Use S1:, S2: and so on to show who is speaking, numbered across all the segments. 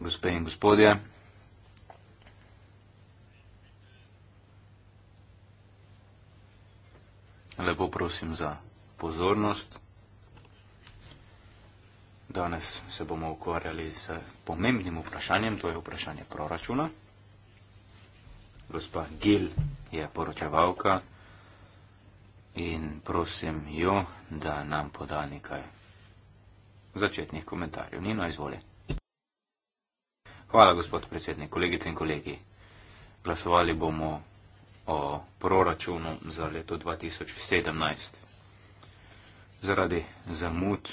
S1: Gospe in gospodje, lepo prosim za pozornost. Danes se bomo ukvarjali z pomembnim vprašanjem, to je vprašanje proračuna. Gospa Gil je poročevalka in prosim jo, da nam poda nekaj začetnih komentarjev. Nino, izvoli. Hvala, gospod predsednik, kolegice in kolegi. Glasovali bomo o proračunu za leto 2017. Zaradi zamud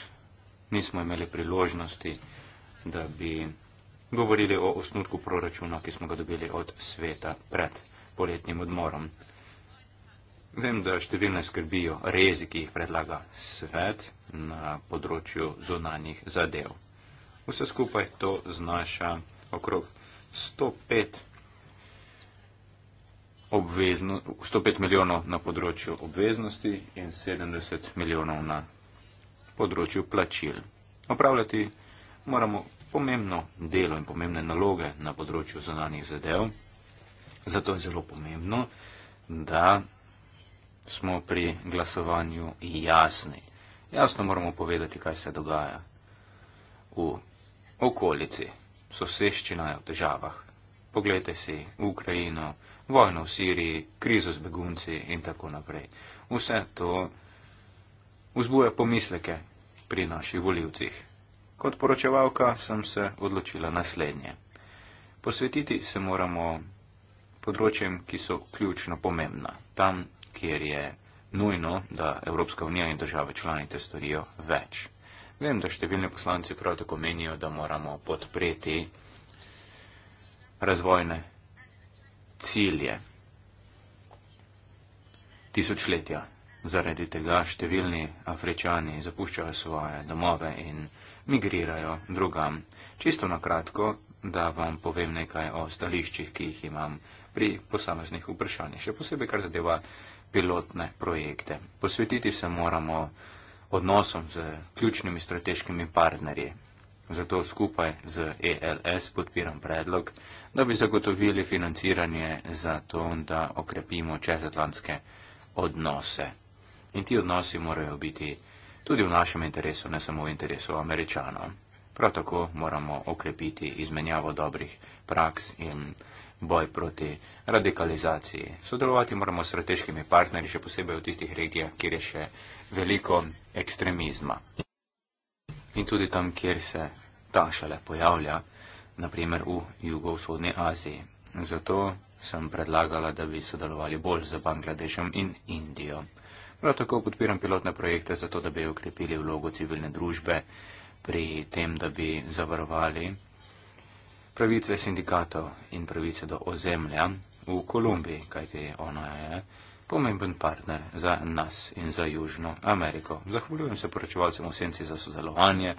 S1: nismo imeli priložnosti, da bi govorili o osnutku proračuna, ki smo ga dobili od sveta pred poletnim odmorom. Vem, da številne skrbijo rezi, ki jih predlaga svet, na področju zonanih zadev. Vse skupaj to znaša okrog 105, obvezno, 105 milijonov na področju obveznosti in 70 milijonov na področju plačil. Opravljati moramo pomembno delo in pomembne naloge na področju zonanih zadev, zato je zelo pomembno, da smo pri glasovanju jasni. Jasno moramo povedati, kaj se dogaja. V okolici soseščina je v težavah. Poglejte si Ukrajino, vojno v Siriji, krizo z begunci in tako naprej. Vse to vzbuja pomisleke pri naših voljivcih. Kot poročevalka sem se odločila naslednje. Posvetiti se moramo področjem, ki so ključno pomembna, tam, kjer je nujno, da Evropska unija in države članice storijo več. Vem, da številni poslanci prav tako menijo, da moramo podpreti razvojne cilje tisočletja. Zaradi tega številni afričani zapuščajo svoje domove in migrirajo drugam. Čisto na kratko, da vam povem nekaj o stališčih, ki jih imam pri posameznih vprašanjih, še posebej kar zadeva pilotne projekte. Posvetiti se moramo odnosom z ključnimi strateškimi partnerji. Zato skupaj z ELS podpiram predlog, da bi zagotovili financiranje za to, da okrepimo čezatlantske odnose. In ti odnosi morajo biti tudi v našem interesu, ne samo v interesu američanov. Prav tako moramo okrepiti izmenjavo dobrih praks in boj proti radikalizaciji. Sodelovati moramo s strateškimi partnerji, še posebej v tistih regijah, kjer je še veliko ekstremizma. In tudi tam, kjer se ta šele pojavlja, naprimer v jugovzhodni Aziji. Zato sem predlagala, da bi sodelovali bolj z Bangladešem in Indijo. Prav tako podpiram pilotne projekte zato, da bi okrepili vlogo civilne družbe pri tem, da bi zavarovali pravice sindikatov in pravice do ozemlja v Kolumbiji, kajti ona je pomemben partner za nas in za Južno Ameriko. Zahvaljujem se poročevalcem v senci za sodelovanje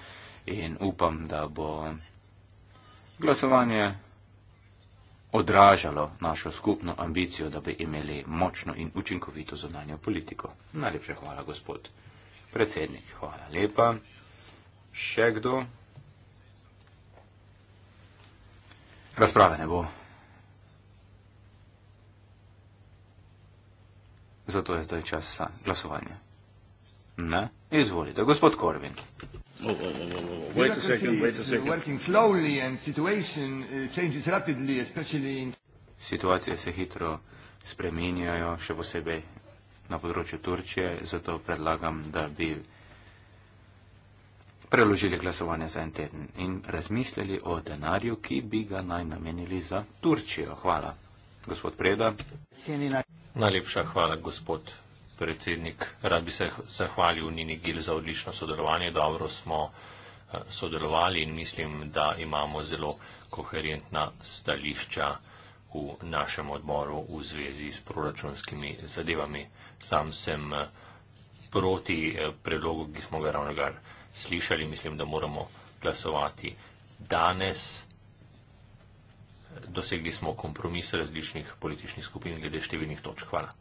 S1: in upam, da bo glasovanje odražalo našo skupno ambicijo, da bi imeli močno in učinkovito zunanjo politiko. Najlepša hvala, gospod predsednik. Hvala lepa. Še kdo? Razprave ne bo. Zato je zdaj čas za glasovanje. Ne? Izvolite, gospod Korvin. Situacije se hitro spreminjajo, še posebej na področju Turčije, zato predlagam, da bi preložili glasovanje za en teden in razmislili o denarju, ki bi ga naj namenili za
S2: Turčijo. Hvala, gospod Preda. Najlepša hvala, gospod predsednik. Rad bi se zahvalil Nini Gil za odlično sodelovanje. Dobro smo eh, sodelovali in mislim, da imamo zelo koherentna stališča v našem odboru v zvezi s proračunskimi zadevami. Sam sem eh, proti eh, predlogu, ki smo ga ravno gar slišali, mislim, da moramo glasovati danes. Dosegli smo kompromis različnih političnih skupin glede številnih točk. Hvala.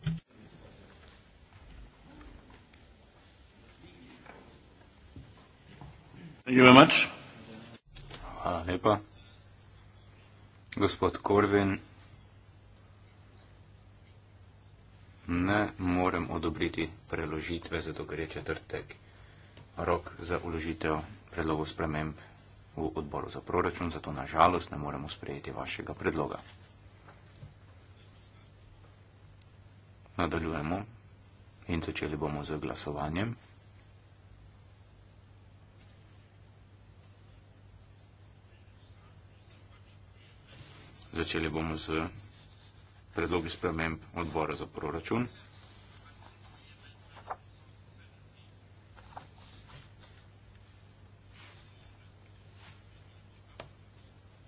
S1: Hvala lepa. Gospod Korvin, ne morem odobriti preložitve, zato ker je četrtek rok za uložitev predlogov sprememb v odboru za proračun, zato na žalost ne moremo sprejeti vašega predloga. Nadaljujemo in začeli bomo z glasovanjem. Začeli bomo z predlogi spremem odbora za proračun.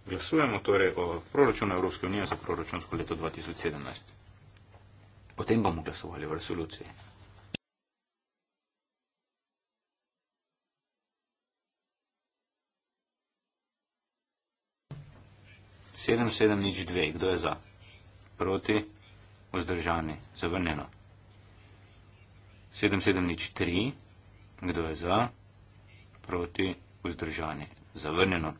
S1: Glasujemo torej o proračunu Evropske unije za proračunsko leto 2017. Potem bomo glasovali o resoluciji. Sedem, sedem, nič dve. Kdo je za? Proti? Vzdržani? Zavrnjeno. Sedem, sedem, nič tri. Kdo je za? Proti? Vzdržani? Zavrnjeno.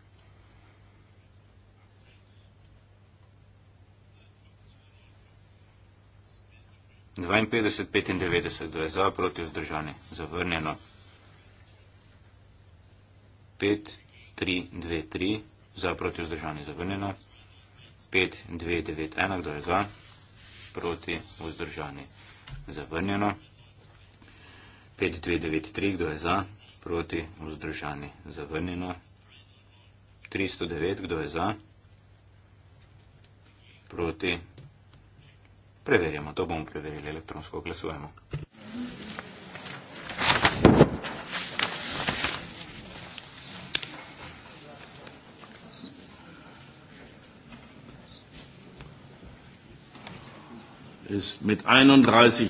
S1: 52-95, kdo je za, proti vzdržani, zavrnjeno. 5-3-2-3, za, proti vzdržani, zavrnjeno. 5-2-9-1, kdo je za, proti vzdržani, zavrnjeno. 5-2-9-3, kdo je za, proti vzdržani, zavrnjeno. 309, kdo je za, proti Preverjamo, to bomo preverili elektronsko, glasujemo.
S3: Med 31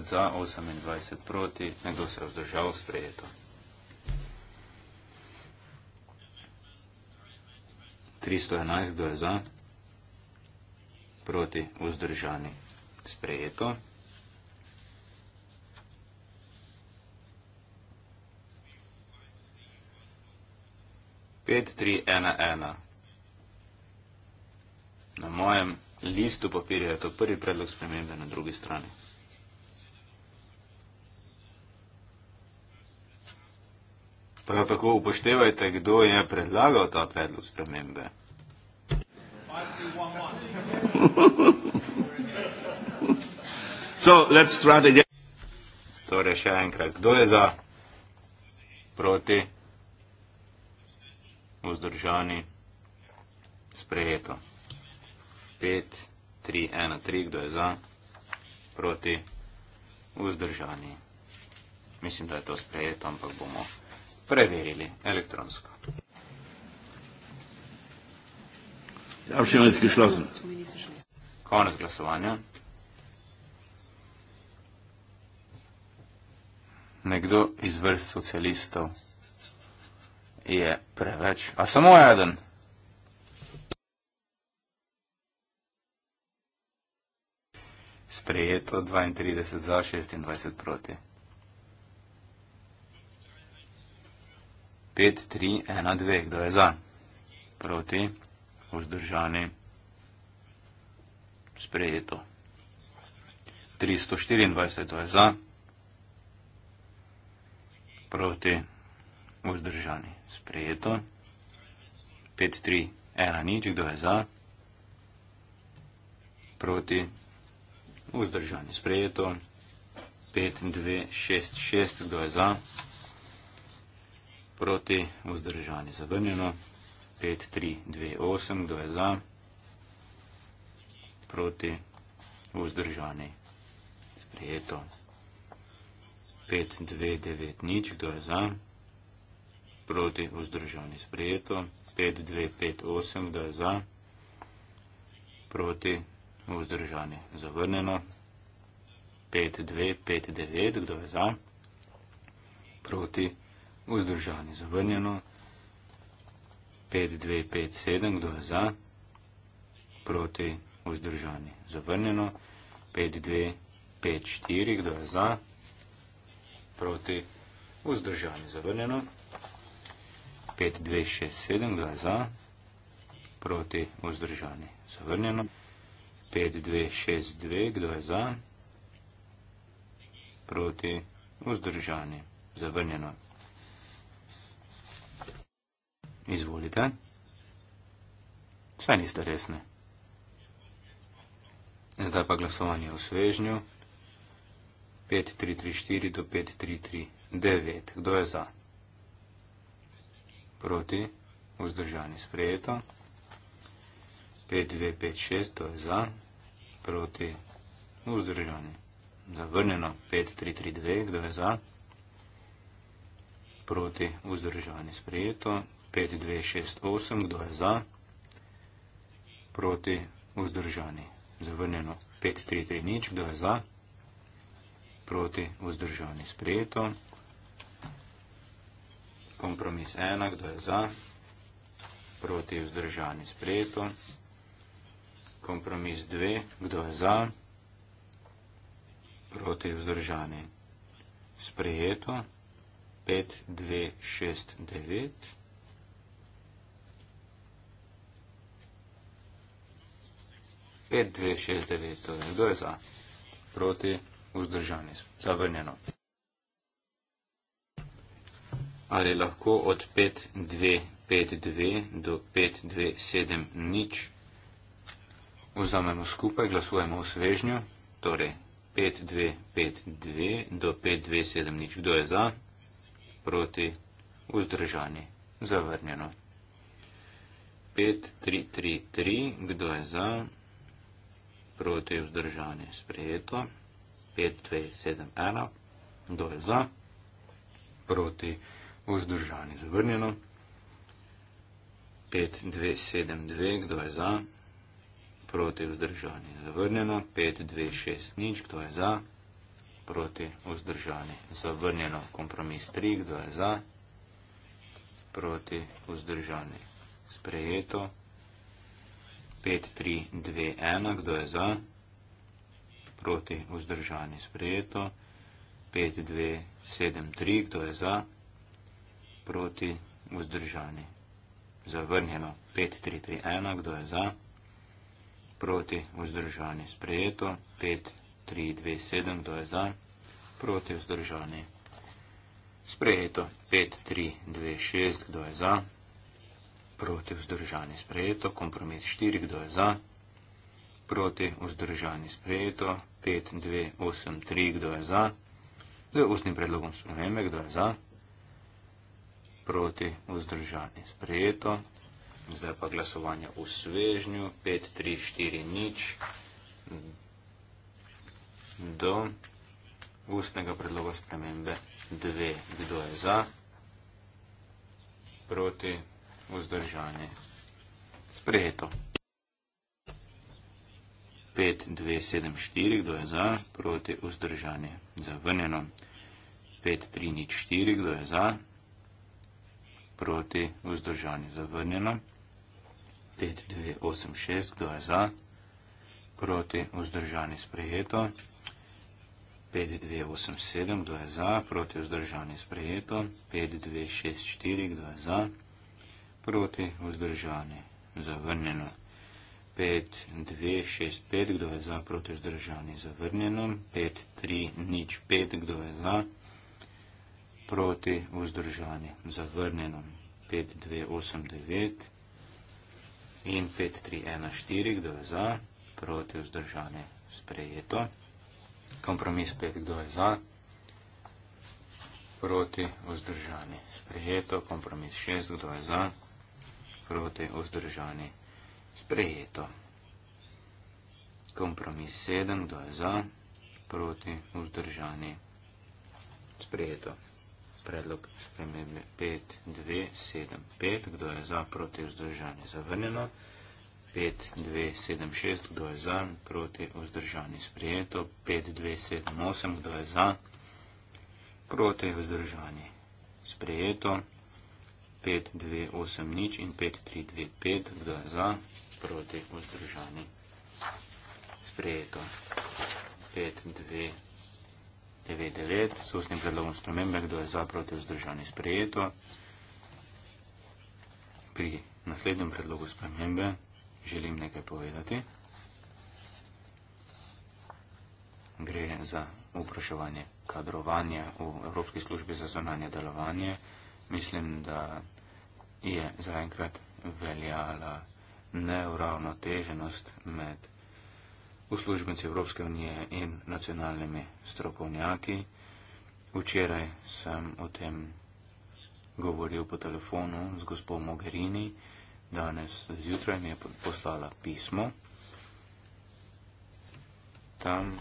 S1: za, 28 proti, nekdo se je vzdržal, sprejeto. 311, kdo je za? proti vzdržani. Sprejeto. Pet, tri, ena, ena. Na mojem listu papirja je to prvi predlog spremembe na drugi strani. Prav tako upoštevajte, kdo je predlagal ta predlog spremembe. 5, 3, 1, 1. Torej, še enkrat, kdo je za, proti, vzdržani, sprejeto. 5, 3, 1, 3, kdo je za, proti, vzdržani. Mislim, da je to sprejeto, ampak bomo preverili elektronsko.
S4: Abstimmung ist geschlossen.
S1: Konnes glasovanja. Nekdo iz vrst socialistov je preveč. A samo eden. Sprejeto 32 za 26 proti. 5, 3, 1, 2. Kdo je za? Proti vzdržane, sprejeto. 324 je za, proti vzdržani, sprejeto. 531 nič, kdo je za, proti vzdržani, sprejeto. 5266, kdo je za, proti vzdržani, zavrnjeno. 5, 3, 2, 8, kdo je za, proti, vzdržani, sprejeto. 5, 2, 9, nič, kdo je za, proti, vzdržani, sprejeto. 5, 2, 5, 8, kdo je za, proti, vzdržani, zavrnjeno. 5, 2, 5, 9, kdo je za, proti, vzdržani, zavrnjeno. 5, 2, 5, 9, 5257, kdo je za, proti, vzdržani, zavrnjeno, 5254, kdo je za, proti, vzdržani, zavrnjeno, 5267, kdo je za, proti, vzdržani, zavrnjeno, 5262, kdo je za, proti, vzdržani, zavrnjeno, Izvolite. Saj niste resni. Zdaj pa glasovanje v svežnju. 5334 do 5339. Kdo je za? Proti. Vzdržani sprejeto. 5256. To je za. Proti. Vzdržani. Zavrnjeno. 5332. Kdo je za? Proti. Vzdržani sprejeto. 5268, kdo je za, proti vzdržani. Zavrnjeno 5330, kdo je za, proti vzdržani. Sprejeto. Kompromis 1, kdo je za, proti vzdržani. Sprejeto. Kompromis 2, kdo je za, proti vzdržani. Sprejeto. 5269. 5269, torej kdo je za? Proti, vzdržani, zavrnjeno. Ali lahko od 5252 do 527 nič vzamemo skupaj, glasujemo v svežnju, torej 5252 do 527 nič, kdo je za? Proti, vzdržani, zavrnjeno. 5333, kdo je za? proti vzdržanje sprejeto, 5, 2, 7, 1, kdo je za, proti vzdržanje zavrnjeno, 5, 2, 7, 2, kdo je za, proti vzdržanje zavrnjeno, 5, 2, 6, nič, kdo je za, proti vzdržanje zavrnjeno, kompromis 3, kdo je za, proti vzdržanje sprejeto, 5, 3, 2, 1, kdo je za, proti, vzdržani, sprejeto, 5, 2, 7, 3, kdo je za, proti, vzdržani, zavrnjeno, 5, 3, 3, 1, kdo je za, proti, vzdržani, sprejeto, 5, 3, 2, 7, kdo je za, proti, vzdržani, sprejeto, 5, 3, 2, 6, kdo je za, proti, vzdržani, sprejeto, 5, 3, 2, 6, kdo je za, proti vzdržani sprejeto, kompromis 4, kdo je za, proti vzdržani sprejeto, 5, 2, 8, 3, kdo je za, z ustnim predlogom spremembe, kdo je za, proti vzdržani sprejeto, zdaj pa glasovanje v svežnju, 5, 3, 4, nič, do ustnega predloga spremembe, 2, kdo je za, proti vzdržani sprejeto, vzdržanje. Sprejeto. 5, 2, 7, 4, kdo je za, proti vzdržanje. Zavrnjeno. 5, 3, nič, 4, kdo je za, proti vzdržanje. Zavrnjeno. 5, 2, 8, 6, kdo je za, proti vzdržanje. Sprejeto. 5, 2, 8, 7, kdo je za, proti vzdržanje. Sprejeto. 5, 2, 6, 4, kdo je za, proti vzdržanje proti, vzdržani, zavrnjeno. 5, 2, 6, 5, kdo je za, proti, vzdržani, zavrnjeno. 5, 3, nič, 5, kdo je za, proti, vzdržani, zavrnjeno. 5, 2, 8, 9 in 5, 3, 1, 4, kdo je za, proti, vzdržani, sprejeto. Kompromis 5, kdo je za, proti, vzdržani, sprejeto. Kompromis 6, kdo je za, proti, vzdržani proti vzdržani. Sprejeto. Kompromis 7, kdo je za, proti vzdržani. Sprejeto. Predlog spremembe 5, 2, 7, 5, kdo je za, proti vzdržani. Zavrnjeno. 5, 2, 7, 6, kdo je za, proti vzdržani. Sprejeto. 5, 2, 7, 8, kdo je za, proti vzdržani. Sprejeto. 5, 2, 8, nič in 5, 3, 2, 5, kdo je za, proti, vzdržani. Sprejeto. 5, 2, 9, 9, s ustnim predlogom spremembe, kdo je za, proti, vzdržani. Sprejeto. Pri naslednjem predlogu spremembe želim nekaj povedati. Gre za vpraševanje kadrovanja v Evropski službi za zonanje delovanje. Mislim, da je zaenkrat veljala neuravnoteženost med uslužbenci Evropske unije in nacionalnimi strokovnjaki. Včeraj sem o tem govoril po telefonu z gospod Mogherini, danes zjutraj mi je poslala pismo. Tam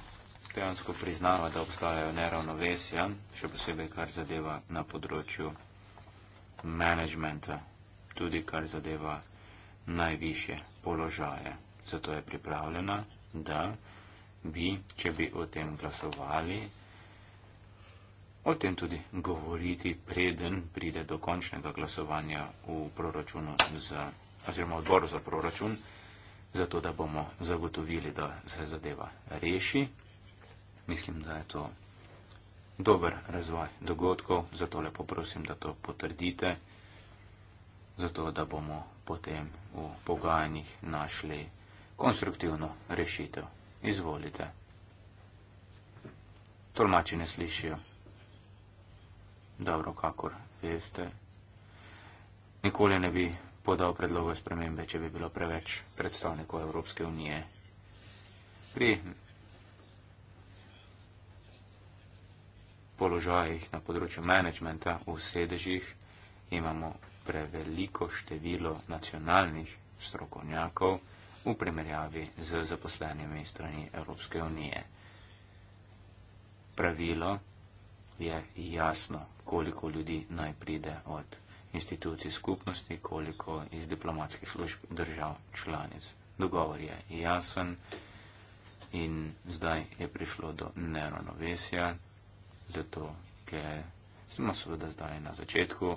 S1: dejansko priznava, da obstajajo neravnovesja, še posebej kar zadeva na področju menedžmenta tudi kar zadeva najviše položaje. Zato je pripravljena, da bi, če bi o tem glasovali, o tem tudi govoriti, preden pride do končnega glasovanja v proračunu za, oziroma odboru za proračun, zato da bomo zagotovili, da se zadeva reši. Mislim, da je to dober razvoj dogodkov, zato lepo prosim, da to potrdite zato da bomo potem v pogajanjih našli konstruktivno rešitev. Izvolite. Tolmači ne slišijo. Dobro, kakor veste. Nikoli ne bi podal predloga spremembe, če bi bilo preveč predstavnikov Evropske unije. Pri položajih na področju menedžmenta v sedežih imamo preveliko število nacionalnih strokovnjakov v primerjavi z zaposlenimi strani Evropske unije. Pravilo je jasno, koliko ljudi naj pride od institucij skupnosti, koliko iz diplomatskih služb držav članic. Dogovor je jasen in zdaj je prišlo do neravnovesja, zato ker smo seveda zdaj na začetku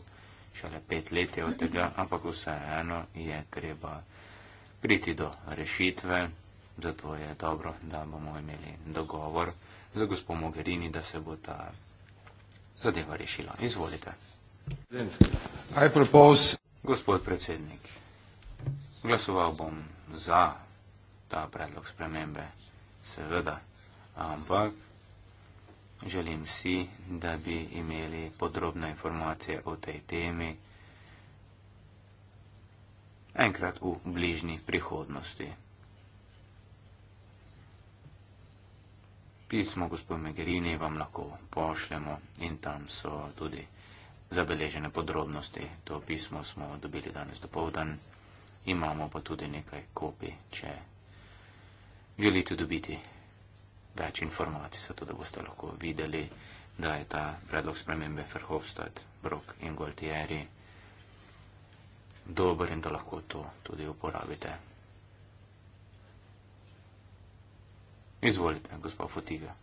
S1: šele pet let je od tega, ampak vseeno je treba priti do rešitve. Zato je dobro, da bomo imeli dogovor z gospod Mogherini, da se bo ta zadeva rešila. Izvolite.
S5: Propose...
S1: Gospod predsednik, glasoval bom za ta predlog spremembe, seveda, ampak Želim si, da bi imeli podrobne informacije o tej temi enkrat v bližnji prihodnosti. Pismo gospod Megerini vam lahko pošljemo in tam so tudi zabeležene podrobnosti. To pismo smo dobili danes do povdan. Imamo pa tudi nekaj kopij, če želite dobiti več informacij, zato da boste lahko videli, da je ta predlog spremembe Ferhofstad, Brok in Gualtieri dober in da lahko to tudi uporabite. Izvolite, gospa Fotiga.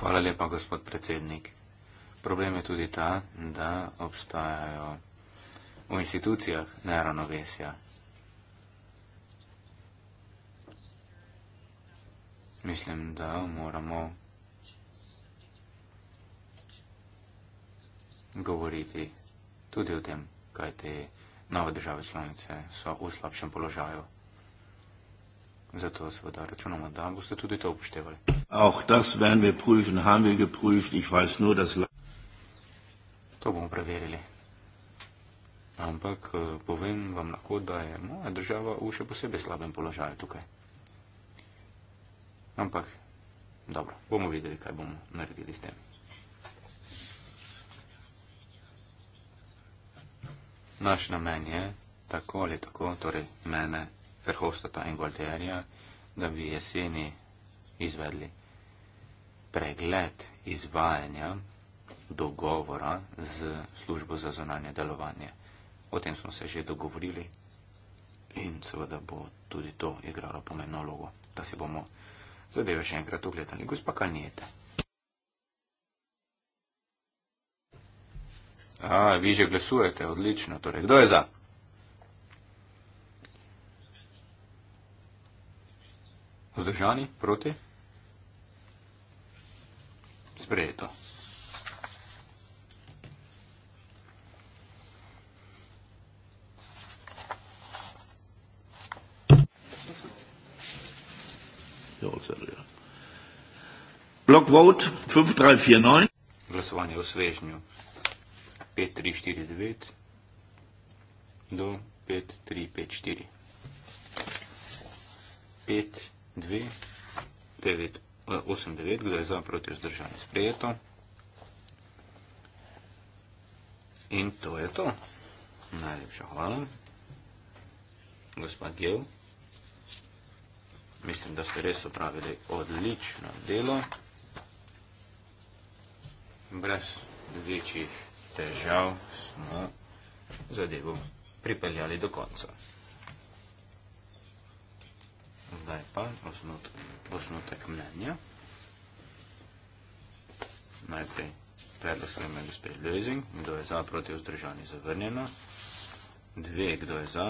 S1: Hvala lepa, gospod predsednik. Problem je tudi ta, da obstajajo v institucijah neravnovesja Mislim, da moramo govoriti tudi o tem, kaj te nove države članice so v slabšem položaju. Zato seveda računamo, da boste tudi to upoštevali.
S3: Auch das werden wir prüfen, haben wir geprüft, ich weiß nur, dass... To
S1: bomo preverili. Ampak eh, povem vam lahko, da je moja država v še posebej slabem položaju tukaj. Ampak, dobro, bomo videli, kaj bomo naredili s tem. Naš namen je, tako ali tako, torej mene, Verhofstata in Gualterija, da bi jeseni izvedli pregled izvajanja dogovora z službo za zonanje delovanje. O tem smo se že dogovorili in seveda bo tudi to igralo pomembno vlogo, da se bomo Zadeve še enkrat ogledali. Gospa Kalnijete. A, vi že glasujete, odlično. Torej, kdo je za? Vzdržani? Proti?
S2: Sprejeto.
S3: Blok vot 5349.
S1: Glasovanje v svežnju 5349 do 5354. 5289, eh, kdo je za proti vzdržanje sprejeto. In to je to. Najlepša hvala. Gospod Gel. Mislim, da ste res opravili odlično delo. Brez večjih težav smo zadevo pripeljali do konca. Zdaj pa osnutek mnenja. Najprej predlog sprejme gospe Lezing, kdo je za, proti vzdržani zavrnjeno. Dve, kdo je za,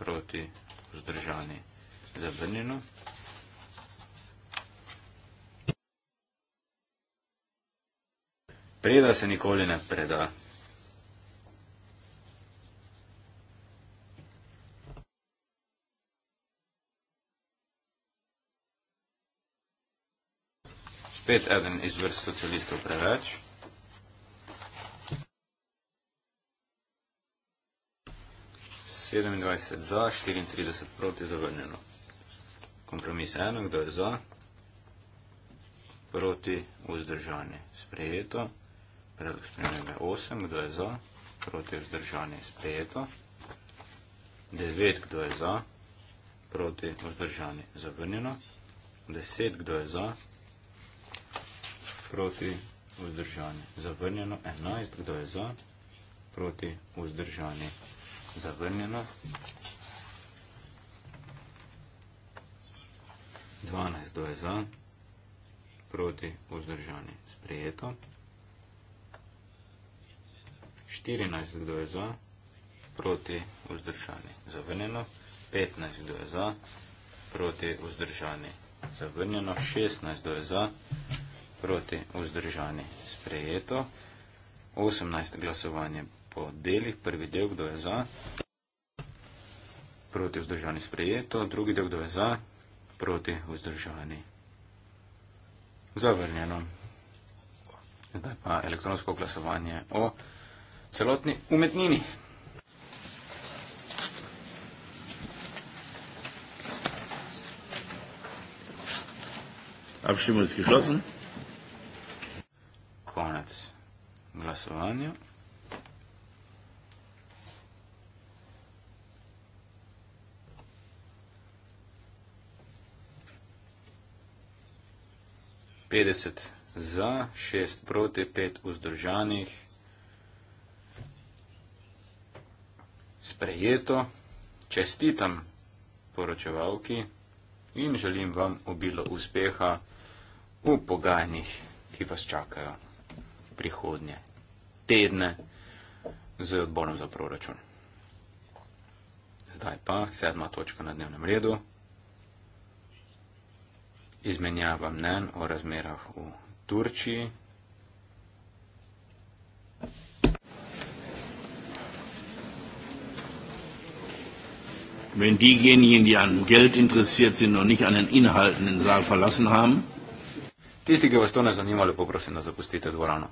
S1: proti vzdržani zavrnjeno zavrnjeno. Preda se nikoli ne preda. Spet eden iz vrst socialistov preveč. Sedemindvajset za, štiriintrideset proti, zavrnjeno. Kompromis eno, kdo je za, proti vzdržanje sprejeto, predlog spremembe osem, kdo je za, proti vzdržanje sprejeto, devet, kdo je za, proti vzdržanje zavrnjeno, deset, kdo je za, proti vzdržanje zavrnjeno, enajst, kdo je za, proti vzdržanje zavrnjeno, 12 do je za, proti vzdržani sprejeto, 14 do je za, proti vzdržani zavrnjeno, 15 do je za, proti vzdržani zavrnjeno, 16 do je za, proti vzdržani sprejeto, 18 glasovanje po delih, prvi del, kdo je za, proti vzdržani sprejeto, drugi del, kdo je za, proti vzdržovani. Zavrnjeno. Zdaj pa elektronsko glasovanje o celotni umetnini.
S3: Abšimo izkišlosen.
S1: Konec glasovanja. 50 za, 6 proti, 5 vzdržanih. Sprejeto. Čestitam poročevalki in želim vam obilo uspeha v pogajnih, ki vas čakajo prihodnje tedne z odborom za proračun. Zdaj pa sedma točka na dnevnem redu izmenjava mnen o razmerah v Turčiji.
S3: Wenn diejenigen, die an Geld interessiert sind und nicht an den Inhalten den Saal verlassen haben, Tisti, ki vas to ne zanima,
S1: lepo prosim, da zapustite dvorano.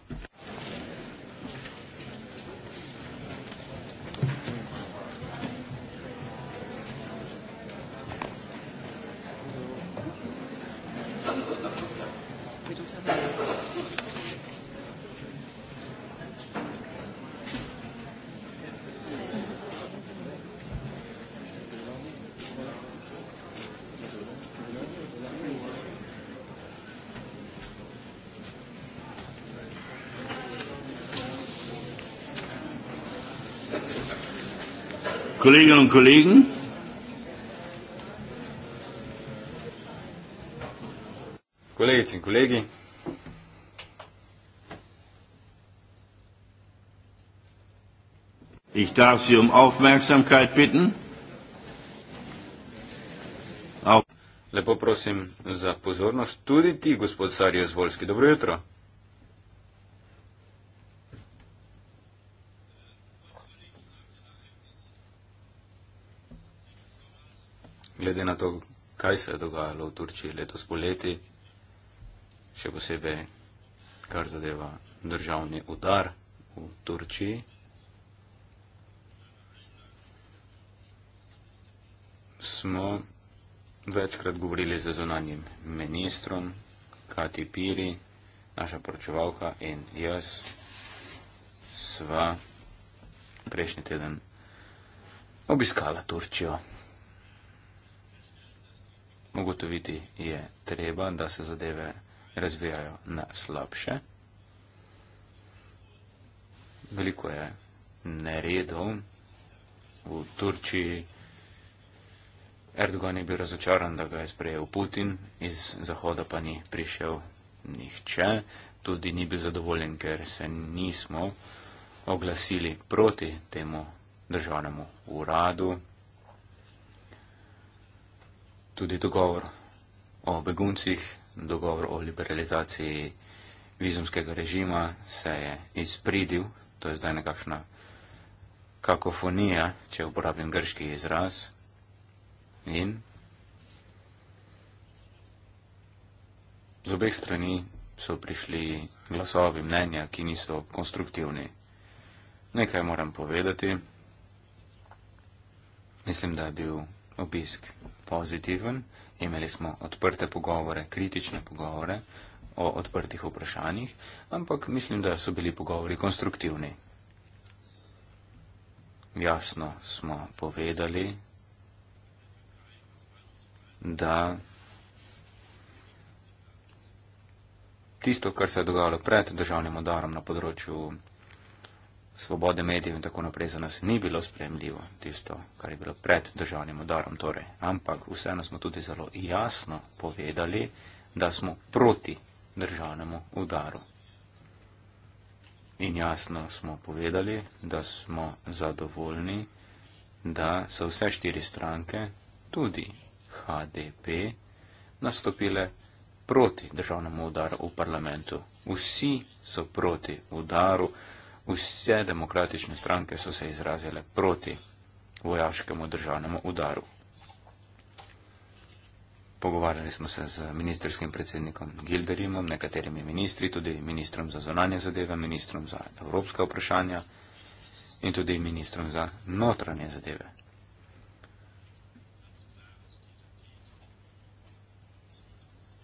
S3: und Kollegen. Kolleginnen und Kollegen. Ich darf Sie um Aufmerksamkeit bitten.
S1: Lepo prosim za pozornost. Tudi ti, gospod Sarjo Zvolski, dobro jutro. kaj se je dogajalo v Turčiji letos poleti, še posebej kar zadeva državni udar v Turčiji. Smo večkrat govorili z zunanjim ministrom, Kati Piri, naša poročevalka in jaz sva prejšnji teden obiskala Turčijo ugotoviti je treba, da se zadeve razvijajo na slabše. Veliko je neredov v Turčiji. Erdogan je bil razočaran, da ga je sprejel Putin, iz Zahoda pa ni prišel nihče. Tudi ni bil zadovoljen, ker se nismo oglasili proti temu državnemu uradu tudi dogovor o beguncih, dogovor o liberalizaciji vizumskega režima se je izpridil, to je zdaj nekakšna kakofonija, če uporabim grški izraz. In z obeh strani so prišli glasovi mnenja, ki niso konstruktivni. Nekaj moram povedati. Mislim, da je bil obisk pozitiven, imeli smo odprte pogovore, kritične pogovore o odprtih vprašanjih, ampak mislim, da so bili pogovori konstruktivni. Jasno smo povedali, da tisto, kar se je dogajalo pred državnim udarom na področju svobode medijev in tako naprej za nas ni bilo spremljivo, tisto, kar je bilo pred državnim udarom. Torej. Ampak vseeno smo tudi zelo jasno povedali, da smo proti državnemu udaru. In jasno smo povedali, da smo zadovoljni, da so vse štiri stranke, tudi HDP, nastopile proti državnemu udaru v parlamentu. Vsi so proti udaru. Vse demokratične stranke so se izrazile proti vojaškemu državnemu udaru. Pogovarjali smo se z ministerskim predsednikom Gilderimom, nekaterimi ministri, tudi ministrom za zonanje zadeve, ministrom za evropska vprašanja in tudi ministrom za notranje zadeve.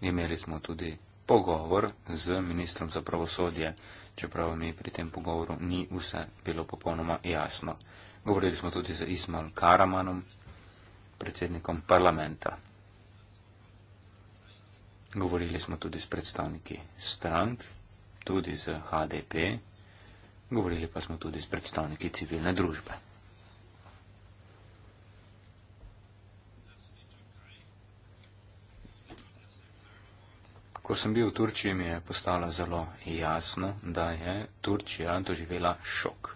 S1: Imeli smo tudi pogovor z ministrom za pravosodje čeprav mi pri tem pogovoru ni vse bilo popolnoma jasno. Govorili smo tudi z Ismail Karamanom, predsednikom parlamenta. Govorili smo tudi s predstavniki strank, tudi z HDP, govorili pa smo tudi s predstavniki civilne družbe. ko sem bil v Turčiji, mi je postalo zelo jasno, da je Turčija doživela šok.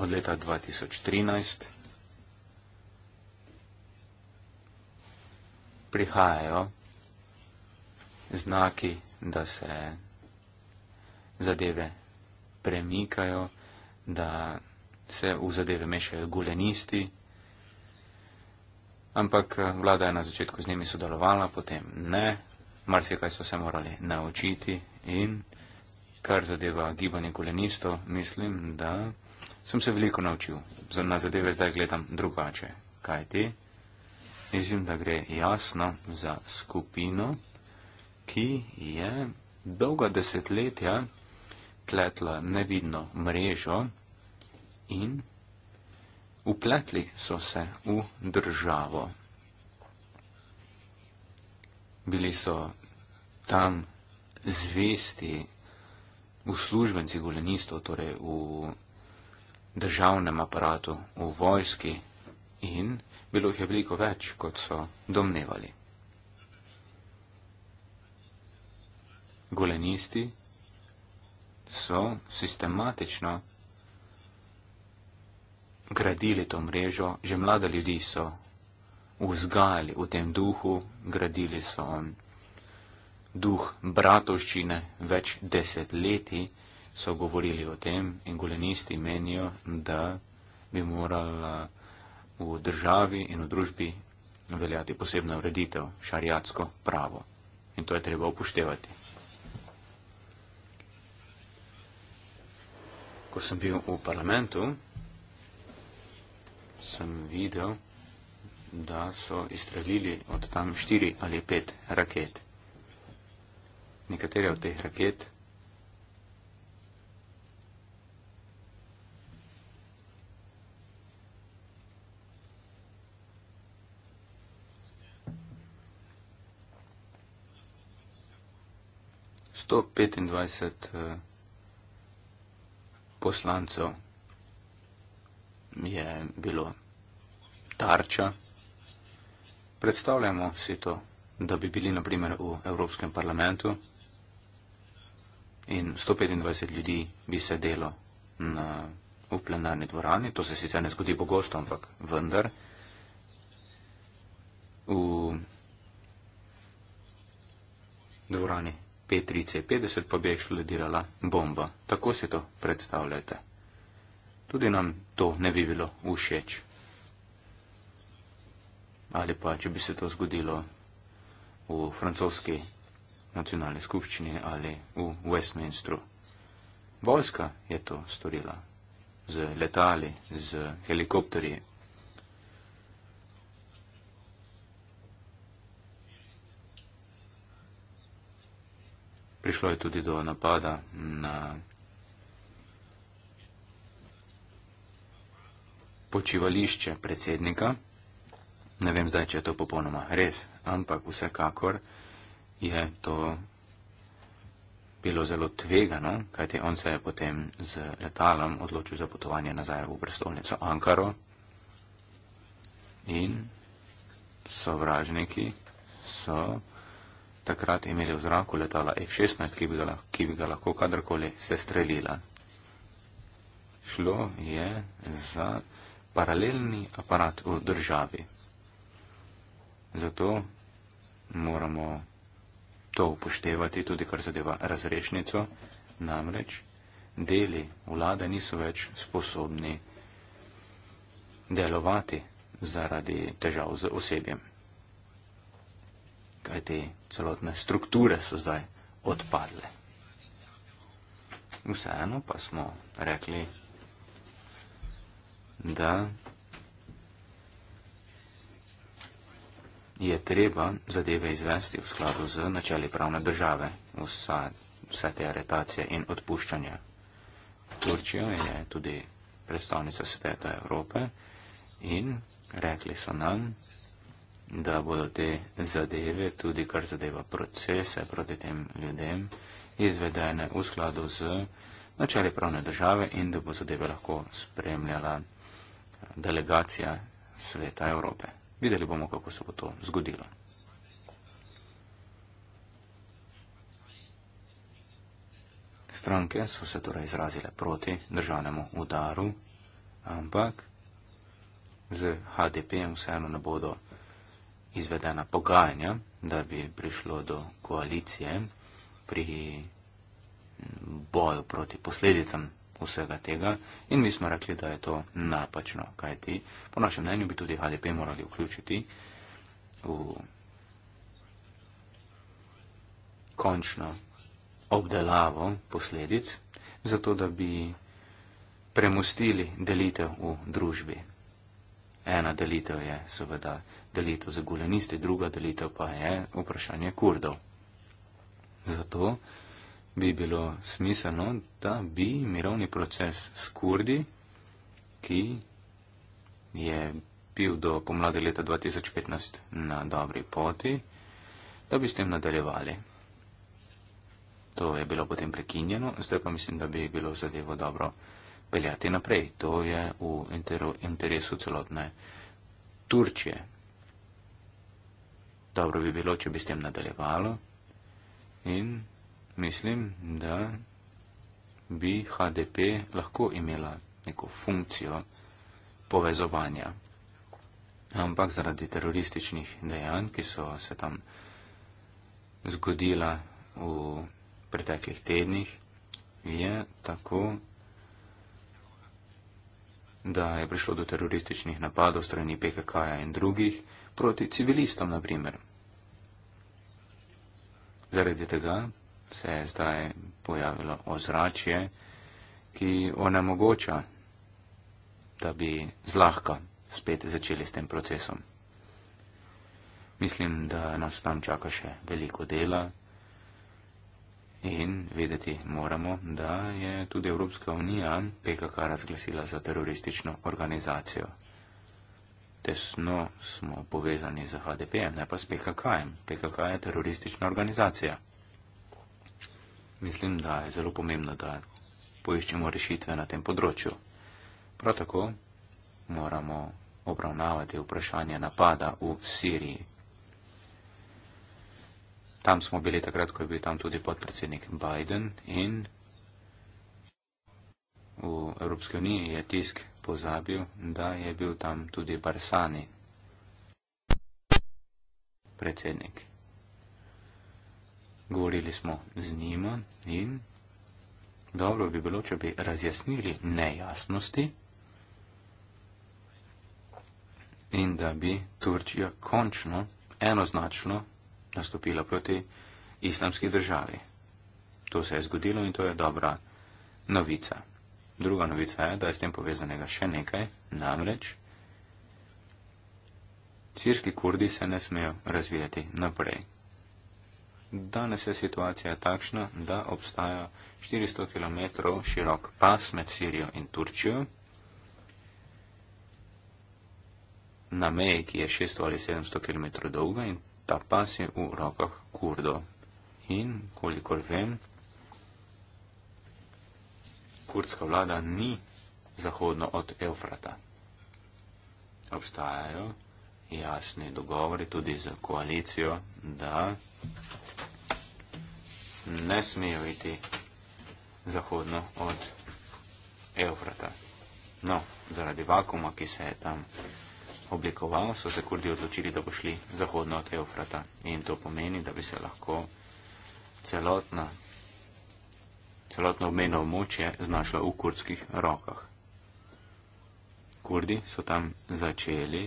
S1: Od leta 2013 prihajajo znaki, da se zadeve premikajo, da se v zadeve mešajo gulenisti ampak eh, vlada je na začetku z njimi sodelovala, potem ne, marsikaj so se morali naučiti in kar zadeva gibanje kolenistov, mislim, da sem se veliko naučil. Na zadeve zdaj gledam drugače. Kaj ti? Mislim, da gre jasno za skupino, ki je dolga desetletja pletla nevidno mrežo in Upletli so se v državo. Bili so tam zvesti uslužbenci golenistov, torej v državnem aparatu, v vojski in bilo jih je veliko več, kot so domnevali. Golenisti so sistematično gradili to mrežo, že mlade ljudi so vzgajali v tem duhu, gradili so duh bratovščine več desetletji, so govorili o tem in golenisti menijo, da bi morala v državi in v družbi veljati posebna ureditev, šariatsko pravo. In to je treba upoštevati. Ko sem bil v parlamentu, sem videl, da so izstrelili od tam štiri ali pet raket. Nekatere od teh raket sto petindvajset eh, poslancev je bilo tarča. Predstavljamo si to, da bi bili naprimer v Evropskem parlamentu in 125 ljudi bi sedelo na, v plenarni dvorani. To se sicer ne zgodi pogosto, ampak vendar. V dvorani P3C50 pa bi eksplodirala bomba. Tako si to predstavljate tudi nam to ne bi bilo všeč. Ali pa, če bi se to zgodilo v francoski nacionalni skupščini ali v Westminsteru. Vojska je to storila z letali, z helikopterji. Prišlo je tudi do napada na. počivališče predsednika. Ne vem zdaj, če je to popolnoma res, ampak vsekakor je to bilo zelo tvegano, kajte on se je potem z letalom odločil za potovanje nazaj v prestolnico Ankaro in sovražniki so takrat imeli v zraku letala F-16, ki bi ga, ki bi ga lahko kadarkoli se strelila. Šlo je za paralelni aparat v državi. Zato moramo to upoštevati tudi, kar zadeva razrešnico, namreč deli vlade niso več sposobni delovati zaradi težav z osebjem. Kaj te celotne strukture so zdaj odpadle. Vseeno pa smo rekli, da je treba zadeve izvesti v skladu z načeli pravne države, vsa, vse te aretacije in odpuščanja. Turčija je tudi predstavnica sveta Evrope in rekli so nam, da bodo te zadeve, tudi kar zadeva procese proti tem ljudem, izvedene v skladu z načeli pravne države in da bo zadeve lahko spremljala delegacija sveta Evrope. Videli bomo, kako se bo to zgodilo. Stranke so se torej izrazile proti državnemu udaru, ampak z HDP vseeno ne bodo izvedena pogajanja, da bi prišlo do koalicije pri boju proti posledicam vsega tega in mi smo rekli, da je to napačno, kajti po našem mnenju bi tudi HDP morali vključiti v končno obdelavo posledic, zato da bi premustili delitev v družbi. Ena delitev je seveda delitev za guleniste, druga delitev pa je vprašanje kurdov. Zato bi bilo smiselno, da bi mirovni proces s kurdi, ki je bil do pomladi leta 2015 na dobri poti, da bi s tem nadaljevali. To je bilo potem prekinjeno, zdaj pa mislim, da bi bilo zadevo dobro peljati naprej. To je v interesu celotne Turčije. Dobro bi bilo, če bi s tem nadaljevalo in mislim, da bi HDP lahko imela neko funkcijo povezovanja. Ampak zaradi terorističnih dejanj, ki so se tam zgodila v preteklih tednih, je tako, da je prišlo do terorističnih napadov strani PKK in drugih proti civilistom, naprimer. Zaradi tega se je zdaj pojavilo ozračje, ki onemogoča, da bi zlahka spet začeli s tem procesom. Mislim, da nas tam čaka še veliko dela in vedeti moramo, da je tudi Evropska unija PKK razglasila za teroristično organizacijo. Tesno smo povezani z HDP, ne pa s PKK-jem. PKK je teroristična organizacija mislim, da je zelo pomembno, da poiščemo rešitve na tem področju. Prav tako moramo obravnavati vprašanje napada v Siriji. Tam smo bili takrat, ko je bil tam tudi podpredsednik Biden in v Evropski uniji je tisk pozabil, da je bil tam tudi Barsani predsednik govorili smo z njima in dobro bi bilo, če bi razjasnili nejasnosti in da bi Turčija končno enoznačno nastopila proti islamski državi. To se je zgodilo in to je dobra novica. Druga novica je, da je s tem povezanega še nekaj, namreč sirski kurdi se ne smejo razvijati naprej. Danes je situacija takšna, da obstaja 400 km širok pas med Sirijo in Turčijo. Na meji, ki je 600 ali 700 km dolga in ta pas je v rokah kurdo. In kolikor vem, kurdska vlada ni zahodno od Eufrata. Obstajajo jasni dogovori tudi za koalicijo, da ne smejo iti zahodno od Evrata. No, zaradi vakuma, ki se je tam oblikoval, so se kurdi odločili, da bo šli zahodno od Evrata. In to pomeni, da bi se lahko celotna, celotno obmejno območje znašlo v kurdskih rokah. Kurdi so tam začeli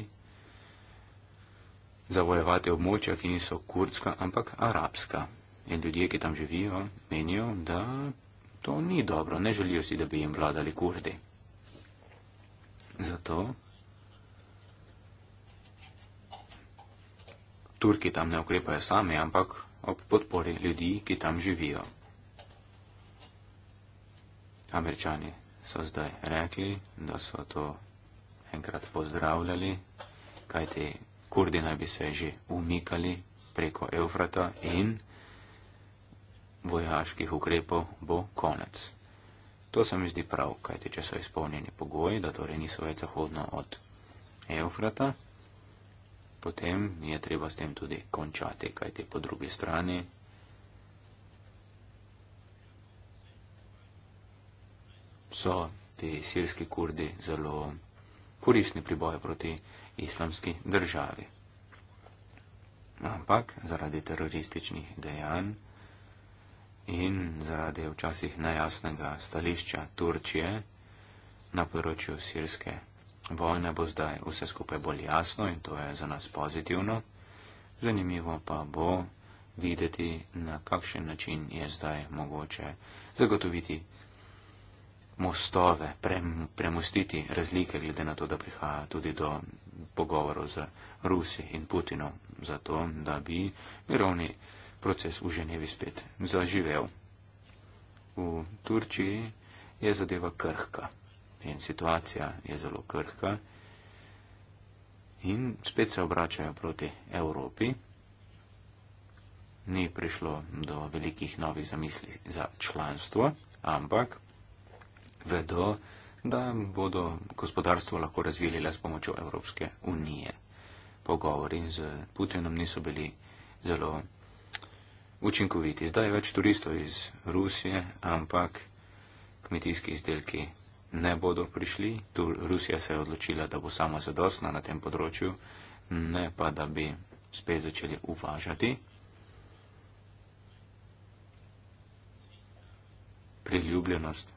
S1: zavojevati območja, ki niso kurdska, ampak arabska. In ljudje, ki tam živijo, menijo, da to ni dobro, ne želijo si, da bi jim vladali kurdi. Zato Turki tam ne ukrepajo sami, ampak ob podpori ljudi, ki tam živijo. Američani so zdaj rekli, da so to enkrat pozdravljali, kajti Kurdi naj bi se že umikali preko Evfrata in vojaških ukrepov bo konec. To se mi zdi prav, kajti če so izpolnjeni pogoji, da torej niso več zahodno od Evfrata, potem je treba s tem tudi končati, kajti po drugi strani. So ti sirski kurdi zelo koristni pri boju proti islamski državi. Ampak zaradi terorističnih dejanj in zaradi včasih nejasnega stališča Turčije na področju sirske vojne bo zdaj vse skupaj bolj jasno in to je za nas pozitivno. Zanimivo pa bo videti, na kakšen način je zdaj mogoče zagotoviti mostove, prem, premustiti razlike, glede na to, da prihaja tudi do pogovorov z Rusi in Putinom, zato da bi mirovni proces v Ženevi spet zaživel. V Turčiji je zadeva krhka in situacija je zelo krhka in spet se obračajo proti Evropi. Ni prišlo do velikih novih zamisli za članstvo, ampak vedo, da bodo gospodarstvo lahko razvili le s pomočjo Evropske unije. Pogovori z Putinom niso bili zelo učinkoviti. Zdaj je več turistov iz Rusije, ampak kmetijski izdelki ne bodo prišli. Tu Rusija se je odločila, da bo sama zadostna na tem področju, ne pa, da bi spet začeli uvažati. Priljubljenost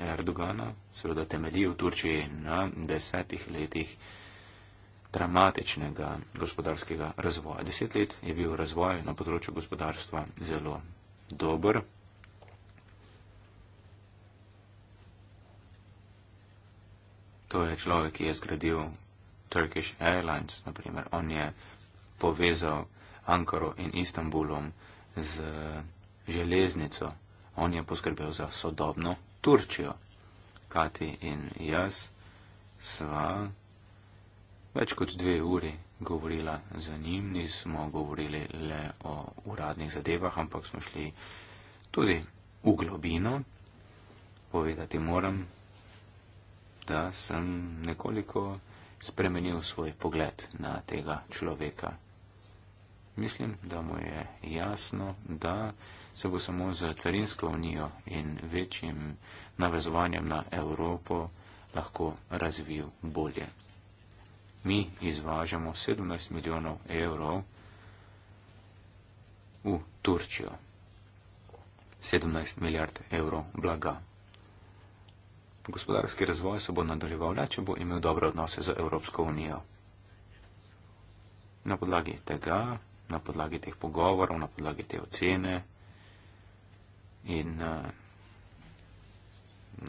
S1: Erdogana, seveda temelji v Turčiji na desetih letih dramatičnega gospodarskega razvoja. Deset let je bil razvoj na področju gospodarstva zelo dober. To je človek, ki je zgradil Turkish Airlines, naprimer. On je povezal Ankaro in Istanbulom z železnico. On je poskrbel za sodobno Turčijo. Kati in jaz sva več kot dve uri govorila z njim, nismo govorili le o uradnih zadevah, ampak smo šli tudi v globino. Povedati moram, da sem nekoliko spremenil svoj pogled na tega človeka. Mislim, da mu je jasno, da se bo samo z carinsko unijo in večjim navezovanjem na Evropo lahko razvil bolje. Mi izvažamo 17 milijonov evrov v Turčijo. 17 milijard evrov blaga. Gospodarski razvoj se bo nadaljeval, le če bo imel dobre odnose z Evropsko unijo. Na podlagi tega na podlagi teh pogovorov, na podlagi te ocene in eh,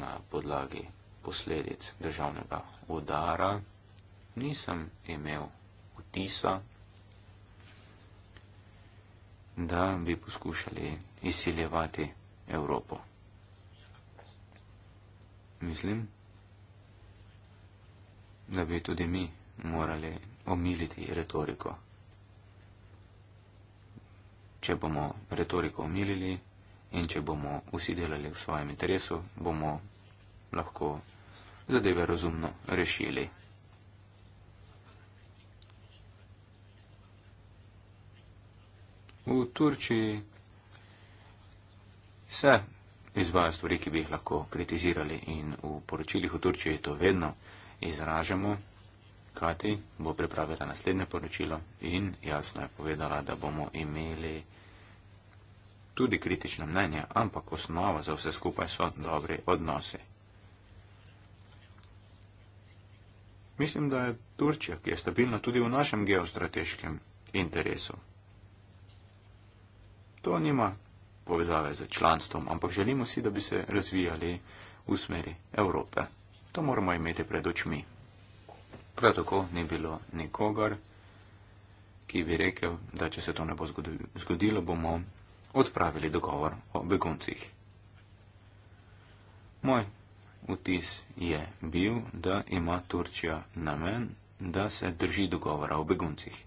S1: na podlagi posledic državnega udara nisem imel vtisa, da bi poskušali izsiljevati Evropo. Mislim, da bi tudi mi morali omiliti retoriko če bomo retoriko omilili in če bomo vsi delali v svojem interesu, bomo lahko zadeve razumno rešili. V Turčiji se izvajo stvari, ki bi jih lahko kritizirali in v poročilih v Turčiji to vedno izražamo. Kati bo pripravila naslednje poročilo in jasno je povedala, da bomo imeli tudi kritično mnenje, ampak osnova za vse skupaj so dobri odnosi. Mislim, da je Turčija, ki je stabilna tudi v našem geostrateškem interesu. To nima povezave z članstvom, ampak želimo si, da bi se razvijali v smeri Evrope. To moramo imeti pred očmi. Prav tako ni bilo nikogar, ki bi rekel, da če se to ne bo zgodilo, bomo odpravili dogovor o beguncih. Moj vtis je bil, da ima Turčija namen, da se drži dogovora o beguncih.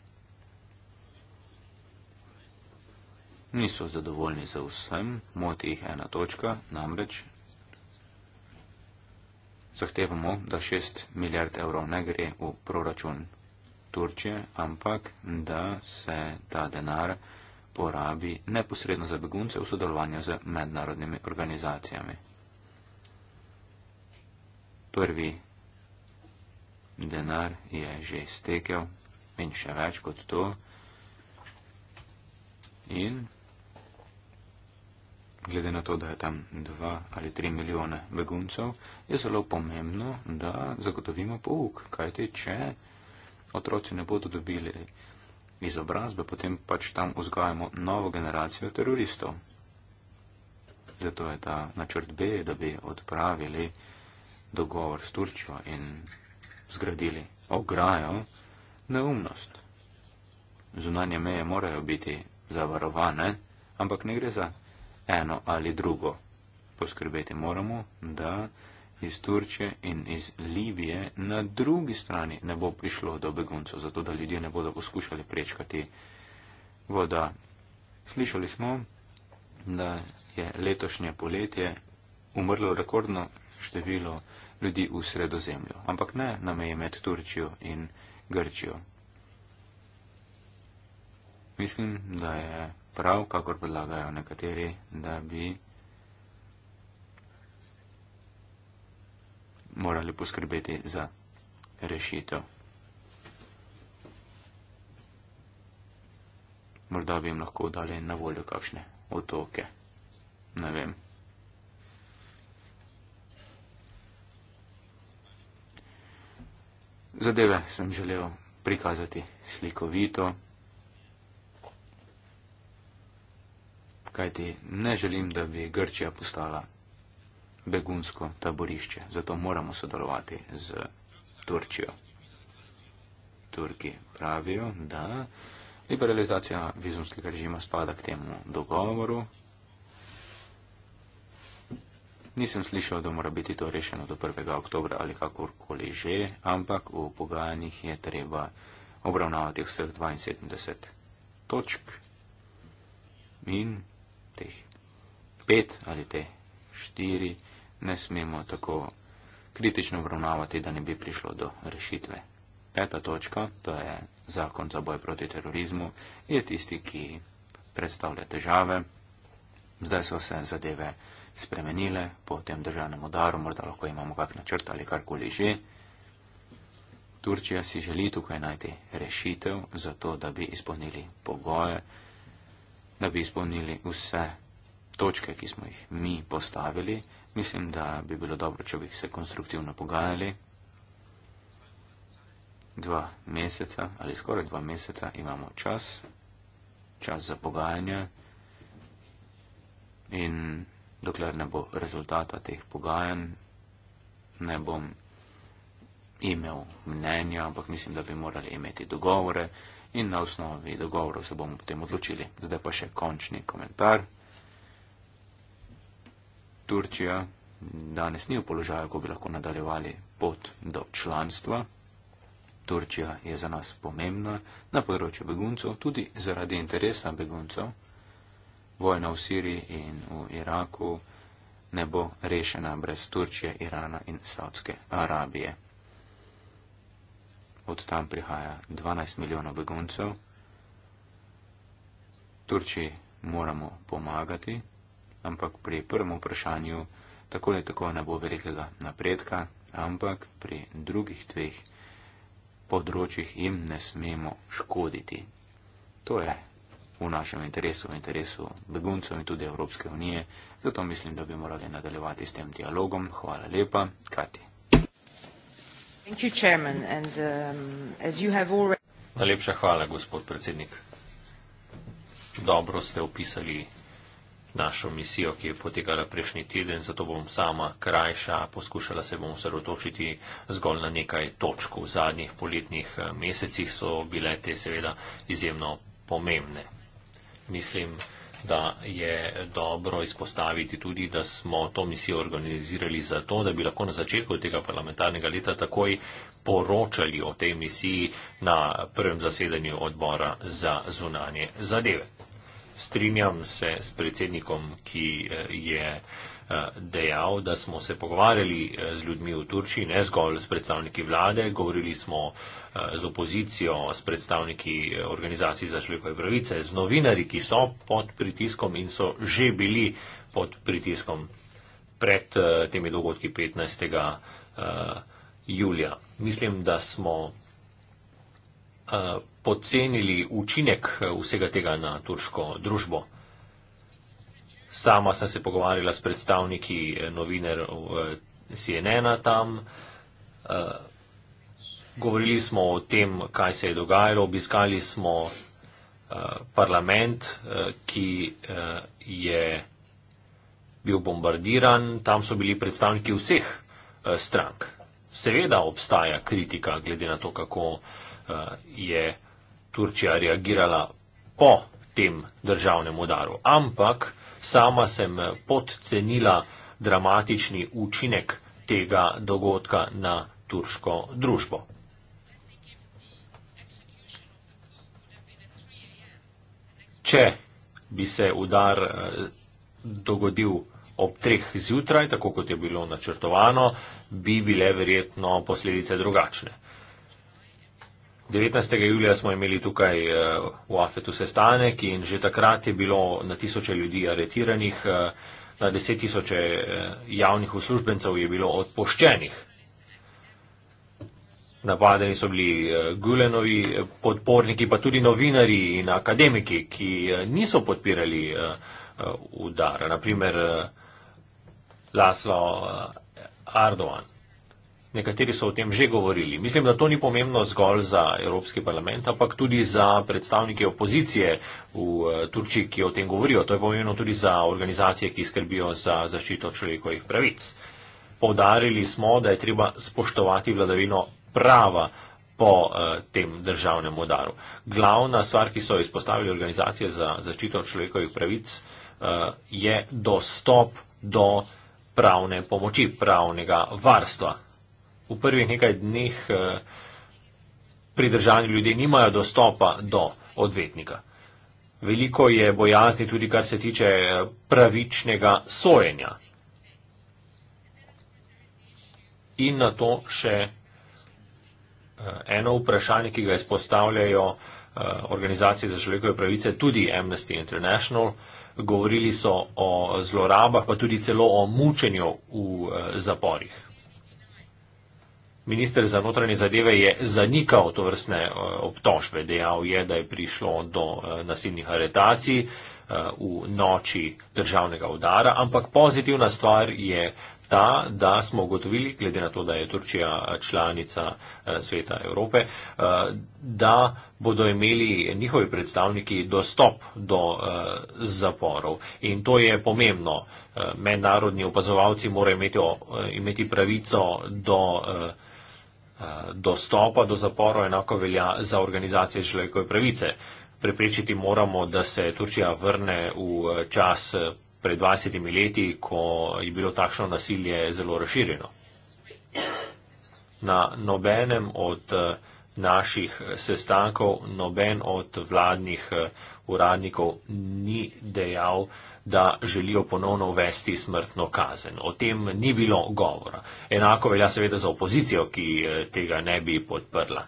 S1: Niso zadovoljni za vsem, moti jih ena točka, namreč zahtevamo, da 6 milijard evrov ne gre v proračun Turčije, ampak da se ta denar porabi neposredno za begunce v sodelovanju z mednarodnimi organizacijami. Prvi denar je že stekel in še več kot to. In glede na to, da je tam dva ali tri milijone beguncev, je zelo pomembno, da zagotovimo pouk. Kajti, če otroci ne bodo dobili izobrazbe, potem pač tam vzgajamo novo generacijo teroristov. Zato je ta načrt B, da bi odpravili dogovor s Turčjo in zgradili ograjo neumnost. Zunanje meje morajo biti zavarovane, ampak ne gre za eno ali drugo. Poskrbeti moramo, da iz Turčije in iz Libije na drugi strani ne bo prišlo do beguncev, zato da ljudje ne bodo poskušali prečkati voda. Slišali smo, da je letošnje poletje umrlo rekordno število ljudi v sredozemlju, ampak ne na meji med Turčijo in Grčijo. Mislim, da je prav, kakor predlagajo nekateri, da bi morali poskrbeti za rešitev. Morda bi jim lahko dali na voljo kakšne otoke. Ne vem. Zadeve sem želel prikazati slikovito, kajti ne želim, da bi Grčija postala begunsko taborišče. Zato moramo sodelovati z Turčijo. Turki pravijo, da liberalizacija vizumskega režima spada k temu dogovoru. Nisem slišal, da mora biti to rešeno do 1. oktobra ali kakorkoli že, ampak v pogajanjih je treba obravnavati vseh 72 točk in teh pet ali te štiri ne smemo tako kritično obravnavati, da ne bi prišlo do rešitve. Peta točka, to je zakon za boj proti terorizmu, je tisti, ki predstavlja težave. Zdaj so se zadeve spremenile po tem državnem udaru, morda lahko imamo kak načrt ali karkoli že. Turčija si želi tukaj najti rešitev za to, da bi izpolnili pogoje, da bi izpolnili vse točke, ki smo jih mi postavili Mislim, da bi bilo dobro, če bi se konstruktivno pogajali. Dva meseca ali skoraj dva meseca imamo čas, čas za pogajanje in dokler ne bo rezultata teh pogajanj, ne bom imel mnenja, ampak mislim, da bi morali imeti dogovore in na osnovi dogovorov se bomo potem odločili. Zdaj pa še končni komentar. Turčija danes ni v položaju, ko bi lahko nadaljevali pot do članstva. Turčija je za nas pomembna na področju beguncev, tudi zaradi interesa beguncev. Vojna v Siriji in v Iraku ne bo rešena brez Turčije, Irana in Saudske Arabije. Od tam prihaja 12 milijonov beguncev. Turčiji moramo pomagati ampak pri prvem vprašanju tako ali tako ne bo velikega napredka, ampak pri drugih dveh področjih jim ne smemo škoditi. To je v našem interesu, v interesu beguncev in tudi Evropske unije, zato mislim, da bi morali nadaljevati s tem dialogom. Hvala lepa, Kati.
S4: Um, Najlepša
S2: hvala, gospod predsednik. Dobro ste opisali našo misijo, ki je potekala prejšnji teden, zato bom sama krajša, poskušala se bom osredotočiti zgolj na nekaj točk. V zadnjih poletnih eh, mesecih so bile te seveda izjemno pomembne. Mislim, da je dobro izpostaviti tudi, da smo to misijo organizirali zato, da bi lahko na začetku tega parlamentarnega leta takoj poročali o tej misiji na prvem zasedanju odbora za zunanje zadeve strinjam se s predsednikom, ki eh, je eh, dejal, da smo se pogovarjali eh, z ljudmi v Turčiji, ne zgolj s predstavniki vlade, govorili smo z opozicijo, s predstavniki organizacij za človekove pravice, z novinari, ki so pod pritiskom in so že bili pod pritiskom pred temi dogodki 15. julija. Mislim, da smo pocenili učinek eh, vsega tega na turško družbo. Sama sem se pogovarjala s predstavniki eh, novinar eh, CNN-a tam. Govorili smo o tem, kaj se je dogajalo. Obiskali smo parlament, ki je bil bombardiran. Tam so bili predstavniki vseh strank. Seveda obstaja kritika glede na to, kako je Turčija reagirala po tem državnem udaru. Ampak sama sem podcenila dramatični učinek tega dogodka na turško družbo. Če bi se udar eh, dogodil ob treh zjutraj, tako kot je bilo načrtovano, bi bile verjetno posledice drugačne. 19. julija smo imeli tukaj eh, v Afetu sestanek in že takrat je bilo na tisoče ljudi aretiranih, eh, na deset tisoče eh, javnih uslužbencev je bilo odpoščenih. Napadeni so bili Gulenovi podporniki, pa tudi novinari in akademiki, ki niso podpirali udara, naprimer Laslo Ardoan. Nekateri so o tem že govorili. Mislim, da to ni pomembno zgolj za Evropski parlament, ampak tudi za predstavnike opozicije v eh, Turčiji, ki o tem govorijo. To je pomembno tudi za organizacije, ki skrbijo za zaščito človekovih pravic. Povdarili smo, da je treba spoštovati vladavino prava po eh, tem državnem udaru. Glavna stvar, ki so izpostavili organizacije za zaščito človekovih pravic, eh, je dostop do pravne pomoči, pravnega varstva v prvih nekaj dneh eh, pridržani ljudje nimajo dostopa do odvetnika. Veliko je bojazni tudi, kar se tiče eh, pravičnega sojenja. In na to še eh, eno vprašanje, ki ga izpostavljajo organizacije za človekove pravice, tudi Amnesty International. Govorili so o zlorabah, pa tudi celo o mučenju v zaporih. Minister za notranje zadeve je zanikal to vrstne eh, obtožbe. Dejal je, da je prišlo do eh, nasilnih aretacij eh, v noči državnega udara, ampak pozitivna stvar je ta, da smo ugotovili, glede na to, da je Turčija članica sveta Evrope, da bodo imeli njihovi predstavniki dostop do zaporov. In to je pomembno. Mednarodni opazovalci morajo imeti, imeti pravico do Eh, dostopa do zaporov, enako velja za organizacije človekove pravice. Preprečiti moramo, da se Turčija vrne v eh, čas eh, pred 20 leti, ko je bilo takšno nasilje zelo razširjeno. Na nobenem od naših sestankov, noben od vladnih uradnikov ni dejal, da želijo ponovno uvesti smrtno kazen. O tem ni bilo govora. Enako velja seveda za opozicijo, ki eh, tega ne bi podprla.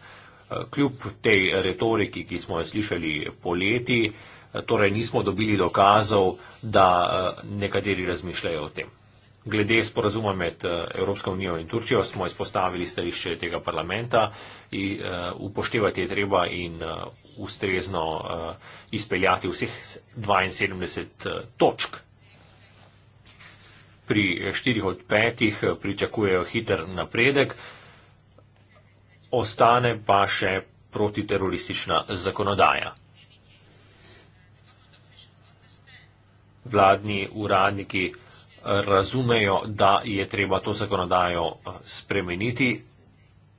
S2: Eh, kljub tej retoriki, ki smo jo slišali poleti, eh, torej nismo dobili dokazov, da nekateri razmišljajo o tem. Glede sporazuma med Evropsko unijo in Turčijo smo izpostavili stališče tega parlamenta in upoštevati je treba in ustrezno uh, izpeljati vseh 72 uh, eh, točk. Pri štirih od petih eh, pričakujejo hiter napredek, ostane pa še protiteroristična zakonodaja. Vladni uradniki razumejo, da je treba to zakonodajo spremeniti,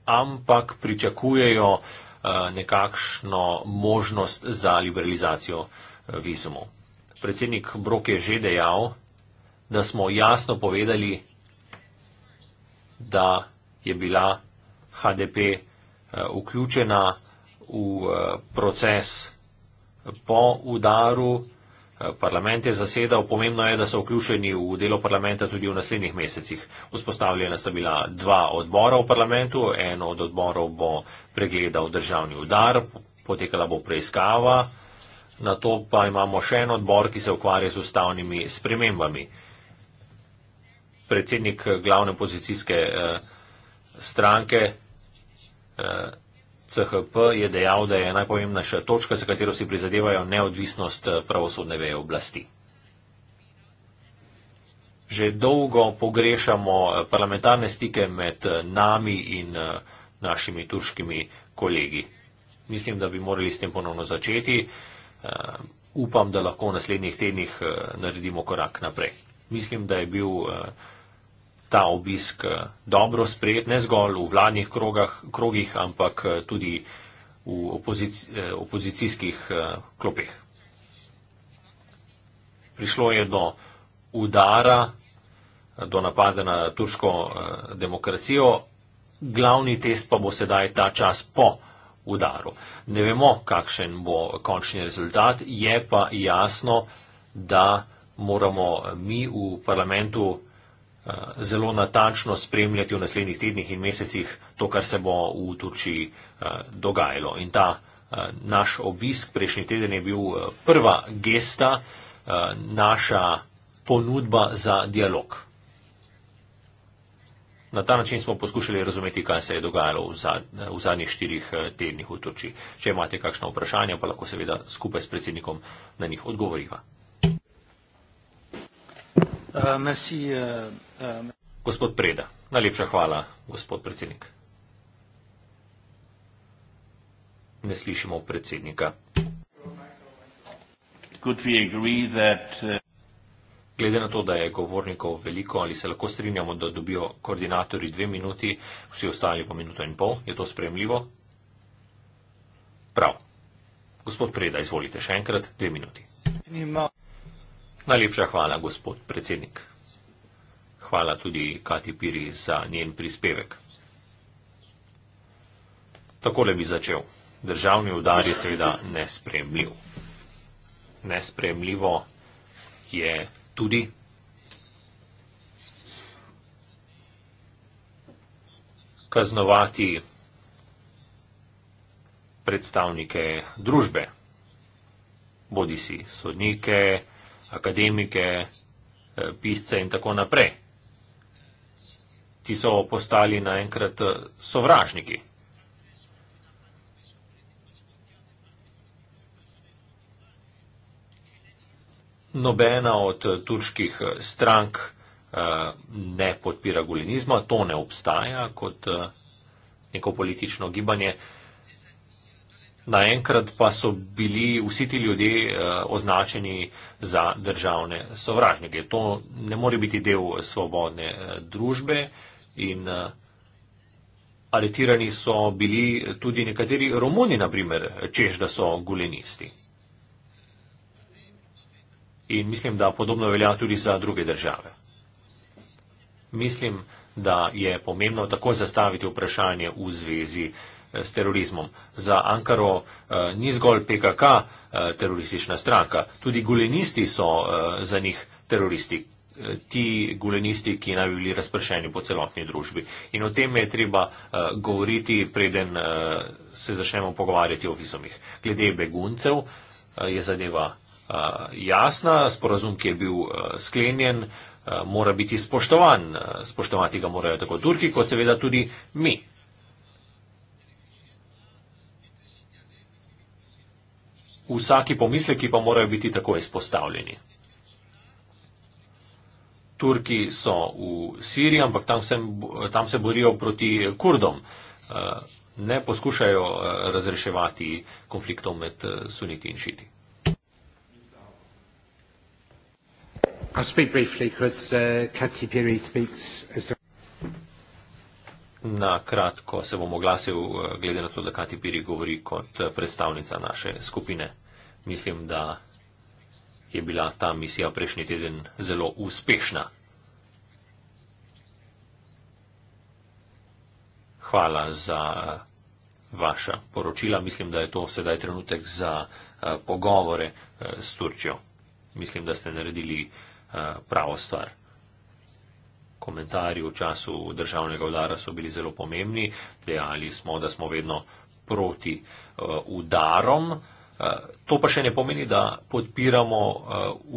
S2: ampak pričakujejo, uh, Eh, nekakšno možnost za liberalizacijo eh, vizumov. Predsednik Brok je že dejal, da smo jasno povedali, da je bila HDP eh, vključena v proces po udaru Parlament je zasedal, pomembno je, da so vključeni v delo parlamenta tudi v naslednjih mesecih. Vzpostavljena sta bila dva odbora v parlamentu, en od odborov bo pregledal državni udar, potekala bo preiskava, na to pa imamo še en odbor, ki se ukvarja z ustavnimi spremembami. Predsednik glavne pozicijske eh, stranke. Eh, CHP je dejal, da je najpomembnejša točka, za katero si prizadevajo neodvisnost eh, pravosodne veje oblasti. Že dolgo pogrešamo eh, parlamentarne stike med eh, nami in našimi turškimi kolegi. Mislim, da bi morali s tem ponovno začeti. Upam, da lahko v naslednjih tednih naredimo korak naprej. Mislim, da je bil ta obisk eh, dobro sprejet, ne zgolj v vladnih krogah, krogih, ampak eh, tudi v opozic, eh, opozicijskih klopeh. Prišlo je do udara, do napada na turško demokracijo. Glavni test pa bo sedaj ta čas po udaru. Ne vemo, kakšen bo končni rezultat, je pa jasno, da moramo mi v parlamentu Eh, zelo natančno spremljati v naslednjih tednih in mesecih to, kar se bo v Turčiji eh, dogajalo. In ta eh, naš obisk prejšnji teden je bil prva gesta, naša ponudba za dialog. Na ta način smo poskušali razumeti, kaj se je dogajalo v, zad, v zadnjih štirih tednih v Turčiji. Če imate kakšno vprašanje, pa lahko seveda skupaj s predsednikom na njih odgovoriva.
S3: Uh, merci, uh, uh,
S2: gospod Preda, najlepša hvala, gospod predsednik. Ne slišimo predsednika. Uh, Glede na to, da je govornikov veliko, ali se lahko strinjamo, da dobijo koordinatorji dve minuti, vsi ostali pa minuto in pol, je to spremljivo? Prav. Gospod Preda, izvolite še enkrat, dve minuti. Nima. Najlepša hvala, gospod predsednik. Hvala tudi Kati Piri za njen prispevek. Takole bi začel. Državni udar je seveda nespremljiv. Nespremljivo je tudi, kaznovati predstavnike družbe, bodi si sodnike, akademike, eh, pisce in tako naprej. Ti so postali naenkrat eh, sovražniki. Nobena od eh, turških strank ne podpira gulinizma, to ne obstaja kot neko politično gibanje naenkrat pa so bili vsi ti ljudje uh, označeni za državne sovražnike. To ne more biti del eh, svobodne uh, družbe in uh, aretirani so bili tudi nekateri Romuni, naprimer, češ, da so gulenisti. In mislim, da podobno velja tudi za druge države. Mislim, da je pomembno tako zastaviti vprašanje v zvezi uh, Eh, s terorizmom. Za Ankaro eh, ni zgolj PKK eh, teroristična stranka, tudi gulenisti so eh, za njih teroristi. Eh, ti gulenisti, ki naj bi bili razpršeni po celotni družbi. In o tem je treba uh, govoriti, preden uh, se začnemo pogovarjati o visumih. Glede beguncev uh, je zadeva uh, jasna, sporazum, ki je bil uh, sklenjen, uh, mora biti spoštovan. Uh, spoštovati ga morajo tako Turki, kot seveda tudi mi. Uh, vsaki pomisleki pa morajo biti tako izpostavljeni. Turki so v Siriji, ampak tam se, tam se borijo proti Kurdom. Eh, ne poskušajo eh, razreševati konfliktov med eh, suniti in šiti. Na kratko se bom oglasil, eh, glede na to, da Kati Piri govori kot eh, predstavnica naše skupine. Mislim, da je bila ta misija prejšnji teden zelo uspešna. Hvala za eh, vaša poročila. Mislim, da je to sedaj trenutek za pogovore s Turčjo. Mislim, da ste naredili pravo stvar komentarji v času državnega udara so bili zelo pomembni. Dejali smo, da smo vedno proti uh, udarom. Uh, to pa še ne pomeni, da podpiramo uh,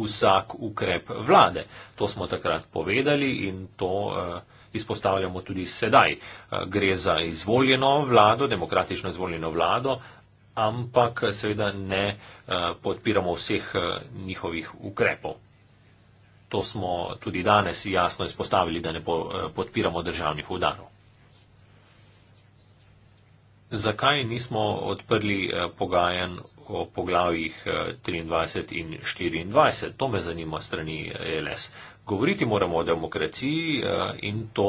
S2: vsak ukrep vlade. To smo takrat povedali in to uh, izpostavljamo tudi sedaj. Uh, gre za izvoljeno vlado, demokratično izvoljeno vlado, ampak seveda ne uh, podpiramo vseh uh, njihovih ukrepov. To smo tudi danes jasno izpostavili, da ne eh, podpiramo državnih udarov. Zakaj nismo odprli eh, pogajanj o poglavjih 23 eh, in 24? To me zanima strani LS. Govoriti moramo o demokraciji in to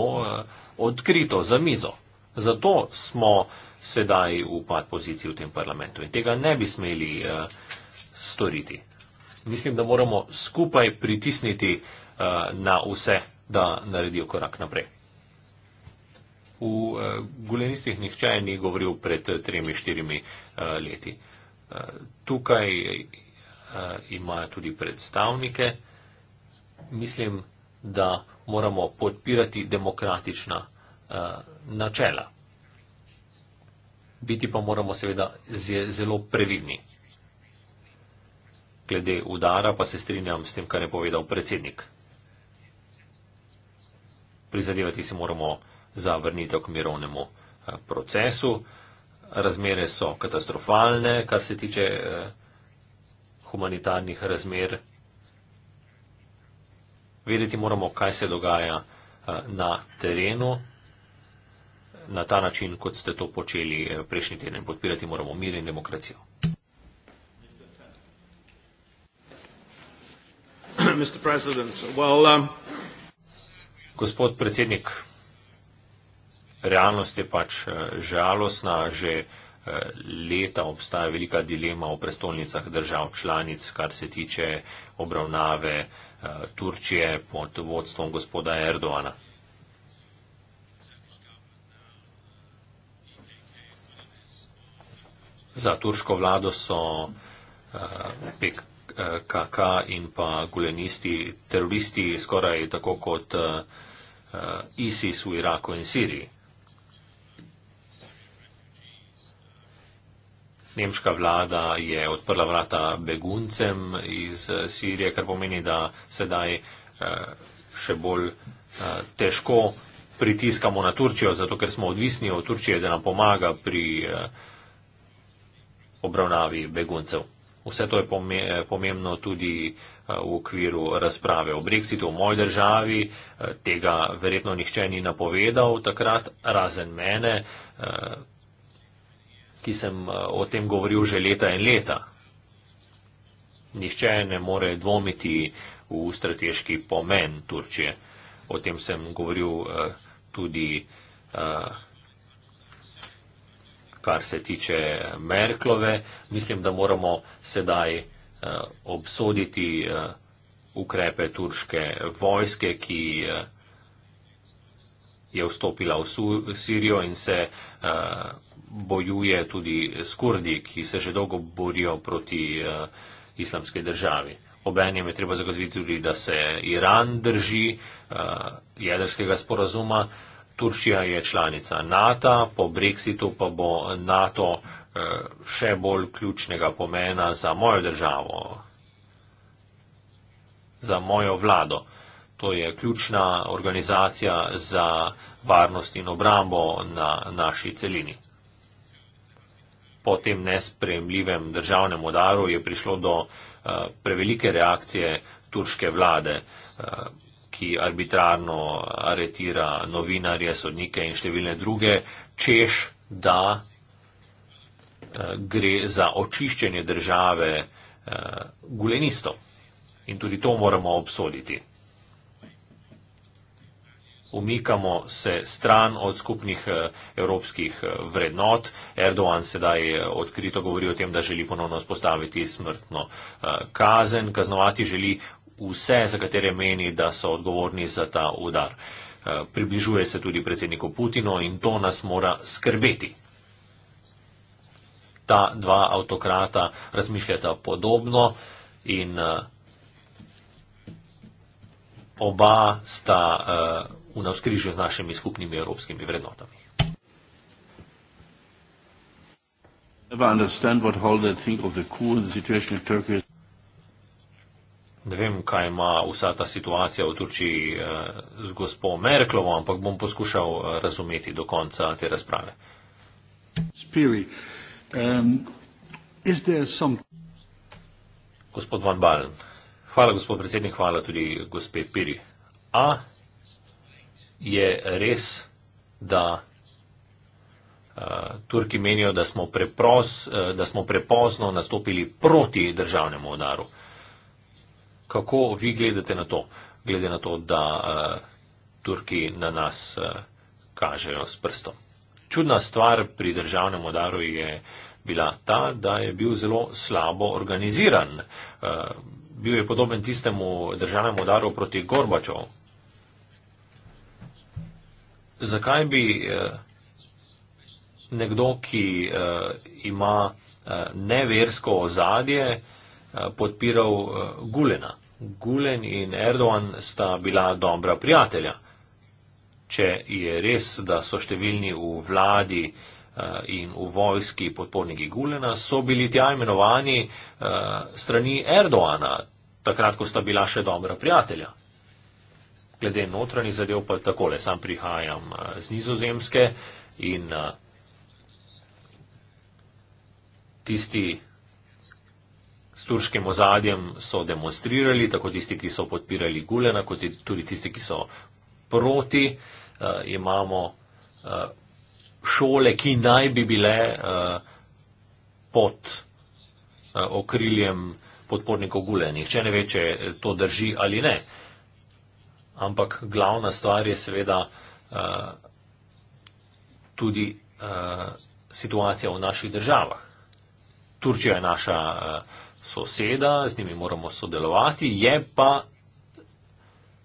S2: odkrito za mizo. Zato smo sedaj v pad poziciji v tem parlamentu in tega ne bi smeli storiti mislim, da moramo skupaj pritisniti uh, na vse, da naredijo korak naprej. V uh, eh, Gulenistih nihče ni govoril pred eh, tremi, štirimi uh, leti. Uh, tukaj uh, imajo tudi predstavnike. Mislim, da moramo podpirati demokratična uh, načela. Biti pa moramo seveda zelo previdni. Glede udara pa se strinjam s tem, kar je povedal predsednik. Prizadevati se moramo za vrnitev k mirovnemu eh, procesu. Razmere so katastrofalne, kar se tiče eh, humanitarnih razmer. Vedeti moramo, kaj se dogaja eh, na terenu, na ta način, kot ste to počeli prejšnji teden. Podpirati moramo mir in demokracijo. Um, Gospod predsednik, realnost je pač eh, žalostna. Že eh, leta obstaja velika dilema v prestolnicah držav članic, kar se tiče obravnave eh, Turčije pod vodstvom gospoda Erdoana. Za turško vlado so KK in pa gulenisti, teroristi, skoraj tako kot eh, eh, ISIS v Iraku in Siriji. Nemška vlada je odprla vrata beguncem iz eh, Sirije, kar pomeni, da sedaj še bolj težko pritiskamo na Turčijo, zato ker smo odvisni od Turčije, da nam pomaga pri obravnavi beguncev. Vse to je pomembno tudi eh, v okviru razprave o Brexitu v moji državi. Eh, tega verjetno nihče ni napovedal takrat, razen mene, eh, ki sem o tem govoril že leta in leta. Nihče ne more dvomiti v strateški pomen Turčije. O tem sem govoril tudi kar se tiče Merklove. Mislim, da moramo sedaj eh, obsoditi eh, ukrepe turške vojske, ki eh, je vstopila v Sirijo in se bojuje tudi s kurdi, ki se že dolgo borijo proti islamske državi. Obenjem je treba zagotoviti tudi, da se Iran drži jedrskega sporazuma. Turčija je članica NATO, po Brexitu pa bo NATO eh, še bolj ključnega pomena za mojo državo, za mojo vlado. To je ključna organizacija za varnost in obrambo na naši celini. Po tem nespremljivem državnem udaru je prišlo do eh, prevelike reakcije turške vlade. Eh, ki arbitrarno aretira novinarje, sodnike in številne druge, češ, da eh, gre za očiščenje države eh, gulenistov. In tudi to moramo obsoditi. Umikamo se stran od skupnih eh, evropskih vrednot. Erdogan sedaj odkrito govori o tem, da želi ponovno spostaviti smrtno kazen, kaznovati želi vse, za katere meni, da so odgovorni za ta udar. Eh, približuje se tudi predsedniku Putinu in to nas mora skrbeti. Ta dva avtokrata razmišljata podobno in eh, oba sta eh, v navskrižju z našimi skupnimi evropskimi vrednotami.
S3: Never understand what Holder think of the coup and the situation in Turkey. Ne vem, kaj
S2: ima vsa ta situacija v Turčiji eh, z gospo Merklovo, ampak bom poskušal eh, razumeti do konca te razprave.
S3: Spiri, um,
S2: gospod Van Balen, hvala gospod predsednik, hvala tudi gospe Piri. A je res, da uh, Turki menijo, da smo, prepros, uh, da smo prepozno nastopili proti državnemu udaru? Kako vi gledate na to, glede na to, da uh, Turki na nas uh, kažejo s prstom? Čudna stvar pri državnem odaru je bila ta, da je bil zelo slabo organiziran. Uh, bil je podoben tistemu državnemu udaru proti Gorbačov. Zakaj bi eh, nekdo, ki eh, ima eh, neversko ozadje, eh, podpiral eh, Gulena? Gulen in Erdogan sta bila dobra prijatelja. Če je res, da so številni v vladi eh, in v vojski podporniki Gulena, so bili tja imenovani eh, strani Erdoana, takrat, ko sta bila še dobra prijatelja. Glede notranji zadev pa takole, sam prihajam eh, z nizozemske in tisti S turškim ozadjem so demonstrirali, tako tisti, ki so podpirali Gulena, kot tudi tisti, ki so proti. E, imamo e, šole, ki naj bi bile e, pod e, okriljem podpornikov Gulena. Nihče ne ve, če to drži ali ne. Ampak glavna stvar je seveda e, tudi e, situacija v naših državah. Turčija je naša. E, soseda, z njimi moramo sodelovati, je pa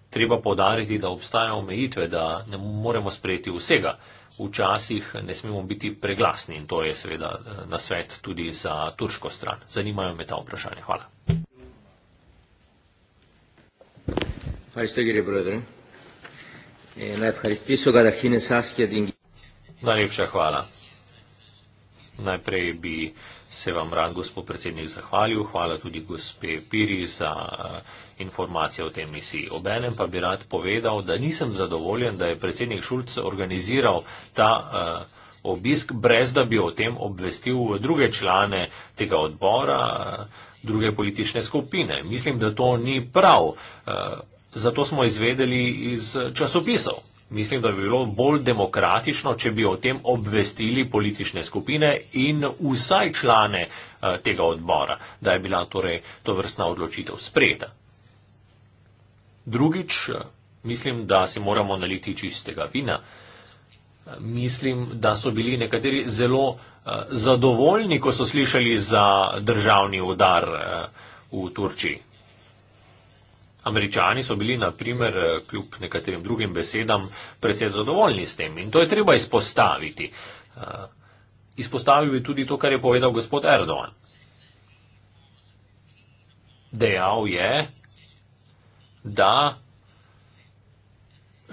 S2: treba podariti, da obstajajo omejitve, da ne moremo sprejeti vsega. Včasih ne smemo biti preglasni in to je seveda eh, na svet tudi za turško stran. Zanimajo me ta vprašanja. Hvala. Eh, Najlepša hvala. Najprej bi se vam rad gospod predsednik zahvalil, hvala tudi gospe Piri za eh, informacije o tem misiji. Obenem pa bi rad povedal, da nisem zadovoljen, da je predsednik Šulc organiziral ta eh, obisk, brez da bi o tem obvestil druge člane tega odbora, eh, druge politične skupine. Mislim, da to ni prav. Zato smo izvedeli iz časopisov. Mislim, da bi bilo bolj demokratično, če bi o tem obvestili politične skupine in vsaj člane eh, tega odbora, da je bila torej to vrstna odločitev sprejeta. Drugič, eh, mislim, da si moramo naliti čistega vina. Eh, mislim, da so bili nekateri zelo zadovoljni, ko so slišali za državni udar v Turčiji. Američani so bili, na primer, eh, kljub nekaterim drugim besedam, predvsej zadovoljni s tem in to je treba izpostaviti. Eh, izpostavil bi tudi to, kar je povedal gospod Erdogan. Dejal je, da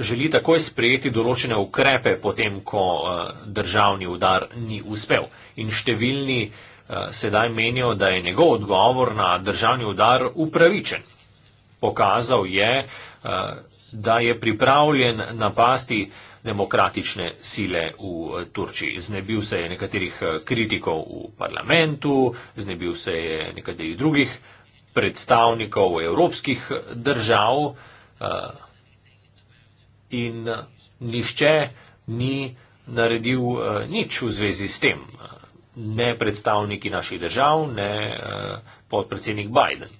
S2: želi takoj sprejeti določene ukrepe, potem ko eh, državni udar ni uspel. In številni sedaj menijo, da je njegov odgovor na državni udar upravičen pokazal je, eh, da je pripravljen napasti demokratične sile v eh, Turčiji. Znebil se je nekaterih eh, kritikov v parlamentu, znebil se je nekaterih drugih predstavnikov evropskih držav in nišče ni naredil nič v zvezi s tem. Ne predstavniki naših držav, ne podpredsednik Biden.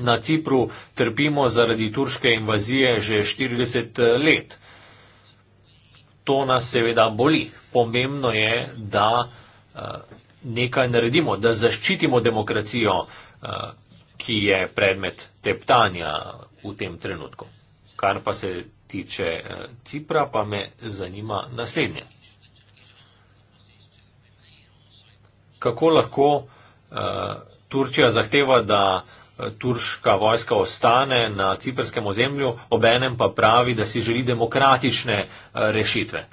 S2: Na Cipru trpimo zaradi turške invazije že 40 eh, let. To nas seveda boli. Pomembno je, da eh, nekaj naredimo, da zaščitimo demokracijo, eh, ki je predmet teptanja v tem trenutku. Kar pa se tiče Cipra, pa me zanima naslednje. Kako lahko uh, Turčija zahteva, da uh, Eh, turška vojska ostane na ciperskem ozemlju, obenem pa pravi, da si želi demokratične eh, rešitve.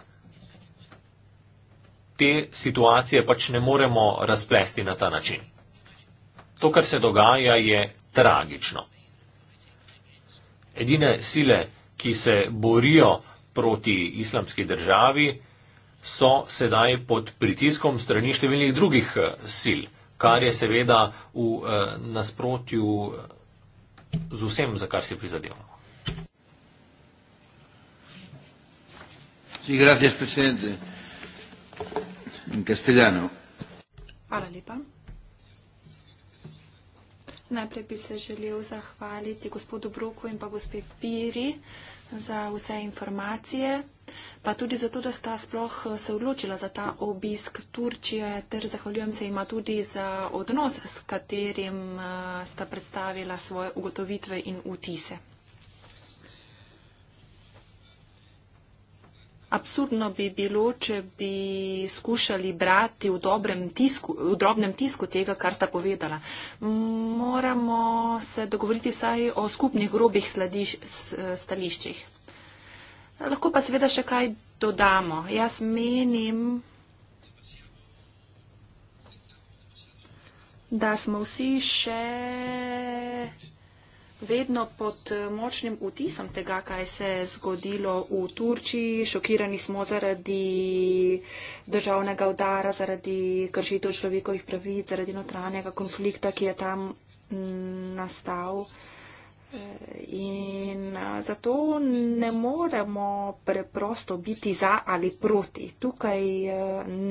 S2: Te situacije pač ne moremo razplesti na ta način. To, kar se dogaja, je tragično. Edine sile, ki se borijo proti islamski državi, so sedaj pod pritiskom strani številnih drugih eh, sil kar je seveda v eh, nasprotju z vsem, za kar si prizadevamo.
S4: Hvala lepa. Najprej bi se želel zahvaliti gospodu Broku in pa gospe Piri za vse informacije, pa tudi zato, da sta sploh eh, se odločila za ta obisk Turčije, ter zahvaljujem se ima tudi za odnos, s katerim eh, sta predstavila svoje ugotovitve in vtise. Absurdno bi bilo, če bi skušali brati v, tisku, v drobnem tisku tega, kar sta povedala. Moramo se dogovoriti vsaj o skupnih grobih sladiš, stališčih. Lahko pa seveda še kaj dodamo. Jaz menim, da smo vsi še. Okay vedno pod eh, močnim vtisom tega, kaj se je zgodilo v Turčiji. Šokirani smo zaradi državnega udara, zaradi kršitev človekovih pravic, zaradi notranjega konflikta, ki je tam mm, nastal. Eh, in eh, zato ne moremo preprosto biti za ali proti. Tukaj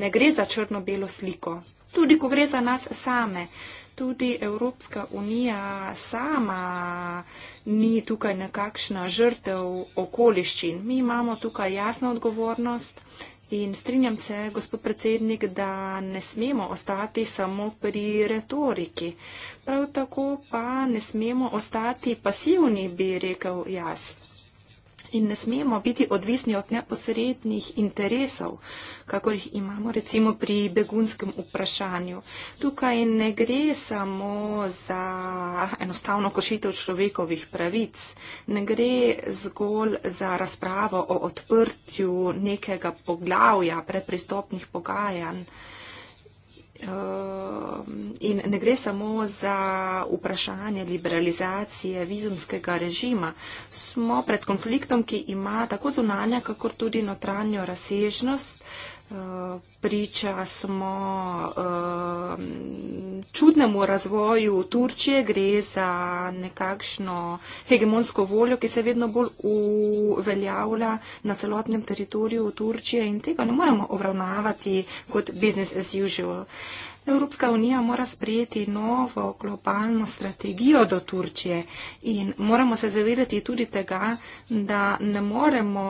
S4: ne gre za črno-belo sliko tudi ko gre za nas same. Tudi Evropska unija sama ni tukaj nekakšna žrtev okoliščin. Mi imamo tukaj jasno odgovornost in strinjam se, gospod predsednik, da ne smemo ostati samo pri retoriki. Prav tako pa ne smemo ostati pasivni, bi rekel jaz in ne smemo biti odvisni od neposrednih interesov, kakor jih imamo recimo pri begunskem vprašanju. Tukaj ne gre samo za enostavno košitev človekovih pravic, ne gre zgolj za razpravo o odprtju nekega poglavja predpristopnih pogajanj. Ehm, in ne gre samo za vprašanje liberalizacije vizumskega režima. Smo pred konfliktom, ki ima tako zunanja, kakor tudi notranjo razsežnost, uh, priča smo eh, čudnemu razvoju Turčije, gre za nekakšno hegemonsko voljo, ki se vedno bolj uveljavlja na celotnem teritoriju Turčije in tega ne moremo obravnavati kot business as usual. Evropska unija mora sprejeti novo globalno strategijo do Turčije in moramo se zavedati tudi tega, da ne moremo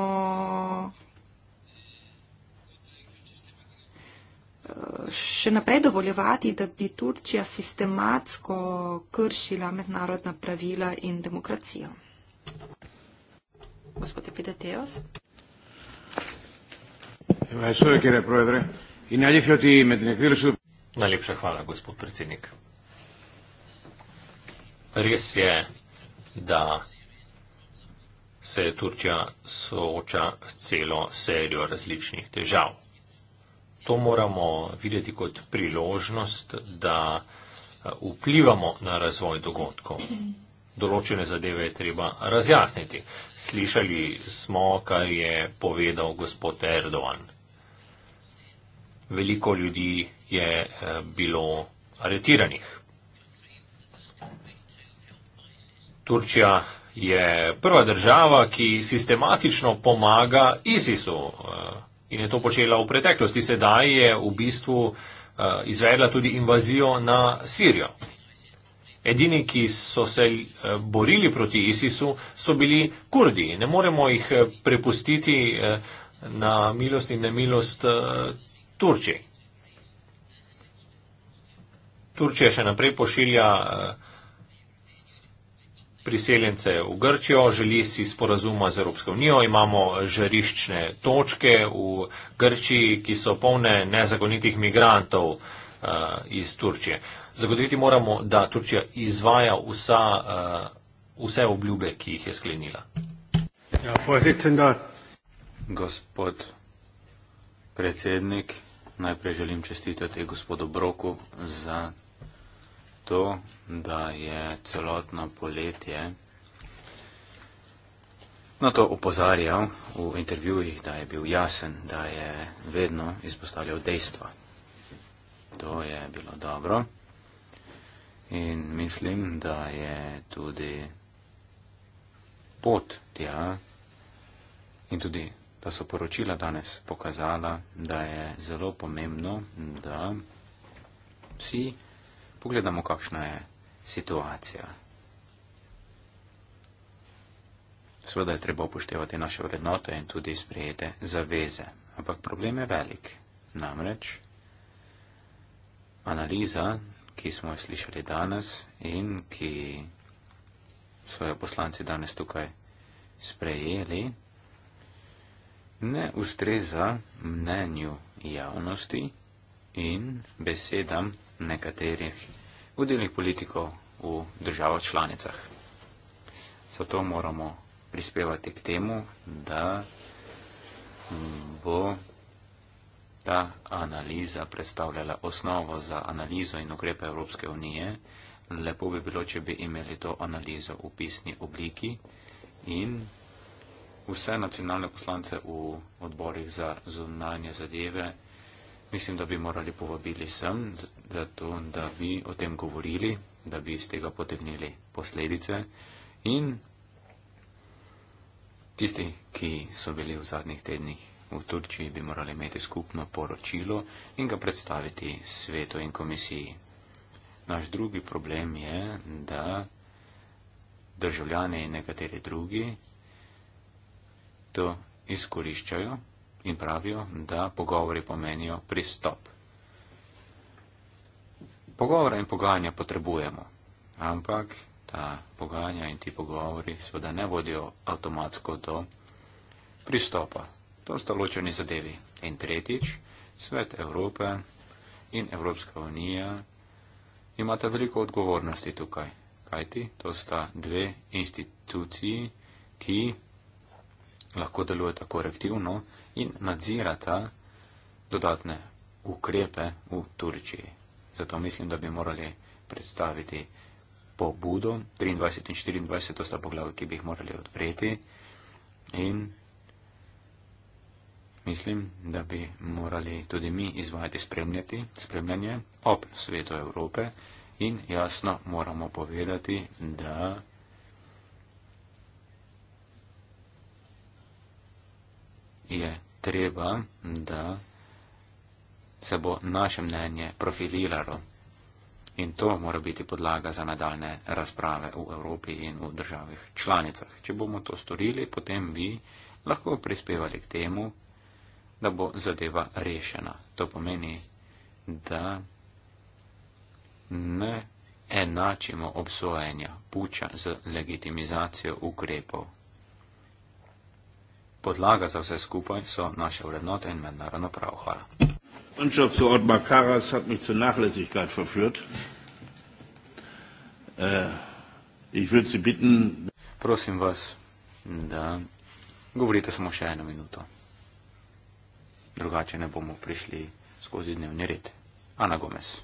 S4: še naprej dovoljevati, da bi Turčija sistematsko kršila mednarodna pravila in demokracijo. Gospod Epideteos.
S2: Najlepša hvala, gospod predsednik. Res je, da se Turčija sooča s celo serijo različnih težav to moramo videti kot priložnost, da eh, vplivamo na razvoj dogodkov. Določene zadeve je treba razjasniti. Slišali smo, kar je povedal gospod Erdogan. Veliko ljudi je eh, bilo aretiranih. Turčija je prva država, ki sistematično pomaga ISIS-u. Eh, in je to počela v preteklosti, sedaj je v bistvu eh, izvedla tudi invazijo na Sirijo. Edini, ki so se eh, borili proti ISIS-u, so bili kurdi. Ne moremo jih eh, prepustiti na milost in nemilost Turčije. Turčija še naprej pošilja priseljence v Grčijo, želi si sporazuma z Evropsko unijo, imamo žariščne točke v Grčiji, ki so polne nezakonitih migrantov uh, iz Turčije. Zagotoviti moramo, da Turčija izvaja vsa, uh, vse obljube, ki jih je sklenila.
S3: Ja,
S2: Gospod
S1: predsednik, najprej želim čestitati gospodu Broku za to, da je celotno poletje na to upozarjal v intervjujih, da je bil jasen, da je vedno izpostavljal dejstva. To je bilo dobro in mislim, da je tudi pot tja in tudi da so poročila danes pokazala, da je zelo pomembno, da vsi pogledamo, kakšna je situacija. Sveda je treba upoštevati naše vrednote in tudi sprejete zaveze, ampak problem je velik. Namreč analiza, ki smo jo slišali danes in ki so jo poslanci danes tukaj sprejeli, ne ustreza mnenju javnosti in besedam nekaterih vodilnih politikov v državah članicah. Zato moramo prispevati k temu, da bo ta analiza predstavljala osnovo za analizo in ukrepe Evropske unije. Lepo bi bilo, če bi imeli to analizo v pisni obliki in vse nacionalne poslance v odborih za zunanje zadeve mislim, da bi morali povabili sem, zato da bi o tem govorili, da bi iz tega potegnili posledice. In tisti, ki so bili v zadnjih tednih v Turčiji, bi morali imeti skupno poročilo in ga predstaviti svetu in komisiji. Naš drugi problem je, da državljani in nekateri drugi to izkoriščajo in pravijo, da pogovori pomenijo pristop. Pogovora in pogajanja potrebujemo, ampak ta pogajanja in ti pogovori seveda ne vodijo avtomatsko do pristopa. To sta ločeni zadevi. In tretjič, svet Evrope in Evropska unija imata veliko odgovornosti tukaj. Kajti, to sta dve instituciji, ki lahko delujeta korektivno in nadzirata dodatne ukrepe v Turčiji. Zato mislim, da bi morali predstaviti pobudo 23 in 24, to sta poglavja, ki bi jih morali odpreti. In mislim, da bi morali tudi mi izvajati spremljanje ob svetu Evrope in jasno moramo povedati, da. je treba, da se bo naše mnenje profililalo. In to mora biti podlaga za nadaljne razprave v Evropi in v državih članicah. Če bomo to storili, potem bi lahko prispevali k temu, da bo zadeva rešena. To pomeni, da ne enačimo obsojenja puča z legitimizacijo ukrepov.
S3: Podlaga za vse skupaj so naše vrednote in mednarodno pravo. Hvala. Unschuld zu Otmar Karas hat mich zur Nachlässigkeit verführt. Äh, ich würde Sie bitten. Prosim vas,
S1: da govorite samo še eno minuto. Drugače ne bomo prišli skozi dnevni red. Ana Gomez.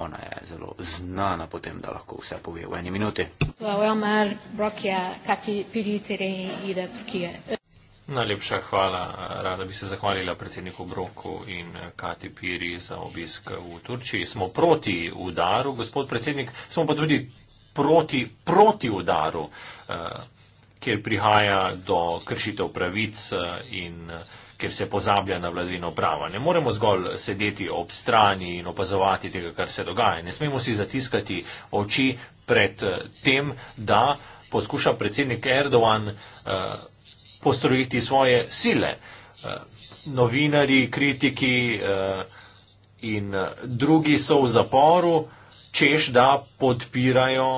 S1: Ona je zelo znana po tem, da lahko vse pove v eni minuti.
S4: Hvala, Elmer Brokja, Kati Piritiri in Ida Turkije.
S2: Najlepša hvala. Rada bi se zahvalila predsedniku Broku in Kati Piri za obisk v Turčiji. Smo proti udaru, gospod predsednik, smo pa tudi proti, proti udaru, eh, kjer prihaja do kršitev pravic eh, in eh, kjer se pozablja na vladino prava. Ne moremo zgolj sedeti ob strani in opazovati tega, kar se dogaja. Ne smemo si zatiskati oči pred tem, da poskuša predsednik Erdogan postrojiti svoje sile. Eh, novinari, kritiki eh, in eh, drugi so v zaporu, češ da podpirajo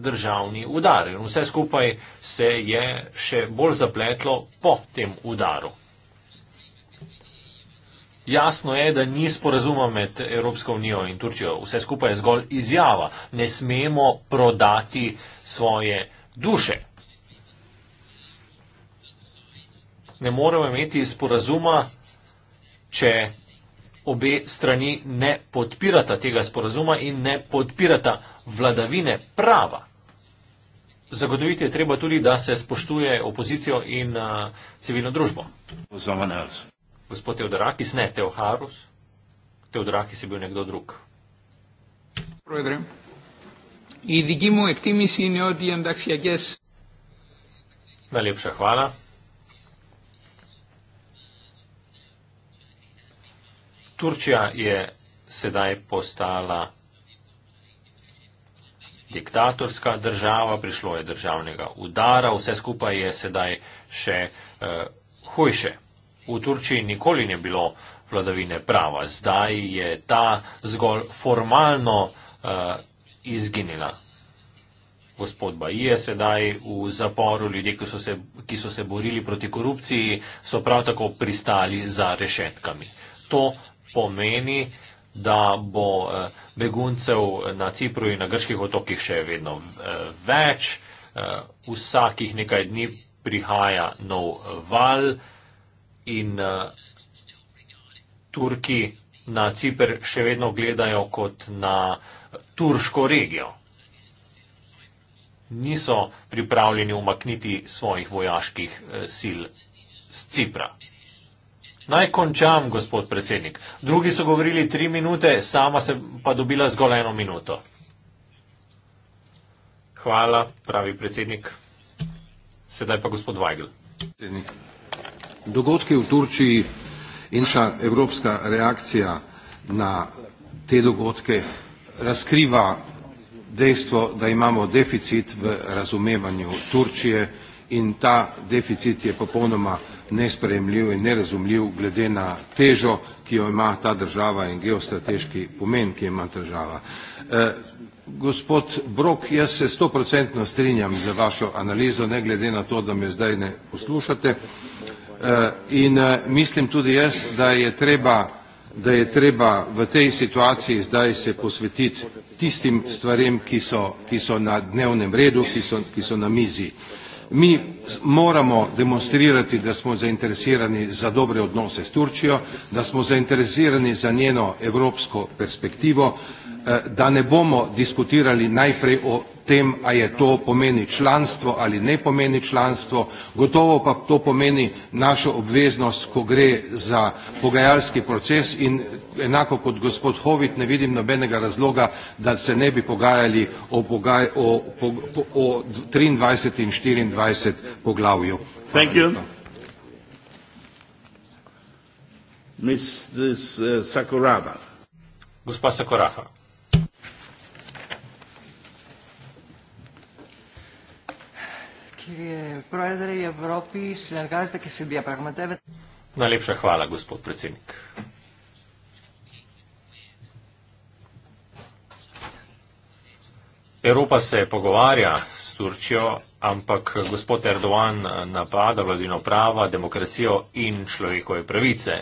S2: državni udar. In vse skupaj se je še bolj zapletlo po tem udaru. Jasno je, da ni sporazuma med Evropsko unijo in Turčijo. Vse skupaj je zgolj izjava. Ne smemo prodati svoje duše. ne moremo imeti sporazuma, če obe strani ne podpirata tega sporazuma in ne podpirata vladavine prava. Zagotoviti je treba tudi, da se spoštuje opozicijo in uh, civilno družbo. Gospod Teodorakis, ne Teoharus, Teodorakis je bil nekdo drug. Najlepša hvala. Turčija je sedaj postala diktatorska država, prišlo je državnega udara, vse skupaj je sedaj še uh, hujše. V Turčiji nikoli ne bilo vladavine prava, zdaj je ta zgolj formalno uh, izginila. Gospod Baji je sedaj v zaporu, ljudje, ki so, se, ki so se borili proti korupciji, so prav tako pristali za rešetkami. To pomeni, da bo eh, beguncev na Cipru in na grških otokih še vedno eh, več. Eh, vsakih nekaj dni prihaja nov val in Turki na Cipr še vedno gledajo kot na turško regijo. Niso pripravljeni umakniti svojih vojaških sil z Cipra. Naj končam, gospod predsednik. Drugi so govorili tri minute, sama se pa dobila zgolj eno minuto. Hvala, pravi predsednik. Sedaj pa gospod Weigl.
S5: Dogodke v Turčiji in ša evropska reakcija na te dogodke razkriva dejstvo, da imamo deficit v razumevanju Turčije in ta deficit je popolnoma nesprejemljiv in nerazumljiv glede na težo, ki jo ima ta država in geostrateški pomen, ki jo ima država. E, gospod Brok, jaz se stoprocentno strinjam za vašo analizo, ne glede na to, da me zdaj ne poslušate. E, in e, mislim tudi jaz, da je treba, da je treba v tej situaciji zdaj se posvetiti tistim stvarem, ki so, ki so na dnevnem redu, ki so, ki so na mizi mi moramo demonstrirati da smo zainteresirani za dobre odnose s turčijo da smo zainteresirani za njeno evropsko perspektivo Eh, da ne bomo diskutirali najprej o tem, a je to pomeni članstvo ali ne pomeni članstvo, gotovo pa to pomeni našo obveznost, ko gre za pogajalski proces in enako kot gospod Hovit ne vidim nobenega razloga, da se ne bi pogajali o, pogaj, o, o, o 23 in 24
S3: poglavju. Thank you. Mrs. Eh, Sakurava. Gospa Sakurava.
S4: Κύριε Πρόεδρε, η Ευρώπη συνεργάζεται και συνδιαπραγματεύεται.
S2: Να λείψα χβάλα, Γκουσπούτ Πρετσίνικ. Evropa se pogovarja s Turčjo, ampak gospod Erdogan napada vladino prava, demokracijo in človekove pravice.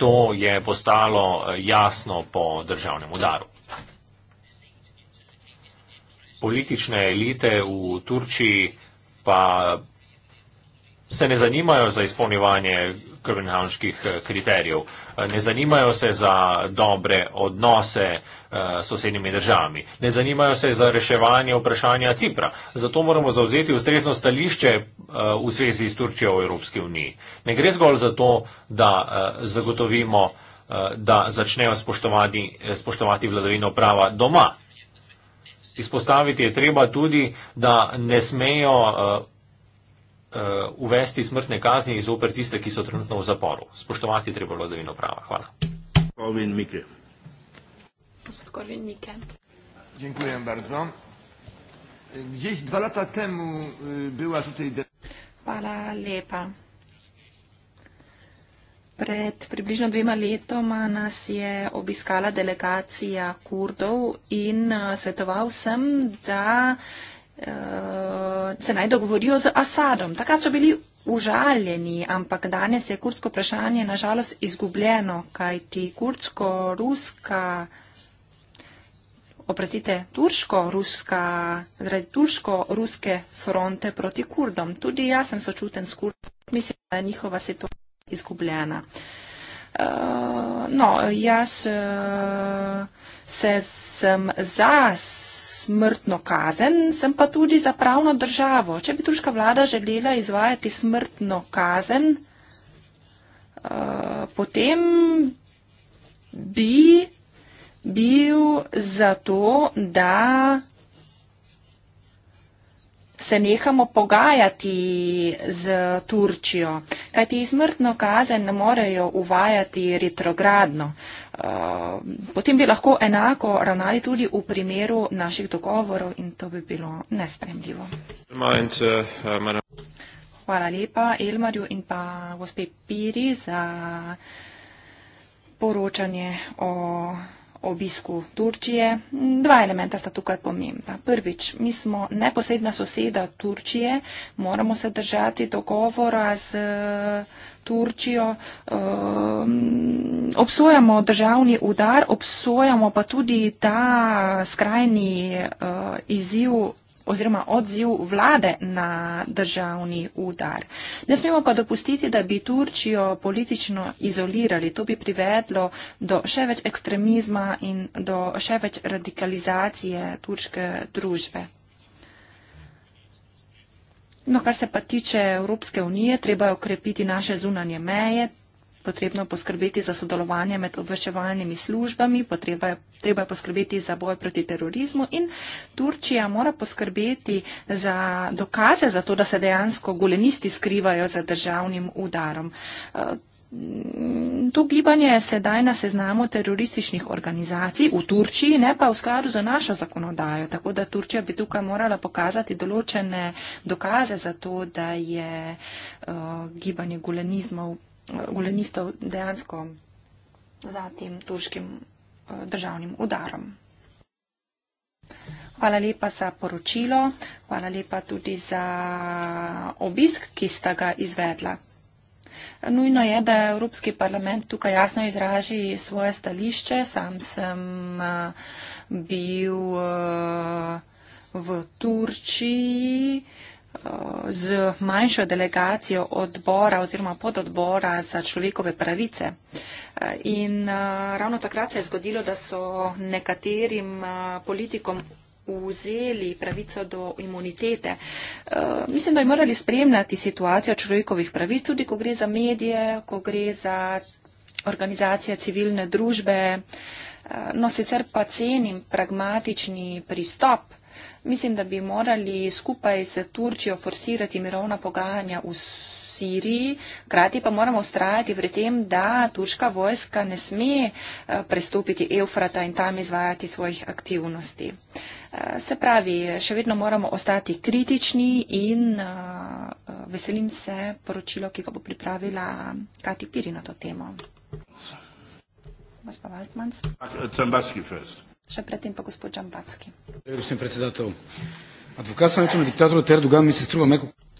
S2: To je postalo jasno po državnem udaru. Politične elite v Turčiji pa se ne zanimajo za izpolnjevanje krvenhavnških eh, kriterijev. Eh, ne zanimajo se za dobre odnose eh, s sosednjimi državami. Ne zanimajo se za reševanje vprašanja Cipra. Zato moramo zauzeti ustrezno stališče v svezi s Turčijo v Evropski uniji. Ne gre zgolj za to, da zagotovimo, da začnejo spoštovati, spoštovati vladavino prava doma. Izpostaviti je treba tudi, da ne smejo eh, eh, uvesti smrtne kazni iz oper tiste, ki so trenutno v zaporu. Spoštovati treba vladavino
S3: prava. Hvala. Korvin Mike.
S4: Gospod Korvin Mike.
S3: Dziękujem bardzo. Gdzieś dwa lata temu była tutaj...
S4: Pala lepa. Pred približno dvema letoma nas je obiskala delegacija kurdov in eh, svetoval sem, da uh, se naj dogovorijo z Asadom. Takrat so bili užaljeni, ampak danes je kurdsko vprašanje nažalost izgubljeno, kajti kurdsko-ruska. Oprostite, turško-ruska, zaradi turško-ruske fronte proti kurdom. Tudi jaz sem sočuten s kurdom. Mislim, da je njihova situacija izgubljena. Eh, no, jaz eh, se sem za smrtno kazen, sem pa tudi za pravno državo. Če bi turška vlada želela izvajati smrtno kazen, eh, potem bi bil za to, da se nehamo pogajati z Turčijo, kajti izmrtno kazen ne morejo uvajati retrogradno. Eh, potem bi lahko enako ravnali tudi v primeru naših dogovorov in to bi bilo nespremljivo. Hvala lepa Elmarju in pa gospe Piri za poročanje o obisku Turčije. Dva elementa sta tukaj pomembna. Prvič, mi smo neposredna soseda Turčije, moramo se držati dogovora z eh, Turčijo. Um, obsojamo državni udar, obsojamo pa tudi ta skrajni uh, izziv oziroma odziv vlade na državni udar. Ne smemo pa dopustiti, da bi Turčijo politično izolirali. To bi privedlo do še več ekstremizma in do še več radikalizacije turške družbe. No, kar se pa tiče Evropske unije, treba okrepiti naše zunanje meje, potrebno poskrbeti za sodelovanje med obveščevalnimi službami, potreba, treba je poskrbeti za boj proti terorizmu in Turčija mora poskrbeti za dokaze za to, da se dejansko golenisti skrivajo za državnim udarom. Eh, to gibanje je sedaj na seznamu terorističnih organizacij v Turčiji, ne pa v skladu za našo zakonodajo. Tako da Turčija bi tukaj morala pokazati določene dokaze za to, da je uh, gibanje gulenizmov golenistov dejansko za tem turškim eh, državnim udarom. Hvala lepa za poročilo, hvala lepa tudi za obisk, ki sta ga izvedla. Nujno je, da Evropski parlament tukaj jasno izraži svoje stališče. Sam sem eh, bil eh, v Turčiji z manjšo delegacijo odbora oziroma pododbora za človekove pravice. In eh, ravno takrat se je zgodilo, da so nekaterim eh, politikom vzeli pravico do imunitete. Eh, mislim, da bi morali spremljati situacijo človekovih pravic, tudi ko gre za medije, ko gre za organizacije civilne družbe. No, sicer pa cenim pragmatični pristop Mislim, da bi morali skupaj z Turčijo forsirati mirovna pogajanja v Siriji, krati pa moramo ustrajati pri tem, da turška vojska ne sme eh, prestopiti Eufrata in tam izvajati svojih aktivnosti. Eh, se pravi, še vedno moramo ostati kritični in eh, veselim se poročilo, ki ga bo pripravila Kati Piri na to temo. Gospod
S3: Waldmans.
S4: Še predtem pa gospod Čambacki.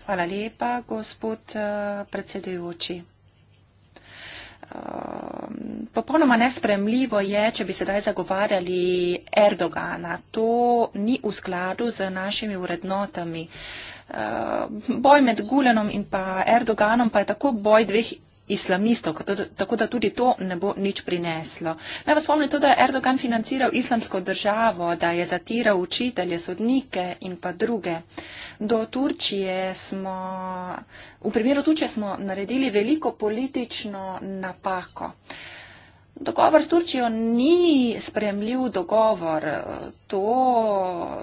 S4: Hvala lepa, gospod eh, predsedujoči. Eh, popolnoma nespremljivo je, če bi sedaj zagovarjali Erdogana. To ni v skladu z našimi urednotami. Eh, boj med Gulenom in pa Erdoganom pa je tako boj dveh islamistov, tako da tudi to ne bo nič prineslo. Naj vas spomnim to, da je Erdogan financiral islamsko državo, da je zatiral učitelje, sodnike in pa druge. Do Turčije smo, v primeru Turčije smo naredili veliko politično napako. Dogovor s Turčijo ni spremljiv dogovor. To,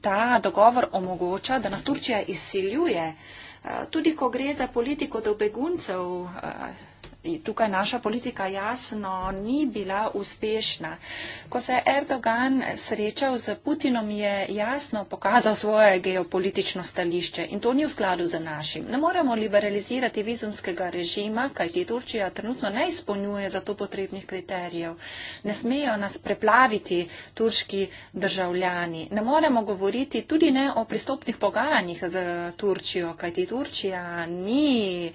S4: ta dogovor omogoča, da nas Turčija izsiljuje. Tudi ko gre za politiko do beguncev, eh, tukaj naša politika jasno ni bila uspešna. Ko se je Erdogan srečal z Putinom, je jasno pokazal svoje geopolitično stališče in to ni v skladu z našim. Ne moremo liberalizirati vizumskega režima, kajti Turčija trenutno ne izpolnjuje za to potrebnih kriterijev. Ne smejo nas preplaviti turški državljani. Ne moremo govoriti tudi ne o pristopnih pogajanjih z Turčijo, kajti Turčija ni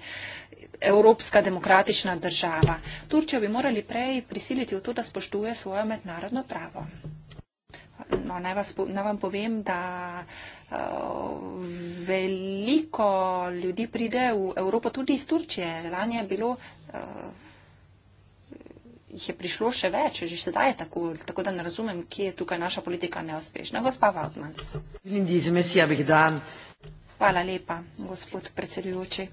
S4: evropska demokratična država. Turčijo bi morali prej prisiliti v to, da spoštuje svojo mednarodno pravo. No, naj, vas, naj vam povem, da uh, veliko ljudi pride v Evropo tudi iz Turčije. Lani je bilo. Uh, jih je prišlo še več, že sedaj je tako, tako da ne razumem, kje je tukaj naša politika neuspešna. Gospa Valdmans. Hvala lepa, gospod predsedujoči.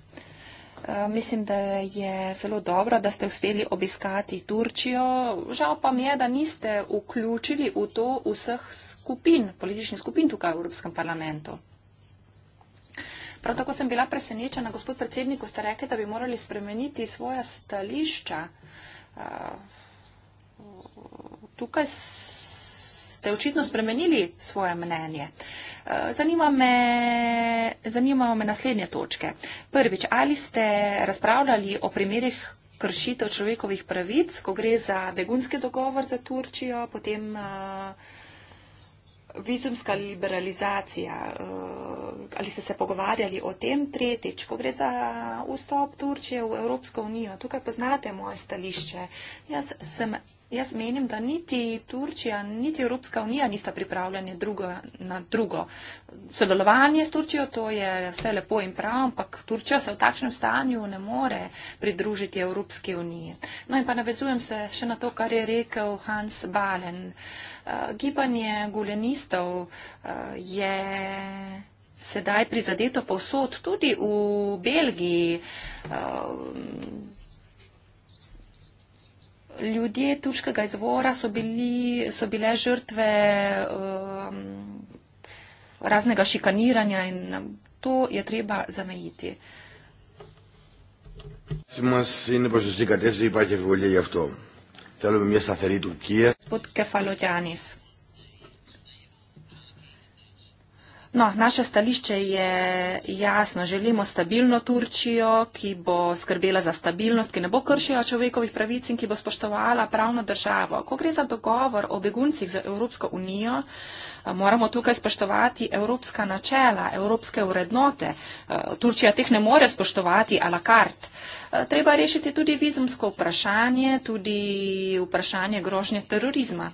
S4: Eh, mislim, da je zelo dobro, da ste uspeli obiskati Turčijo. Žal pa mi je, da niste vključili v to vseh skupin, političnih skupin tukaj v Evropskem parlamentu. Prav tako sem bila presenečena, gospod predsednik, ko ste rekli, da bi morali spremeniti svoja stališča. Eh, tukaj ste očitno spremenili svoje mnenje. Eh, zanima me, zanimajo me naslednje točke. Prvič, ali ste razpravljali o primerih kršitev človekovih pravic, ko gre za begunski dogovor za Turčijo, potem uh, vizumska liberalizacija, uh, ali ste se pogovarjali o tem tretjič, ko gre za vstop Turčije v Evropsko unijo. Tukaj poznate moje stališče. Jaz sem Jaz menim, da niti Turčija, niti Evropska unija nista pripravljeni drugo na drugo. Sodelovanje s Turčijo, to je vse lepo in prav, ampak Turčija se v takšnem stanju ne more pridružiti Evropske unije. No in pa navezujem se še na to, kar je rekel Hans Balen. Eh, gibanje gulenistov eh, je sedaj prizadeto povsod, tudi v Belgiji. Eh, ljudje turškega izvora so, bili, so bile žrtve uh, raznega šikaniranja in to je treba zamejiti. Gospod Kefalodjanis. No, naše stališče je jasno. Želimo stabilno Turčijo, ki bo skrbela za stabilnost, ki ne bo kršila človekovih pravic in ki bo spoštovala pravno državo. Ko gre za dogovor o beguncih za Evropsko unijo, eh, moramo tukaj spoštovati evropska načela, evropske urednote. Eh, Turčija teh ne more spoštovati a la carte. Eh, Treba rešiti tudi vizumsko vprašanje, tudi vprašanje grožnje terorizma.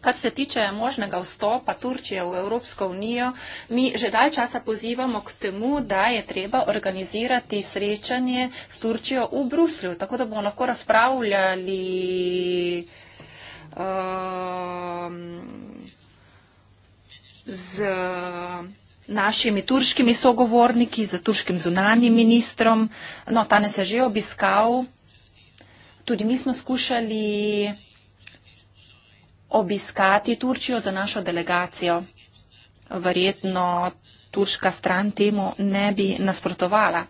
S4: Kar se tiče možnega vstopa Turčije v Evropsko unijo, mi že dalj časa pozivamo k temu, da je treba organizirati srečanje s Turčijo v Bruslju, tako da bomo lahko razpravljali um, z našimi turškimi sogovorniki, z turškim zunanjim ministrom. No, ta ne se že obiskal. Tudi mi smo skušali obiskati Turčijo za našo delegacijo. Verjetno turška stran temu ne bi nasprotovala.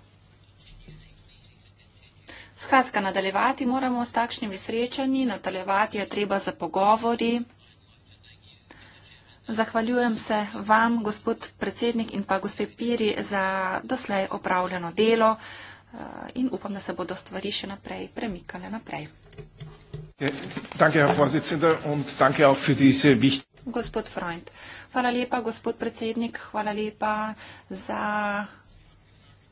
S4: Skratka, nadaljevati moramo s takšnimi srečanji, nadaljevati je treba za pogovori. Zahvaljujem se vam, gospod predsednik in pa gospe Piri, za doslej opravljeno delo eh, in upam, da se bodo stvari še naprej premikale naprej.
S3: Eh, danke, Herr Vorsitzender, und danke auch für diese
S4: Gospod Freund, hvala lepa, gospod predsednik, hvala lepa za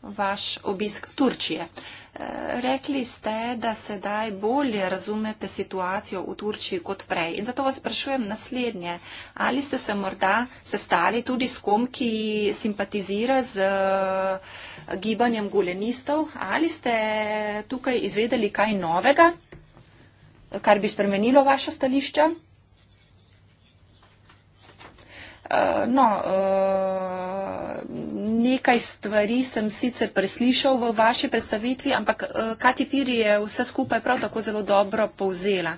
S4: vaš obisk Turčije. Eh, rekli ste, da sedaj bolje razumete situacijo v Turčiji kot prej. In zato vas sprašujem naslednje. Ali ste se morda sestali tudi s kom, ki simpatizira z eh, gibanjem gulenistov? Ali ste tukaj izvedeli kaj novega? kar bi spremenilo vaše stališče? Eh, no, eh, nekaj stvari sem sicer preslišal v vaši predstavitvi, ampak eh, Kati Piri je vse skupaj prav tako zelo dobro povzela.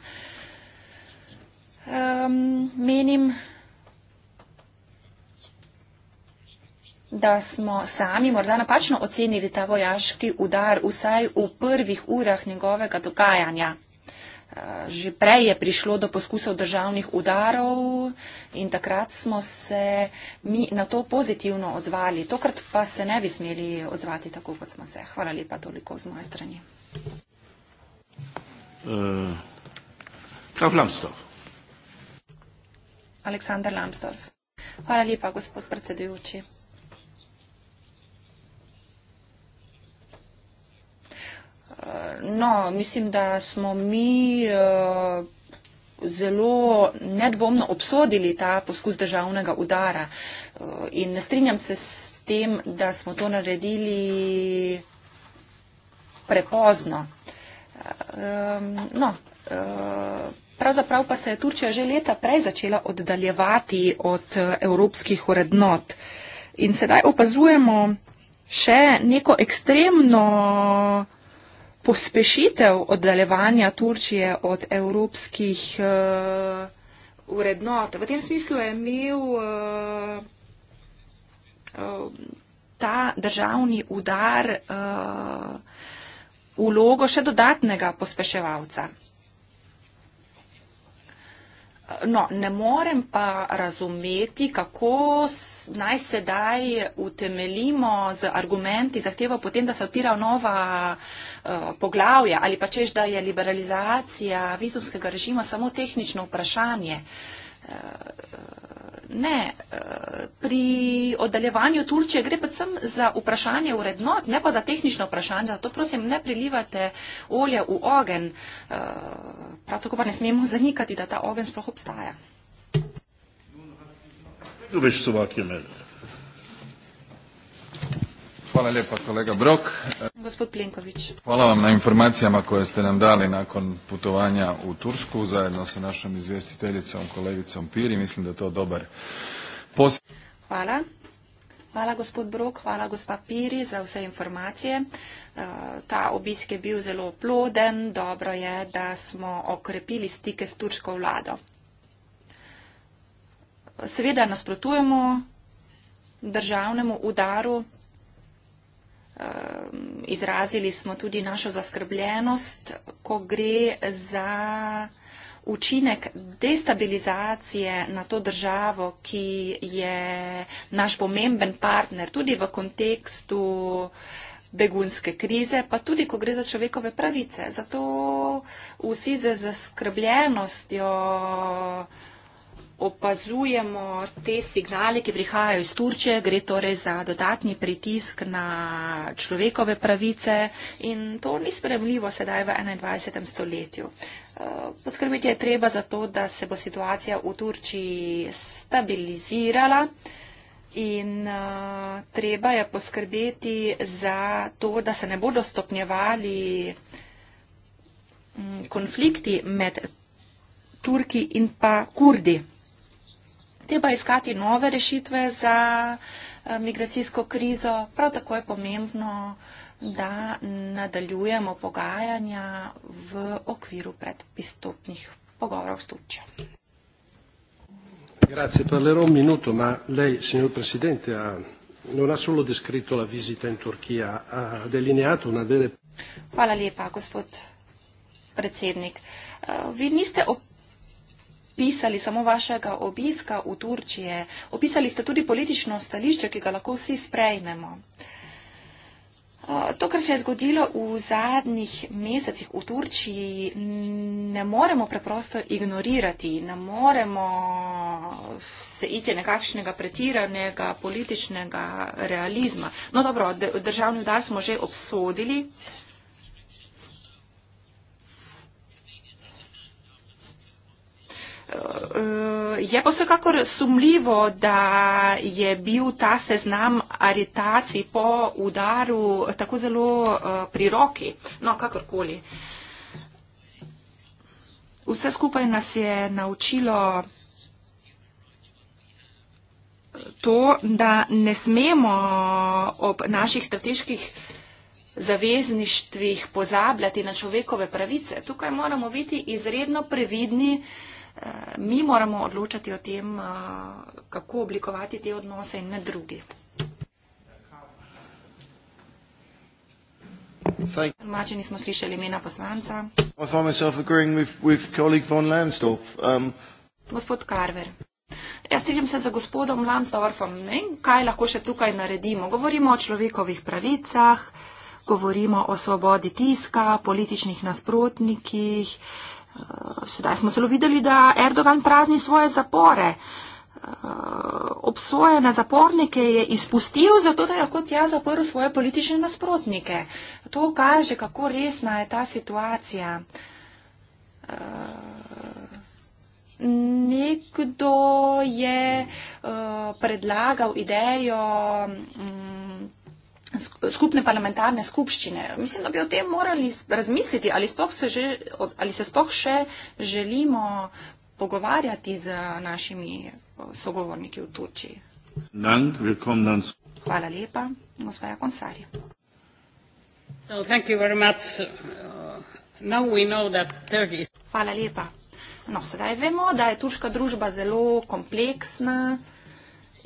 S4: Menim, da smo sami morda napačno ocenili ta vojaški udar vsaj v prvih urah njegovega dogajanja. Že prej je prišlo do poskusov državnih udarov in takrat smo se mi na to pozitivno odzvali. Tokrat pa se ne bi smeli odzvati tako, kot smo se. Hvala lepa toliko z moje strani.
S3: Uh, eh,
S4: Aleksandar Lambsdorf. Hvala lepa, gospod predsedujoči. No, mislim, da smo mi eh, zelo nedvomno obsodili ta poskus državnega udara eh, in ne strinjam se s tem, da smo to naredili prepozno. Ehm, no, eh, pravzaprav pa se je Turčija že leta prej začela oddaljevati od evropskih urednot in sedaj opazujemo še neko ekstremno pospešitev oddaljevanja Turčije od evropskih uh, eh, urednot. V tem smislu je imel uh, uh, ta državni udar uh, vlogo še dodatnega pospeševalca. No, ne morem pa razumeti, kako naj sedaj utemelimo z argumenti zahtevo potem, da se odpirajo nova uh, poglavja ali pa češ, da je liberalizacija vizumskega režima samo tehnično vprašanje. Uh, ne, eh, pri oddaljevanju Turčije gre predvsem za vprašanje urednot, ne pa za tehnično vprašanje. Zato prosim, ne prilivate olje v ogen. Eh, prav tako pa ne smemo zanikati, da ta ogen sploh obstaja.
S3: Tu veš, so vaki meni.
S5: Hvala lijepa kolega Brok.
S4: Gospod Plenković. Hvala vam
S5: na informacijama koje ste nam dali nakon putovanja u Tursku zajedno sa našom izvjestiteljicom kolegicom Piri. Mislim da je to dobar posao.
S4: Hvala. Hvala gospod Brok, hvala gospa Piri za vse informacije. E, ta obisk je bil zelo ploden, dobro je, da smo okrepili stike s turško vlado. Seveda nasprotujemo državnemu udaru Ehm, izrazili smo tudi našo zaskrbljenost, ko gre za učinek destabilizacije na to državo, ki je naš pomemben partner tudi v kontekstu begunske krize, pa tudi, ko gre za človekove pravice. Zato vsi z zaskrbljenostjo opazujemo te signale, ki prihajajo iz Turčije, gre torej za dodatni pritisk na človekove pravice in to ni spremljivo sedaj v 21. stoletju. Eh, Podkrbiti je treba za to, da se bo situacija v Turčiji stabilizirala in eh, treba je poskrbeti za to, da se ne bodo stopnjevali mm, konflikti med Turki in pa Kurdi. Treba iskati nove rešitve za eh, migracijsko krizo. Prav tako je pomembno, da nadaljujemo pogajanja v okviru predpistopnih pogovorov s Turčijo.
S5: Grazie, parlerò un minuto, ma lei, signor Presidente, ha, non ha solo descritto la visita in Turchia, ha delineato una vera... E
S4: Hvala lepa, gospod predsednik. Eh, vi niste op opisali samo vašega obiska v Turčije, opisali ste tudi politično stališče, ki ga lahko vsi sprejmemo. To, kar se je zgodilo v zadnjih mesecih v Turčiji, ne moremo preprosto ignorirati, ne moremo se iti nekakšnega pretiranega političnega realizma. No dobro, državni udar smo že obsodili, Eh, je pa vsekakor sumljivo, da je bil ta seznam aretacij po udaru tako zelo eh, pri roki. No, kakorkoli. Vse skupaj nas je naučilo eh, to, da ne smemo ob naših strateških zavezništvih pozabljati na človekove pravice. Tukaj moramo biti izredno previdni, mi moramo odločati o tem, kako oblikovati te odnose in ne drugi. Mačeni smo slišali imena poslanca. Um, Gospod Karver. Jaz strinjam se za gospodom Lamsdorfom. Ne? Kaj lahko še tukaj naredimo? Govorimo o človekovih pravicah, govorimo o svobodi tiska, političnih nasprotnikih, Eh, sedaj smo celo videli, da Erdogan prazni svoje zapore. Eh, obsojene zapornike je izpustil, zato da je lahko tja zaprl svoje politične nasprotnike. To kaže, kako resna je ta situacija. Eh, nekdo je predlagal idejo. Mm, skupne parlamentarne skupščine. Mislim, da bi o tem morali razmisliti, ali, se, že, ali se spoh še želimo pogovarjati z našimi eh, sogovorniki v Turčiji. Hvala lepa, gospod Konsari. Uh, Hvala lepa. No, sedaj vemo, da je turška družba zelo kompleksna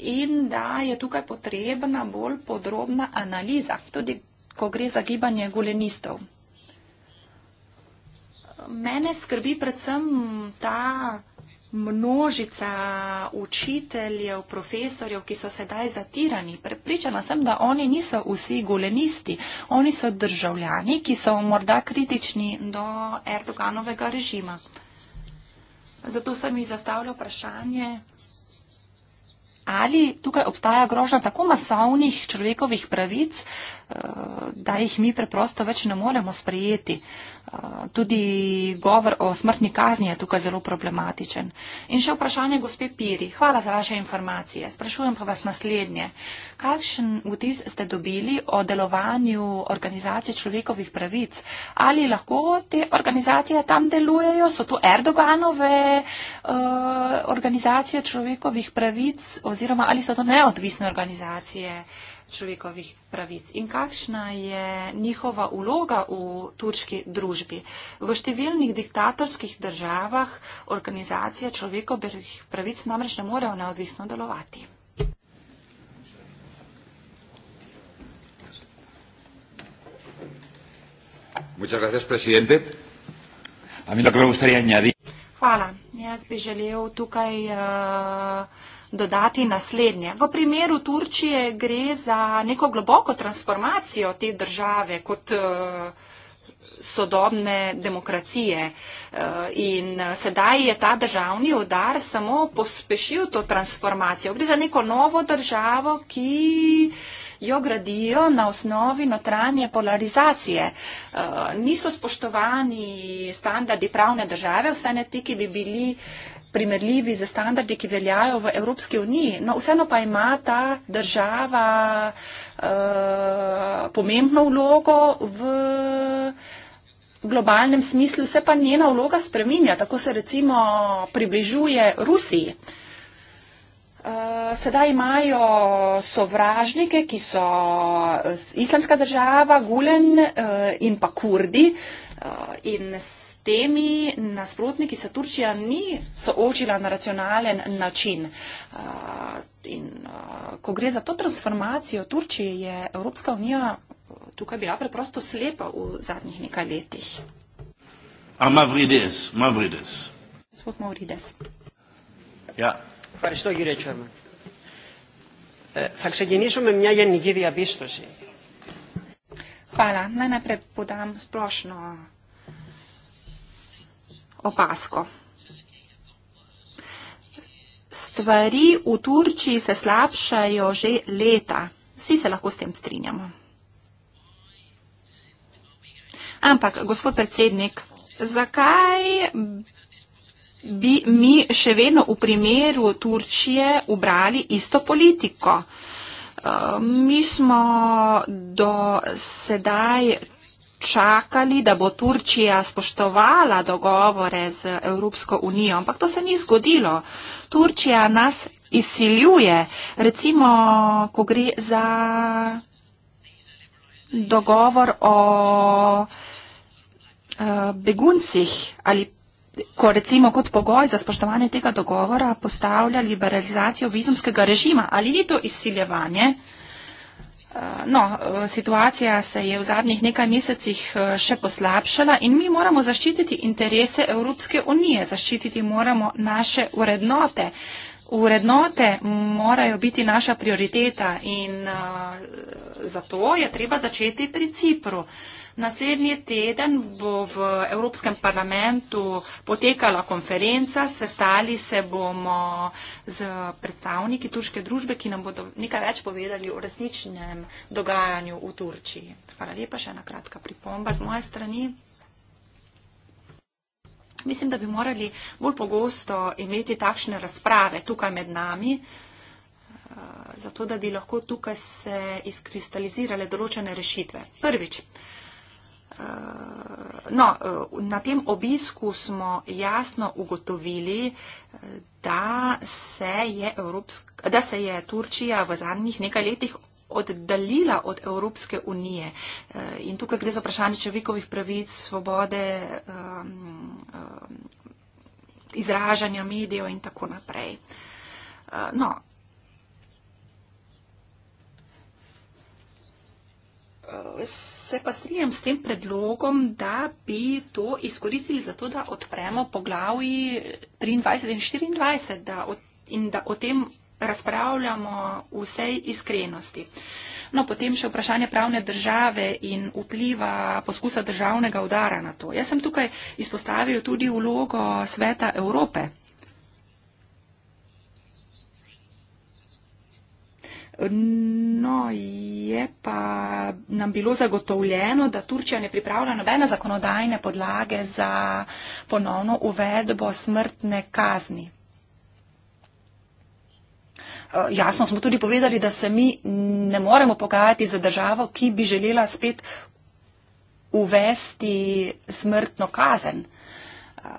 S4: in da je tukaj potrebna bolj podrobna analiza, tudi ko gre za gibanje golenistov. Mene skrbi predvsem ta množica učiteljev, profesorjev, ki so sedaj zatirani. Pripričana sem, da oni niso vsi golenisti. Oni so državljani, ki so morda kritični do Erdoganovega režima. Zato sem jih zastavljal vprašanje, Ali tukaj obstaja grožnja tako masovnih človekovih pravic, eh, da jih mi preprosto več ne moremo sprejeti? Tudi govor o smrtni kazni je tukaj zelo problematičen. In še vprašanje gospe Piri. Hvala za vaše informacije. Sprašujem pa vas naslednje. Kakšen vtis ste dobili o delovanju organizacije človekovih pravic? Ali lahko te organizacije tam delujejo? So to Erdoganove uh, organizacije človekovih pravic? Oziroma ali so to neodvisne organizacije? Uh, človekovih pravic in kakšna je njihova uloga v turški družbi. V številnih diktatorskih državah organizacija človekovih pravic namreč ne morejo neodvisno delovati. Hvala. Jaz bi želel tukaj uh, dodati naslednje. V primeru Turčije gre za neko globoko transformacijo te države kot eh, sodobne demokracije. Eh, in eh, sedaj je ta državni udar samo pospešil to transformacijo. Gre za neko novo državo, ki jo gradijo na osnovi notranje polarizacije. Niso spoštovani standardi pravne države, vse ne ti, ki bi bili primerljivi z standardi, ki veljajo v Evropski uniji. No, vseeno pa ima ta država uh, pomembno vlogo v globalnem smislu, se pa njena vloga spreminja, tako se recimo približuje Rusiji. Eh, sedaj imajo sovražnike, ki so eh, islamska država, Gulen in pa Kurdi in temi nasprotniki se Turčija ni soočila na racionalen način. In ko gre za to transformacijo Turčije, je Evropska unija tukaj bila preprosto slepa v zadnjih nekaj letih.
S3: A Mavrides, Mavrides.
S4: Gospod Mavrides. Ja. Hvala, gospod Rečer. Θα ξεκινήσουμε μια γενική διαπίστωση. Πάρα, να είναι πρέπει που τα σπρώσνω opasko. Stvari v Turčiji se slabšajo že leta. Vsi se lahko s tem strinjamo. Ampak, gospod predsednik, zakaj bi mi še vedno v primeru Turčije ubrali isto politiko? Eh, mi smo do sedaj čakali, da bo Turčija spoštovala dogovore z Evropsko unijo, ampak to se ni zgodilo. Turčija nas izsiljuje, recimo, ko gre za dogovor o eh, beguncih ali ko recimo kot pogoj za spoštovanje tega dogovora postavlja liberalizacijo vizumskega režima. Ali ni to izsiljevanje? No, situacija se je v zadnjih nekaj mesecih eh, še poslabšala in mi moramo zaščititi interese Evropske unije, zaščititi moramo naše vrednote, Urednote morajo biti naša prioriteta in uh, zato je treba začeti pri Cipru. Naslednji teden bo v Evropskem parlamentu potekala konferenca, sestali se bomo z predstavniki turške družbe, ki nam bodo nekaj več povedali o resničnem dogajanju v Turčiji. Hvala lepa, še ena kratka pripomba z moje strani. Mislim, da bi morali bolj pogosto imeti takšne razprave tukaj med nami, eh, zato da bi lahko tukaj se izkristalizirale določene rešitve. Prvič, eh, no, eh, na tem obisku smo jasno ugotovili, da se je, Evropska, da se je Turčija v zadnjih nekaj letih oddaljila od Evropske unije. Eh, in tukaj gre za vprašanje človekovih pravic, svobode izražanja medijev in tako naprej. Eh, no. Se pa strijem s tem predlogom, da bi to izkoristili za to, da odpremo poglavji 23 in 24 da o, in da o tem razpravljamo vsej iskrenosti. No, potem še vprašanje pravne države in vpliva poskusa državnega udara na to. Jaz sem tukaj izpostavil tudi vlogo Sveta Evrope. No, je pa nam bilo zagotovljeno, da Turčija ne pripravlja nobene zakonodajne podlage za ponovno uvedbo smrtne kazni. Eh, jasno smo tudi povedali, da se mi ne moremo pogajati za državo, ki bi želela spet uvesti smrtno kazen. Eh,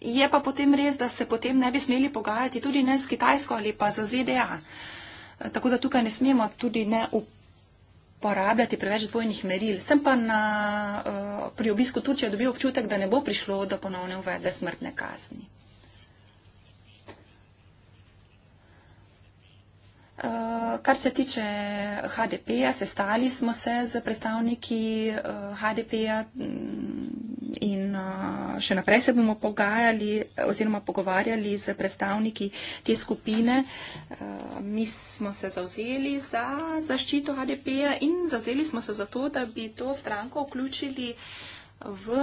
S4: je pa potem res, da se potem ne bi smeli pogajati tudi ne s Kitajsko ali pa z ZDA. Eh, tako da tukaj ne smemo tudi ne uporabljati preveč dvojnih meril. Sem pa na, pri obisku Turčije dobil občutek, da ne bo prišlo do ponovne uvedbe smrtne kazni. Eh, kar se tiče HDP-ja, sestali smo se z predstavniki HDP-ja eh, mm, in eh, še naprej se bomo pogajali oziroma pogovarjali z predstavniki te skupine. Mi smo se zauzeli za zaščito HDP-ja in zauzeli smo se za to, da bi to stranko vključili v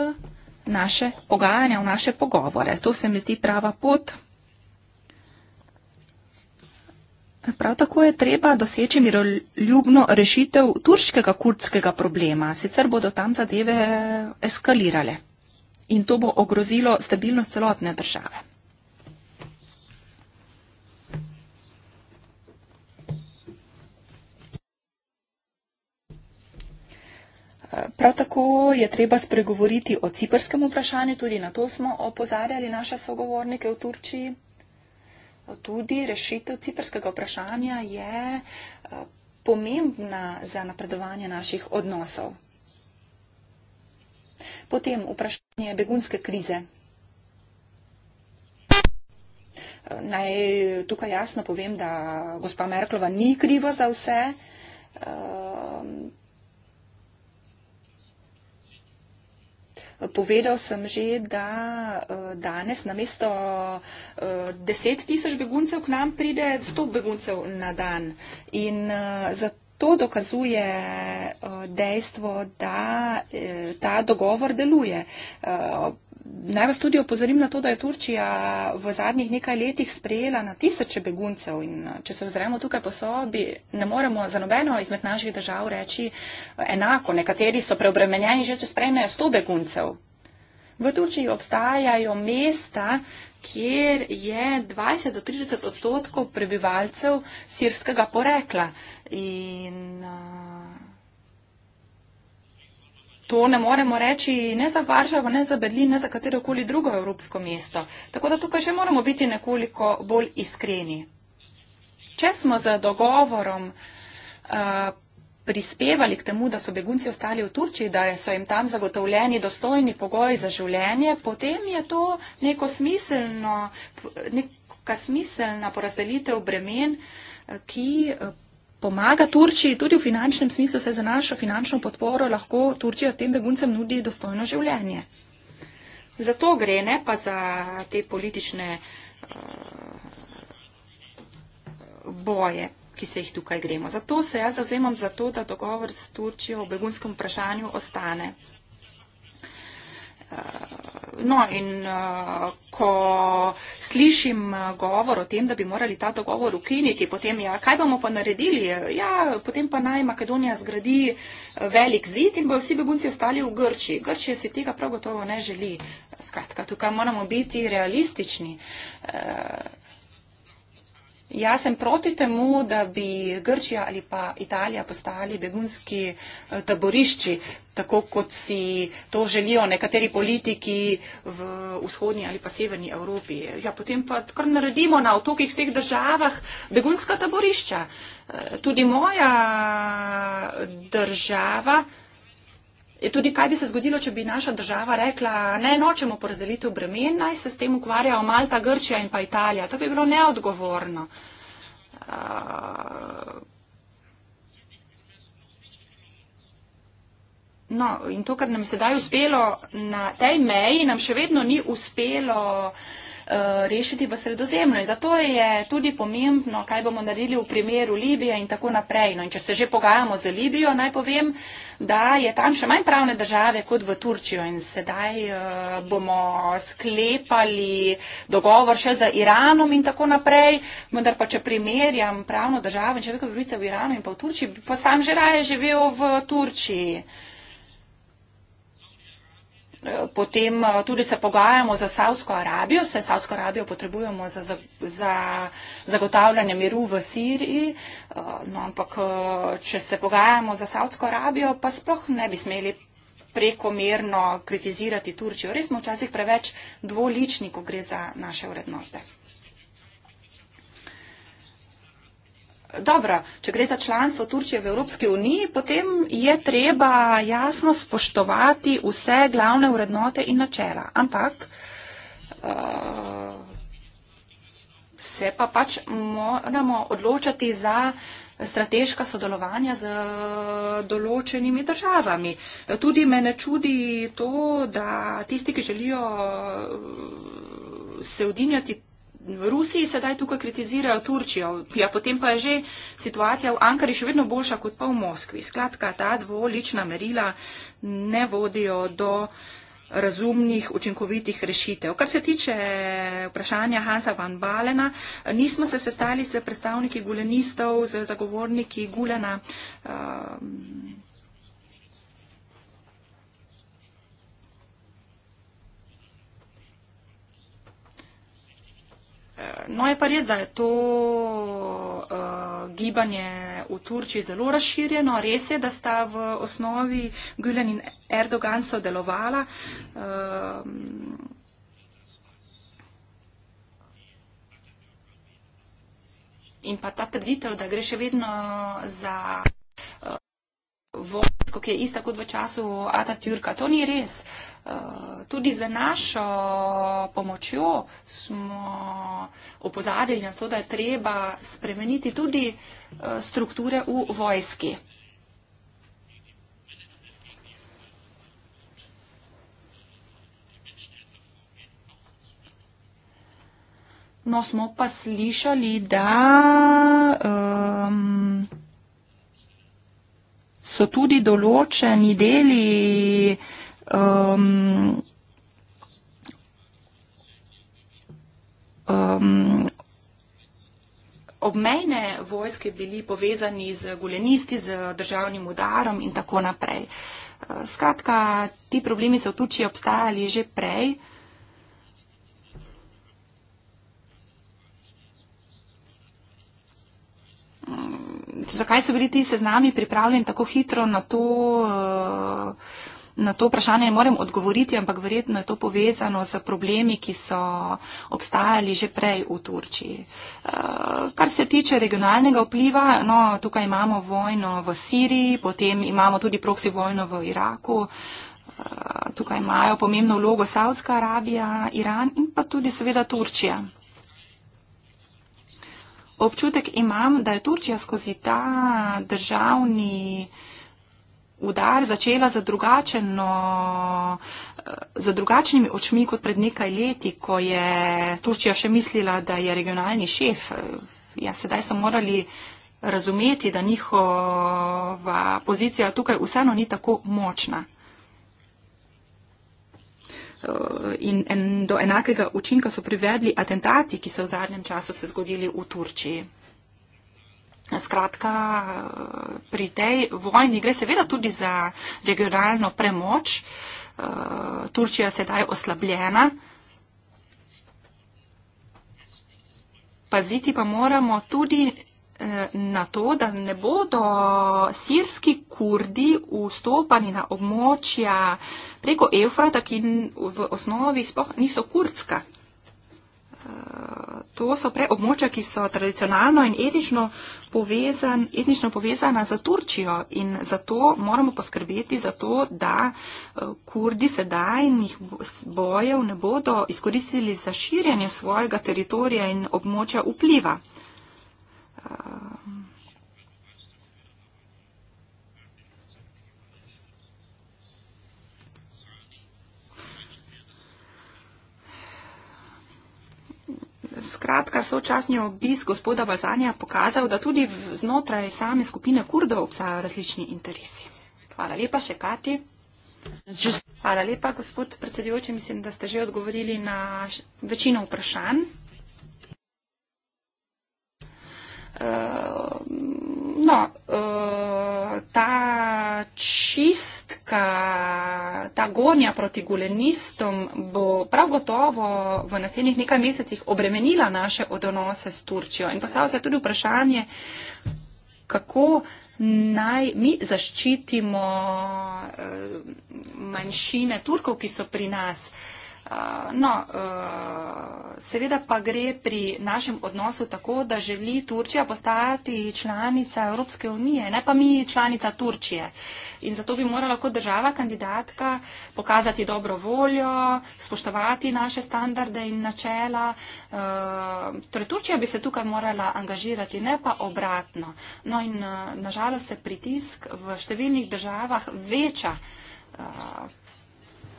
S4: naše pogajanja, v naše pogovore. To se mi zdi prava pot. Prav tako je treba doseči miroljubno rešitev turškega kurdskega problema, sicer bodo tam zadeve eskalirale in to bo ogrozilo stabilnost celotne države. Prav tako je treba spregovoriti o ciperskem vprašanju, tudi na to smo opozarjali naše sogovornike v Turčiji tudi rešitev ciprskega vprašanja je eh, pomembna za napredovanje naših odnosov. Potem vprašanje begunske krize. Eh, naj tukaj jasno povem, da gospa Merklova ni kriva za vse. Eh, Povedal sem že, da eh, danes na mesto 10 eh, tisoč beguncev k nam pride 100 beguncev na dan. In eh, zato dokazuje dejstvo, da ta dogovor deluje. Naj vas tudi opozorim na to, da je Turčija v zadnjih nekaj letih sprejela na tisoče beguncev in eh, če se vzremo tukaj po sobi, ne moremo za nobeno izmed naših držav reči eh, enako. Nekateri so preobremenjeni že, če sprejmejo sto beguncev. V Turčiji obstajajo mesta, kjer je 20 do 30 odstotkov prebivalcev sirskega porekla. In, uh, To ne moremo reči ne za Varšavo, ne za Berlin, ne za katero koli drugo evropsko mesto. Tako da tukaj že moramo biti nekoliko bolj iskreni. Če smo z dogovorom uh, prispevali k temu, da so begunci ostali v Turčiji, da so jim tam zagotovljeni dostojni pogoji za življenje, potem je to neko smiselno, neka smiselna porazdelitev bremen, eh, ki eh, pomaga Turčiji tudi v finančnem smislu, saj za našo finančno podporo lahko Turčija tem beguncem nudi dostojno življenje. Zato gre ne pa za te politične eh, boje, ki se jih tukaj gremo. Zato se jaz zauzemam za to, da dogovor s Turčijo o begunskem vprašanju ostane. No in eh, ko slišim eh, govor o tem, da bi morali ta dogovor ukiniti, potem ja, kaj bomo pa naredili? Ja, potem pa naj Makedonija zgradi eh, velik zid in bojo vsi begunci ostali v Grčiji. Grčija si tega prav gotovo ne želi. Skratka, tukaj moramo biti realistični. Uh, Jaz sem proti temu, da bi Grčija ali pa Italija postali begunski eh, taborišči, tako kot si to želijo nekateri politiki v vzhodnji ali pa severni Evropi. Ja, potem pa kar naredimo na otokih teh državah begunska taborišča. Eh, tudi moja eh, država tudi kaj bi se zgodilo, če bi naša država rekla, ne nočemo porazdelitev bremen, naj se s tem ukvarjajo Malta, Grčija in pa Italija. To bi bilo neodgovorno. Eh, no, in to, kar nam je sedaj uspelo na tej meji, nam še vedno ni uspelo. Eh, rešiti v sredozemlju. In zato je tudi pomembno, kaj bomo naredili v primeru Libije in tako naprej. No, in če se že pogajamo za Libijo, naj povem, da je tam še manj pravne države kot v Turčijo. In sedaj uh, bomo sklepali dogovor še za Iranom in tako naprej. Vendar pa, če primerjam pravno državo in človekove pravice v Iranu in pa v Turčiji, pa sam že raje živel v Turčiji. Potem eh, tudi se pogajamo za Savsko Arabijo, saj Savsko Arabijo potrebujemo za, za, za zagotavljanje miru v Siriji, eh, no ampak eh, če se pogajamo za Savsko Arabijo, pa sploh ne bi smeli prekomerno kritizirati Turčijo. Res smo včasih preveč dvolični, ko gre za naše vrednote. Dobro, če gre za članstvo Turčije v Evropski uniji, potem je treba jasno spoštovati vse glavne urednote in načela. Ampak uh, se pa pač moramo odločati za strateška sodelovanja z eh, določenimi državami. Tudi me ne čudi to, da tisti, ki želijo eh, se odinjati Rusi sedaj tukaj kritizirajo Turčijo, ja, potem pa je že situacija v Ankari še vedno boljša kot pa v Moskvi. Skratka, ta dvolična merila ne vodijo do razumnih, učinkovitih rešitev. Kar se tiče vprašanja Hansa van Balena, nismo se sestali s predstavniki gulenistov, z zagovorniki gulena. Uh, No, je pa res, da je to uh, gibanje v Turčiji zelo razširjeno. Res je, da sta v osnovi Gülen in Erdogan sodelovala. Uh, in pa ta trditev, da gre še vedno za uh, vojsko, ki je ista kot v času Atatürka, to ni res. Uh, Eh, tudi za našo pomočjo smo opozarjali na to, da je treba spremeniti tudi eh, strukture v vojski. No, smo pa slišali, da um, so tudi določeni deli uh, Um, um, obmejne vojske bili povezani z golenisti, z državnim udarom in tako naprej. Uh, skratka, ti problemi so v Turčiji obstajali že prej. Mm, zakaj so bili ti seznami pripravljeni tako hitro na to? Uh, na to vprašanje ne morem odgovoriti, ampak verjetno je to povezano s problemi, ki so obstajali že prej v Turčiji. Eh, kar se tiče regionalnega vpliva, no, tukaj imamo vojno v Siriji, potem imamo tudi proksi vojno v Iraku. Eh, tukaj imajo pomembno vlogo Saudska Arabija, Iran in pa tudi seveda Turčija. Občutek imam, da je Turčija skozi ta državni udar začela za, drugačeno, za drugačnimi očmi kot pred nekaj leti, ko je Turčija še mislila, da je regionalni šef. Ja, sedaj so morali razumeti, da njihova pozicija tukaj vseeno ni tako močna. In en, do enakega učinka so privedli atentati, ki so v zadnjem času se zgodili v Turčiji. Skratka, pri tej vojni gre seveda tudi za regionalno premoč. E, Turčija je sedaj oslabljena. Paziti pa moramo tudi e, na to, da ne bodo sirski kurdi vstopani na območja preko Eufrata, ki v osnovi sploh niso kurdska to so prej območja, ki so tradicionalno in etično, povezan, etično povezana za Turčijo in zato moramo poskrbeti za to, da eh, kurdi sedaj in jih bojev ne bodo izkoristili za širjanje svojega teritorija in območja vpliva. Uh, Skratka, sočasni obisk gospoda Balzanja pokazal, da tudi znotraj same skupine Kurdov obstajajo različni interesi. Hvala lepa še Kati. Hvala lepa, gospod predsedujoči. Mislim, da ste že odgovorili na večino vprašanj. Eh, no, eh, ta čistka, ta gonja proti gulenistom bo prav gotovo v naslednjih nekaj mesecih obremenila naše odnose s Turčijo. In postavlja se tudi vprašanje, kako naj mi zaščitimo eh, manjšine Turkov, ki so pri nas. Uh, Eh, no, eh, seveda pa gre pri našem odnosu tako, da želi Turčija postati članica Evropske unije, ne pa mi članica Turčije. In zato bi morala kot država kandidatka pokazati dobro voljo, spoštovati naše standarde in načela. Eh, torej Turčija bi se tukaj morala angažirati, ne pa obratno. No in nažalost se pritisk v številnih državah veča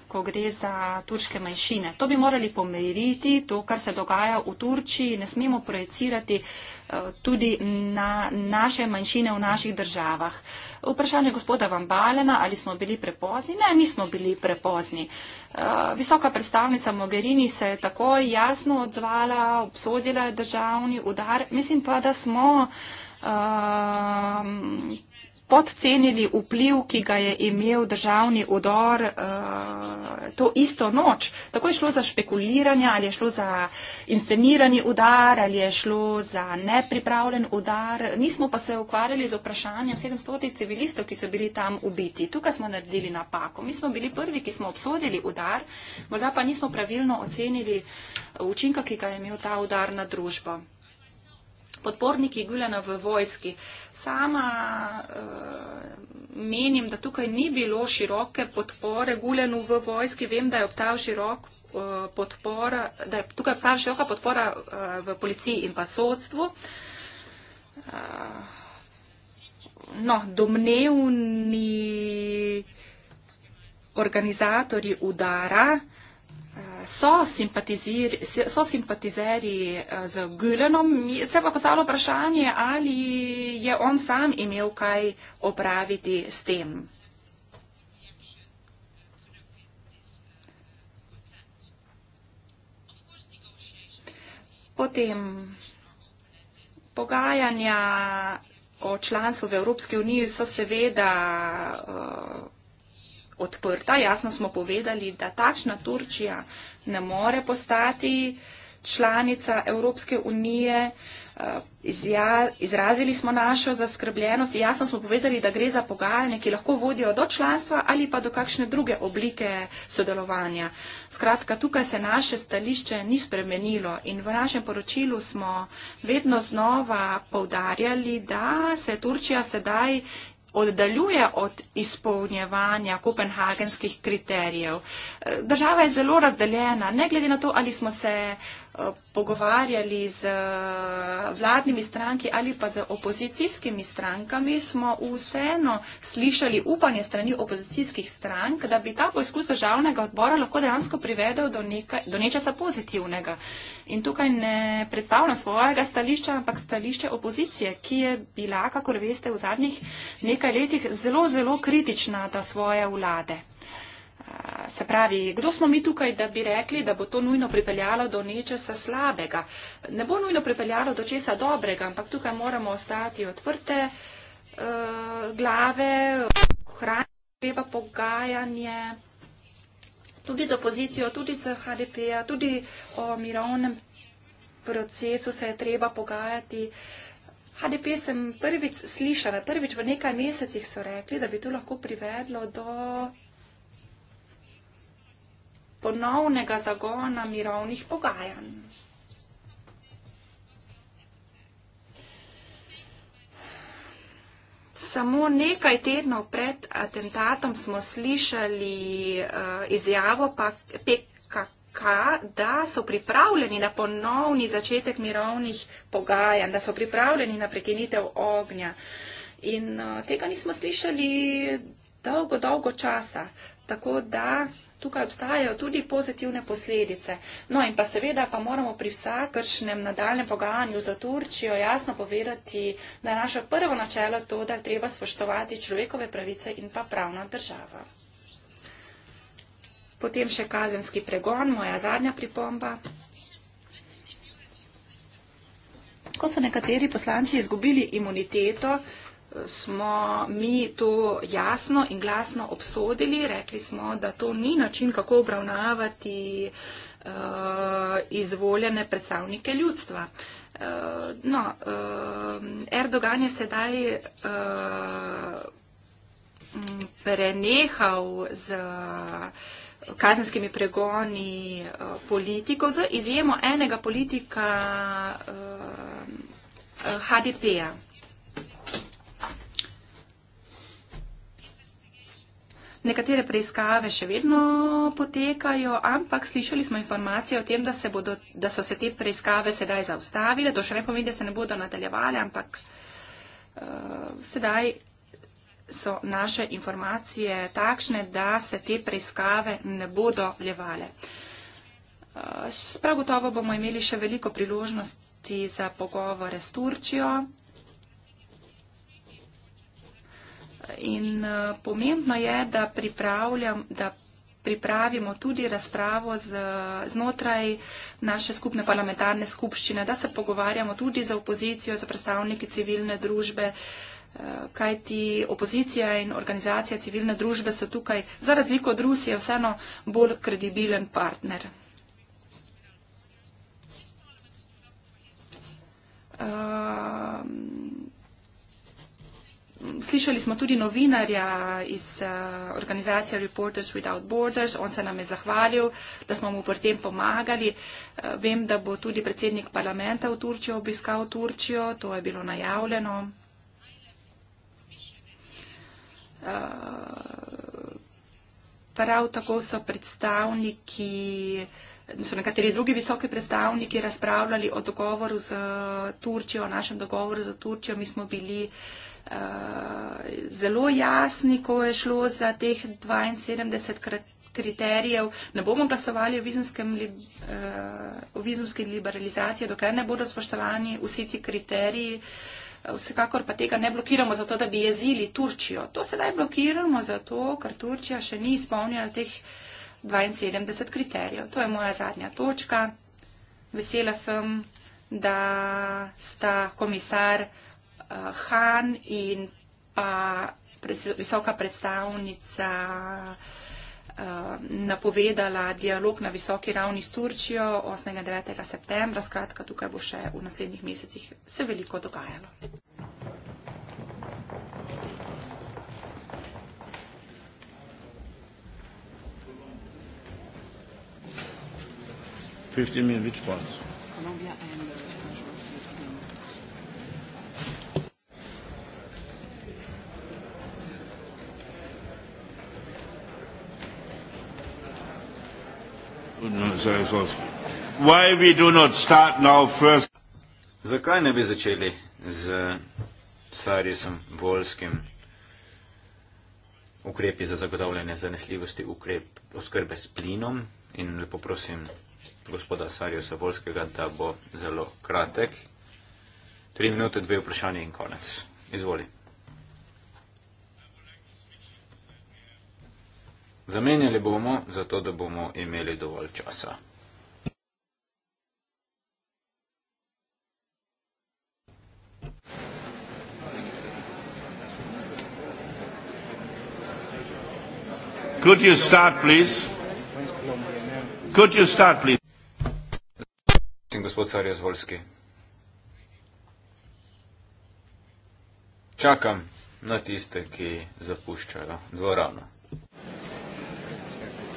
S4: ko gre za turške manjšine. To bi morali pomeriti, to, kar se dogaja v Turčiji, ne smemo projecirati eh, tudi na naše manjšine v naših državah. Vprašanje gospoda Vambalena, ali smo bili prepozni? Ne, nismo bili prepozni. Eh, visoka predstavnica Mogherini se je takoj jasno odzvala, obsodila je državni udar. Mislim pa, da smo. Uh, podcenili vpliv, ki ga je imel državni odor uh, eh, to isto noč. Tako je šlo za špekuliranje, ali je šlo za insenirani udar, ali je šlo za nepripravljen udar. Nismo pa se ukvarjali z vprašanjem 700 civilistov, ki so bili tam ubiti. Tukaj smo naredili napako. Mi smo bili prvi, ki smo obsodili udar, morda pa nismo pravilno ocenili učinka, ki ga je imel ta udar na družbo podporniki Guljana v vojski. Sama eh, menim, da tukaj ni bilo široke podpore Guljanu v vojski. Vem, da je obstajal širok eh, podpora, da je tukaj obstajala široka podpora eh, v policiji in pa sodstvu. Eh, no, domnevni organizatorji udara, so simpatizirali, so simpatizeri eh, z Gülenom, se pa postavlja vprašanje, ali je on sam imel kaj opraviti s tem. Potem pogajanja o članstvu v Evropski uniji so seveda uh, odprta. Jasno smo povedali, da takšna Turčija ne more postati članica Evropske unije. Eh, izja, izrazili smo našo zaskrbljenost. Jasno smo povedali, da gre za pogajanje, ki lahko vodijo do članstva ali pa do kakšne druge oblike sodelovanja. Skratka, tukaj se naše stališče ni spremenilo in v našem poročilu smo vedno znova povdarjali, da se Turčija sedaj oddaljuje od izpolnjevanja kopenhagenskih kriterijev. Država je zelo razdeljena, ne glede na to, ali smo se uh, pogovarjali z eh, vladnimi stranki ali pa z opozicijskimi strankami, smo vseeno slišali upanje strani opozicijskih strank, da bi ta poizkus državnega odbora lahko dejansko privedel do, do nečesa pozitivnega. In tukaj ne predstavljam svojega stališča, ampak stališče opozicije, ki je bila, kako veste, v zadnjih nekaj letih zelo, zelo kritična do svoje vlade. Se pravi, kdo smo mi tukaj, da bi rekli, da bo to nujno pripeljalo do nečesa slabega? Ne bo nujno pripeljalo do česa dobrega, ampak tukaj moramo ostati odprte uh, glave, hraniti treba pogajanje tudi z opozicijo, tudi z HDP, tudi o mirovnem procesu se je treba pogajati. HDP sem prvič slišala, prvič v nekaj mesecih so rekli, da bi to lahko privedlo do ponovnega zagona mirovnih pogajanj. Samo nekaj tednov pred atentatom smo slišali uh, izjavo PKK, da so pripravljeni na ponovni začetek mirovnih pogajanj, da so pripravljeni na prekinitev ognja. In uh, tega nismo slišali dolgo, dolgo časa. Tako da tukaj obstajajo tudi pozitivne posledice. No in pa seveda pa moramo pri vsakršnem nadaljem pogajanju za Turčijo jasno povedati, da je naše prvo načelo to, da treba spoštovati človekove pravice in pa pravna država. Potem še kazenski pregon, moja zadnja pripomba. Ko so nekateri poslanci izgubili imuniteto, smo mi to jasno in glasno obsodili. Rekli smo, da to ni način, kako obravnavati uh, izvoljene predstavnike ljudstva. Uh, no, uh, Erdogan je sedaj uh, prenehal z kazenskimi pregoni politikov, z izjemo enega politika HDP-ja. Uh, Nekatere preiskave še vedno potekajo, ampak slišali smo informacije o tem, da, se bodo, da so se te preiskave sedaj zaustavile. To še ne pomeni, da se ne bodo nadaljevale, ampak uh, sedaj so naše informacije takšne, da se te preiskave ne bodo levale. Uh, eh, Sprav gotovo bomo imeli še veliko priložnosti za pogovore s Turčijo. In eh, pomembno je, da, da pripravimo tudi razpravo z, znotraj naše skupne parlamentarne skupščine, da se pogovarjamo tudi za opozicijo, za predstavniki civilne družbe, eh, kajti opozicija in organizacija civilne družbe so tukaj za razliko od Rusije vseeno bolj kredibilen partner. Uh, Slišali smo tudi novinarja iz uh, organizacije Reporters Without Borders. On se nam je zahvalil, da smo mu pri tem pomagali. Uh, vem, da bo tudi predsednik parlamenta v Turčijo obiskal Turčijo. To je bilo najavljeno. Uh, prav tako so predstavniki, so nekateri drugi visoki predstavniki razpravljali o dogovoru z Turčijo, o našem dogovoru z Turčijo. Mi smo bili uh, zelo jasni, ko je šlo za teh 72 kriterijev. Ne bomo glasovali o eh, vizumski li, uh, liberalizaciji, dokler ne bodo spoštovani vsi ti kriteriji. Vsekakor pa tega ne blokiramo zato, da bi jezili Turčijo. To sedaj blokiramo zato, ker Turčija še ni izpolnila teh 72 kriterijev. To je moja zadnja točka. Vesela sem, da sta komisar uh, Eh, Han in pa visoka predstavnica eh, napovedala dialog na visoki ravni s Turčijo 8. in 9. septembra. Skratka, tukaj bo še v naslednjih mesecih se veliko dogajalo.
S3: Fifteen minutes, which ones?
S4: Colombia and... Uh...
S3: Zakaj
S1: ne bi začeli z Sarisom Volskim? Ukrepi za zagotavljanje zanesljivosti, ukrep oskrbe s plinom in lepo prosim gospoda Sarjosa Volskega, da bo zelo kratek. Tri minute, dve vprašanje in konec. Izvolite. Zamenjali bomo, zato da bomo imeli dovolj časa.
S3: Could you start, please? Could you start, please? Gospod Sarja Zvolski.
S1: Čakam na tiste, ki zapuščajo dvorano.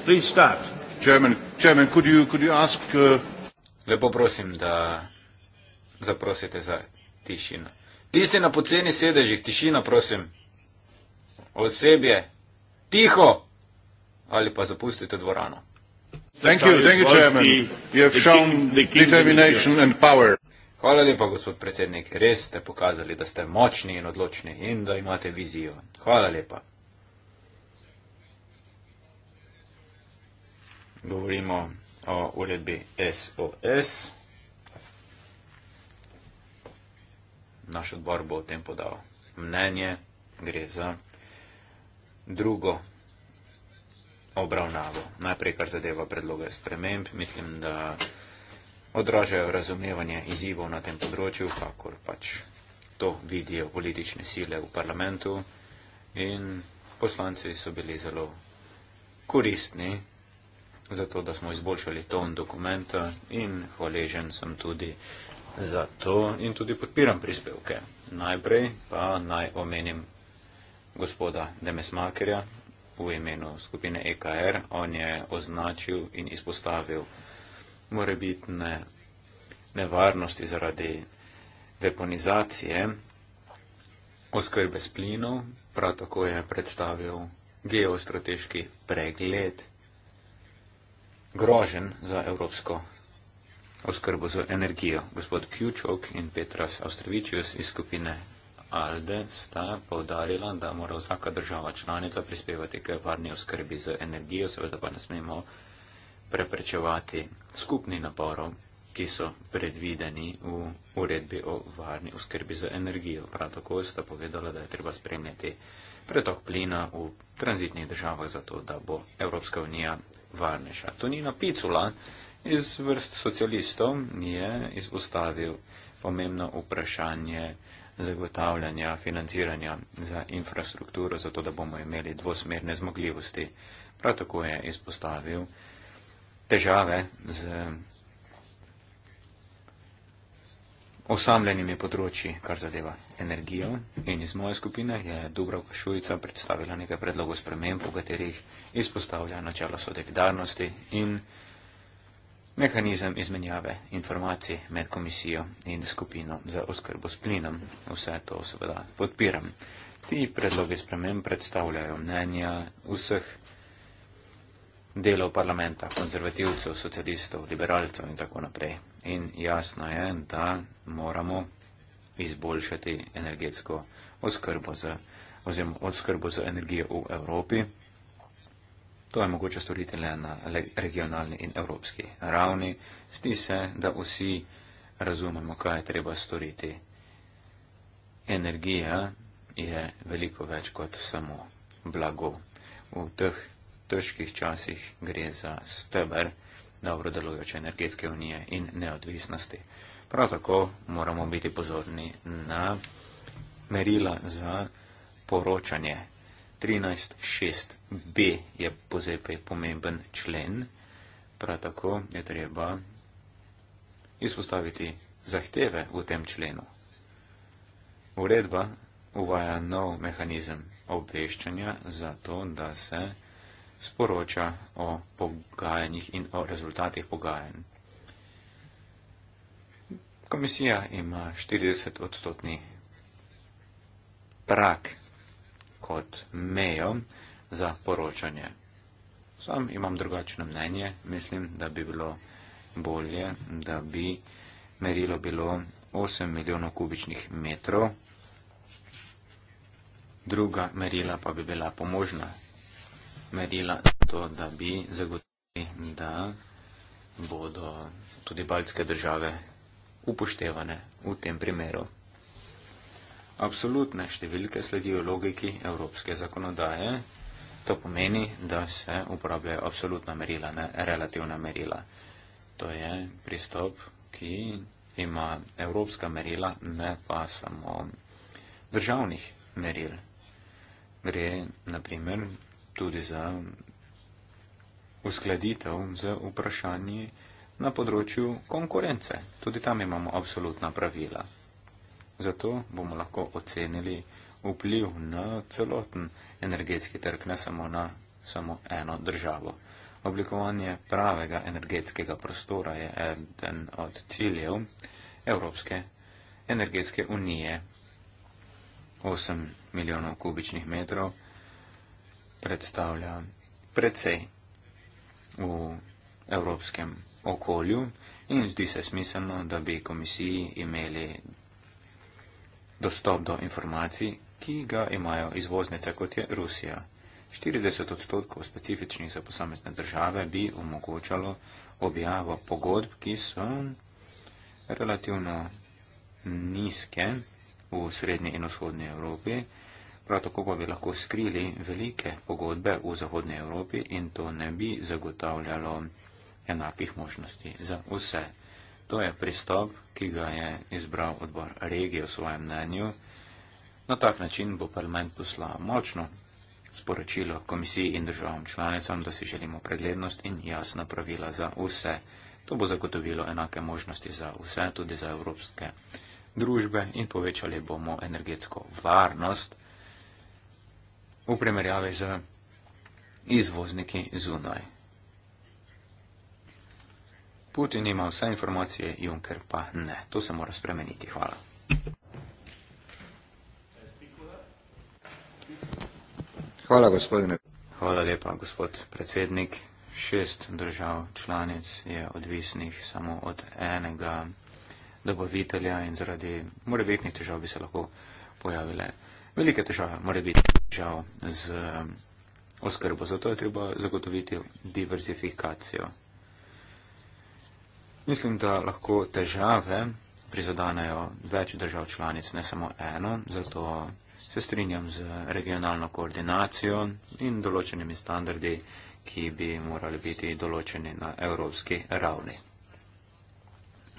S3: Please start. Chairman,
S1: Chairman, could you could you ask? Uh, Lepo prosim da zaprosite za tišino. Tisti na poceni sedežih, tišina prosim. Osebje, tiho! Ali pa zapustite dvorano. Thank you, thank you, Chairman. You have shown determination and
S5: power. Hvala lepa, gospod
S1: predsednik. Res ste pokazali, da ste močni in odločni in da imate vizijo. Hvala lepa. govorimo o uredbi SOS. Naš odbor bo o tem podal mnenje, gre za drugo obravnavo. Najprej, kar zadeva predloge sprememb, mislim, da odražajo razumevanje izzivov na tem področju, kakor pač to vidijo politične sile v parlamentu in poslanci so bili zelo koristni za to, da smo izboljšali ton dokumenta in hvaležen sem tudi za to in tudi podpiram prispevke. Najprej pa naj omenim gospoda Demesmakerja v imenu skupine EKR. On je označil in izpostavil morebitne nevarnosti zaradi deponizacije oskrbe s plinov, prav tako je predstavil geostrateški pregled grožen za evropsko oskrbo z energijo. Gospod Kjučok in Petras Austrevičius iz skupine ALDE sta povdarjala, da mora vsaka država članica prispevati k varni oskrbi z energijo, seveda pa ne smemo preprečevati skupni naporov, ki so predvideni v uredbi o varni oskrbi z energijo. Prav tako sta povedala, da je treba spremljati pretok plina v tranzitnih državah, zato da bo Evropska unija varnejša. Tonino Picula iz vrst socialistov je izpostavil pomembno vprašanje zagotavljanja financiranja za infrastrukturo, zato da bomo imeli dvosmerne zmogljivosti. Prav tako je izpostavil težave z osamljenimi področji, kar zadeva energijo. In iz moje skupine je Dubrovka Šujica predstavila nekaj predlogov sprememb, v katerih izpostavlja načelo solidarnosti in mehanizem izmenjave informacij med komisijo in skupino za oskrbo s plinom. Vse to seveda podpiram. Ti predlogi sprememb predstavljajo mnenja vseh delov parlamenta, konzervativcev, socialistov, liberalcev in tako naprej in jasno je, da moramo izboljšati energetsko oskrbo z, oziroma oskrbo z energijo v Evropi. To je mogoče storiti le na regionalni in evropski ravni. Zdi se, da vsi razumemo, kaj je treba storiti. Energija je veliko več kot samo blago. V teh težkih časih gre za steber dobro delujoče energetske unije in neodvisnosti. Prav tako moramo biti pozorni na merila za poročanje. 13.6b je posebej pomemben člen, prav tako je treba izpostaviti zahteve v tem členu. Uredba uvaja nov mehanizem obveščanja za to, da se sporoča o pogajanjih in o rezultatih pogajanj. Komisija ima 40 odstotni prak kot mejo za poročanje. Sam imam drugačno mnenje. Mislim, da bi bilo bolje, da bi merilo bilo 8 milijonov kubičnih metrov. Druga merila pa bi bila pomožna, merila za to, da bi zagotovili, da bodo tudi baltske države upoštevane v tem primeru. Absolutne številke sledijo logiki evropske zakonodaje. To pomeni, da se uporabljajo absolutna merila, ne relativna merila. To je pristop, ki ima evropska merila, ne pa samo državnih meril. Gre, naprimer, tudi za uskladitev z vprašanji na področju konkurence. Tudi tam imamo absolutna pravila. Zato bomo lahko ocenili vpliv na celoten energetski trg, ne samo na samo eno državo. Oblikovanje pravega energetskega prostora je eden od ciljev Evropske energetske unije. 8 milijonov kubičnih metrov predstavlja precej v evropskem okolju in zdi se smiselno, da bi komisiji imeli dostop do informacij, ki ga imajo izvoznice, kot je Rusija. 40 odstotkov specifičnih za posamezne države bi omogočalo objavo pogodb, ki so relativno nizke v srednji in vzhodni Evropi, Prav tako pa bi lahko skrili velike pogodbe v Zahodnji Evropi in to ne bi zagotavljalo enakih možnosti za vse. To je pristop, ki ga je izbral odbor regije v svojem mnenju. Na tak način bo parlament poslal močno sporočilo komisiji in državam članicam, da si želimo preglednost in jasna pravila za vse. To bo zagotovilo enake možnosti za vse, tudi za evropske družbe in povečali bomo energetsko varnost v primerjavi z izvozniki zunaj. Putin ima vse informacije, Juncker pa ne. To se mora spremeniti. Hvala.
S5: Hvala, gospodine.
S1: Hvala lepa, gospod predsednik. Šest držav članic je odvisnih samo od enega dobavitelja in zaradi morebitnih težav bi se lahko pojavile velike težave. Morebitne težav z um, oskrbo. Zato je treba zagotoviti diverzifikacijo. Mislim, da lahko težave prizadanejo več držav članic, ne samo eno, zato se strinjam z regionalno koordinacijo in določenimi standardi, ki bi morali biti določeni na evropski ravni.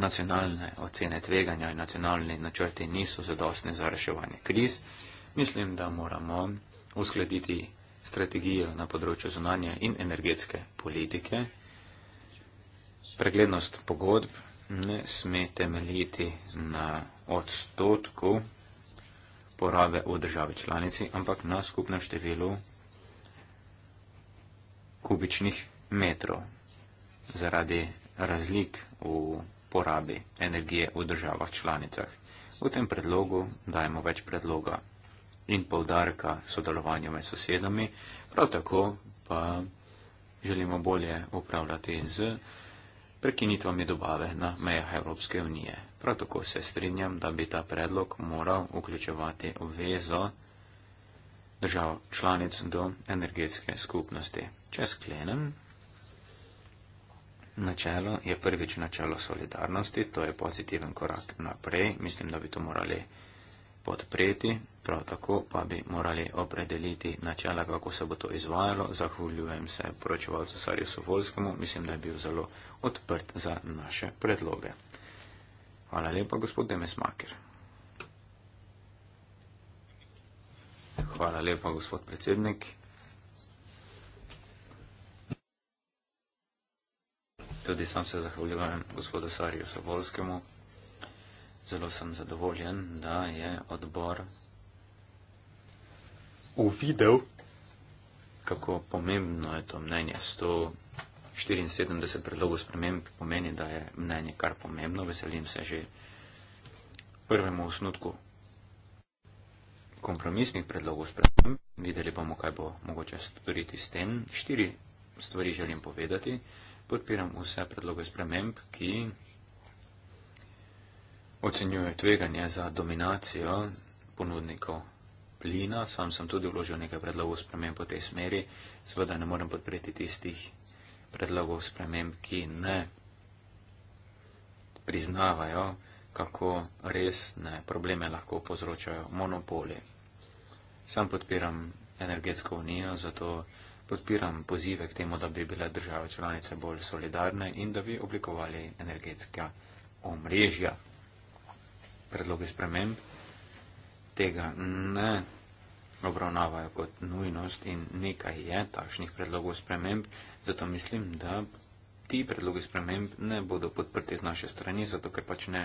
S1: Nacionalne ocene tveganja in nacionalni načrti niso zadostni za reševanje kriz mislim, da moramo uskladiti strategijo na področju zunanje in energetske politike. Preglednost pogodb ne sme temeljiti na odstotku porabe v državi članici, ampak na skupnem številu kubičnih metrov zaradi razlik v porabi energije v državah članicah. V tem predlogu dajemo več predloga in povdarka sodelovanja med sosedami, prav tako pa želimo bolje upravljati z prekinitvami dobave na mejah Evropske unije. Prav tako se strinjam, da bi ta predlog moral vključevati obvezo držav članic do energetske skupnosti. Če sklenem, načelo je prvič načelo solidarnosti, to je pozitiven korak naprej, mislim, da bi to morali podpreti, prav tako pa bi morali opredeliti načela, kako se bo to izvajalo. Zahvaljujem se poročevalcu Sarju Sovolskemu, mislim, da je bil zelo odprt za naše predloge. Hvala lepa, gospod Demesmaker. Hvala lepa, gospod predsednik. Tudi sam se zahvaljujem gospodu Sarju Sobolskemu. Zelo sem zadovoljen, da je odbor
S6: uvidel,
S1: kako pomembno je to mnenje. 174 predlogov sprememb pomeni, da je mnenje kar pomembno. Veselim se že prvemu osnutku kompromisnih predlogov sprememb. Videli bomo, kaj bo mogoče storiti s tem. Štiri stvari želim povedati. Podpiram vse predloge sprememb, ki ocenjuje tveganje za dominacijo ponudnikov plina. Sam sem tudi vložil nekaj predlogov sprememb v tej smeri. Seveda ne morem podpreti tistih predlogov sprememb, ki ne priznavajo, kako resne probleme lahko povzročajo monopoli. Sam podpiram energetsko unijo, zato podpiram pozive k temu, da bi bile države članice bolj solidarne in da bi oblikovali energetska omrežja predloge sprememb tega ne obravnavajo kot nujnost in nekaj je takšnih predlogov sprememb, zato mislim, da ti predlogi sprememb ne bodo podprti z naše strani, zato ker pač ne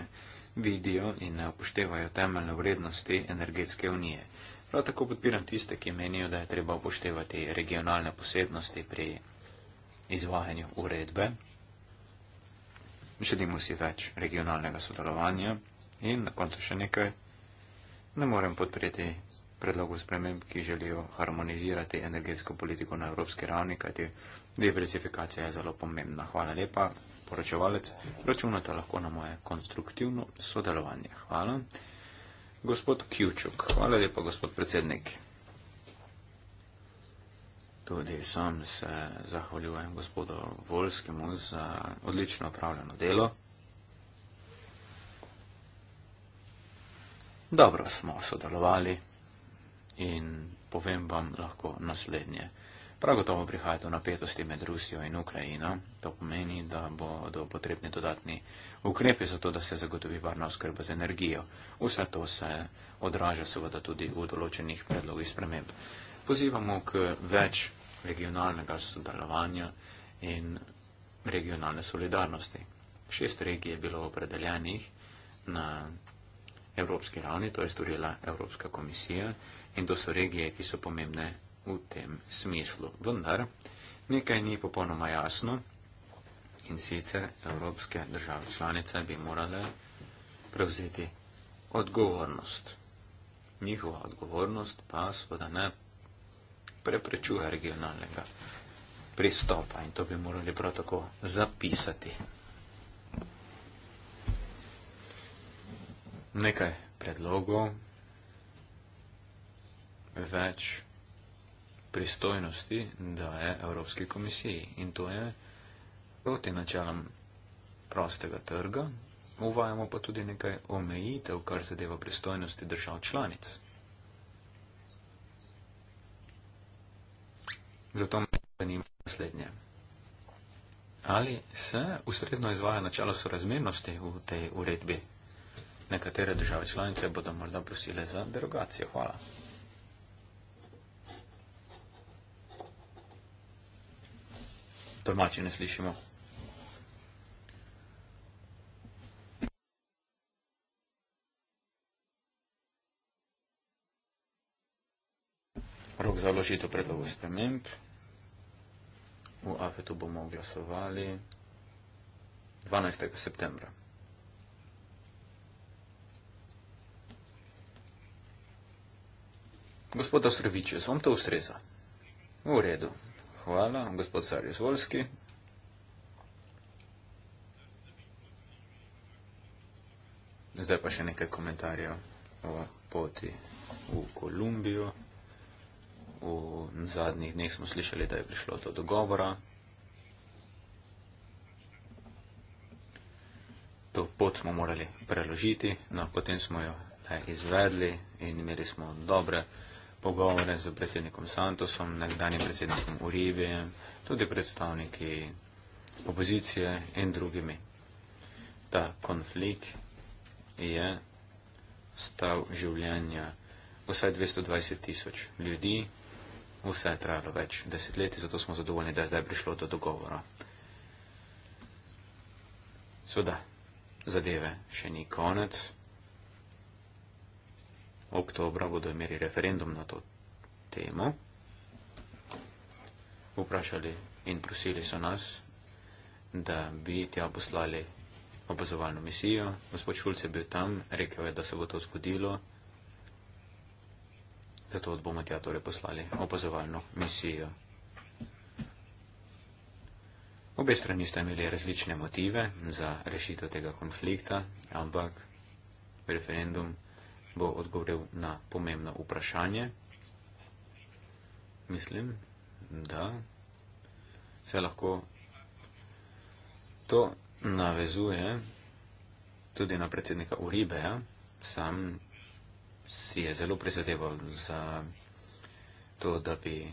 S1: vidijo in ne upoštevajo temeljne vrednosti energetske unije. Prav tako podpiram tiste, ki menijo, da je treba upoštevati regionalne posebnosti pri izvajanju uredbe. Želimo si več regionalnega sodelovanja in na koncu še nekaj, ne morem podpreti predlogov sprememb, ki želijo harmonizirati energetsko politiko na evropski ravni, kajti diversifikacija je zelo pomembna. Hvala lepa, poročevalec, računate lahko na moje konstruktivno sodelovanje. Hvala. Gospod Kjučuk, hvala lepa, gospod predsednik. Tudi sam se zahvaljujem gospodu Volskemu za odlično opravljeno delo. dobro smo sodelovali in povem vam lahko naslednje. Prav gotovo prihaja do napetosti med Rusijo in Ukrajino. To pomeni, da bodo potrebni dodatni ukrepi za to, da se zagotovi varna oskrba z energijo. Vse to se odraža seveda tudi v določenih predlogih sprememb. Pozivamo k več regionalnega sodelovanja in regionalne solidarnosti. Šest regij je bilo opredeljenih na evropski ravni, to je storila Evropska komisija in to so regije, ki so pomembne v tem smislu. Vendar nekaj ni popolnoma jasno in sicer evropske države članice bi morale prevzeti odgovornost. Njihova odgovornost pa seveda ne preprečuje regionalnega pristopa in to bi morali prav tako zapisati. nekaj predlogov, več pristojnosti daje Evropski komisiji in to je proti načelam prostega trga, uvajamo pa tudi nekaj omejitev, kar zadeva pristojnosti držav članic. Zato me zanima naslednje. Ali se ustrezno izvaja načelo sorazmernosti v tej uredbi? Nekatere države članice bodo morda prosile za derogacijo. Hvala. Tolmači ne slišimo.
S3: Rok za vložitev
S1: predlogu sprememb. V AFET-u bomo glasovali 12. septembra. Gospod Ostrovičus, vam to ustreza? V redu. Hvala, gospod Sarjus Volski. Zdaj pa še nekaj komentarjev o poti v Kolumbijo. V zadnjih dneh smo slišali, da je prišlo do dogovora. To pot smo morali preložiti, no potem smo jo izvedli in imeli smo dobre pogovore z predsednikom Santosom, nekdanjim predsednikom Urivijem, tudi predstavniki opozicije in drugimi. Ta konflikt je stal življenja vsaj 220 tisoč ljudi, vse je trajalo več desetletij, zato smo zadovoljni, da je zdaj prišlo do dogovora. Sveda, zadeve še ni konec oktobra bodo imeli referendum na to temo. Vprašali in prosili so nas, da bi tja poslali opazovalno misijo. Gospod Šulc je bil tam, rekel je, da se bo to zgodilo, zato bomo tja torej poslali opazovalno misijo. Obe strani sta imeli različne motive za rešitev tega konflikta, ampak referendum bo odgovoril na pomembno vprašanje. Mislim, da se lahko to navezuje tudi na predsednika Uribeja. Sam si je zelo prizadeval za to, da bi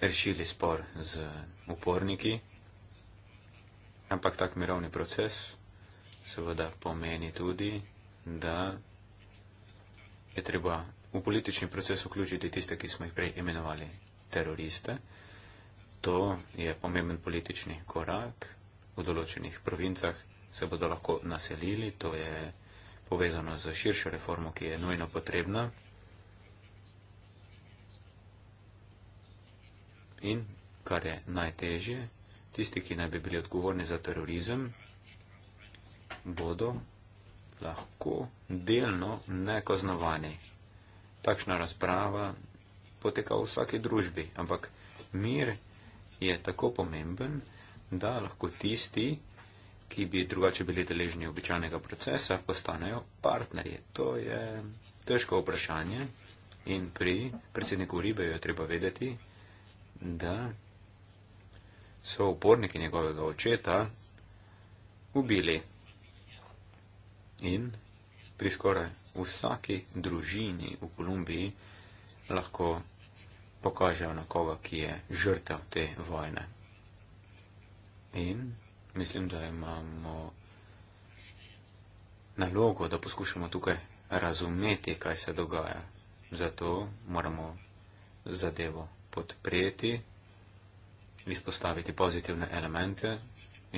S1: rešili spor z uporniki, ampak tak mirovni proces seveda pomeni tudi, da je treba v politični proces vključiti tiste, ki smo jih prej imenovali teroriste. To je pomemben politični korak. V določenih provincah se bodo lahko naselili, to je povezano z širšo reformo, ki je nujno potrebna. In, kar je najtežje, tisti, ki naj bi bili odgovorni za terorizem, bodo lahko delno nekaznovani. Takšna razprava poteka v vsaki družbi, ampak mir je tako pomemben, da lahko tisti, ki bi drugače bili deležni običajnega procesa, postanejo partnerje. To je težko vprašanje in pri predsedniku Ribe je treba vedeti, da so uporniki njegovega očeta ubili. In pri skoraj vsaki družini v Kolumbiji lahko pokažejo na koga, ki je žrtev te vojne. In mislim, da imamo nalogo, da poskušamo tukaj razumeti, kaj se dogaja. Zato moramo zadevo podpreti, izpostaviti pozitivne elemente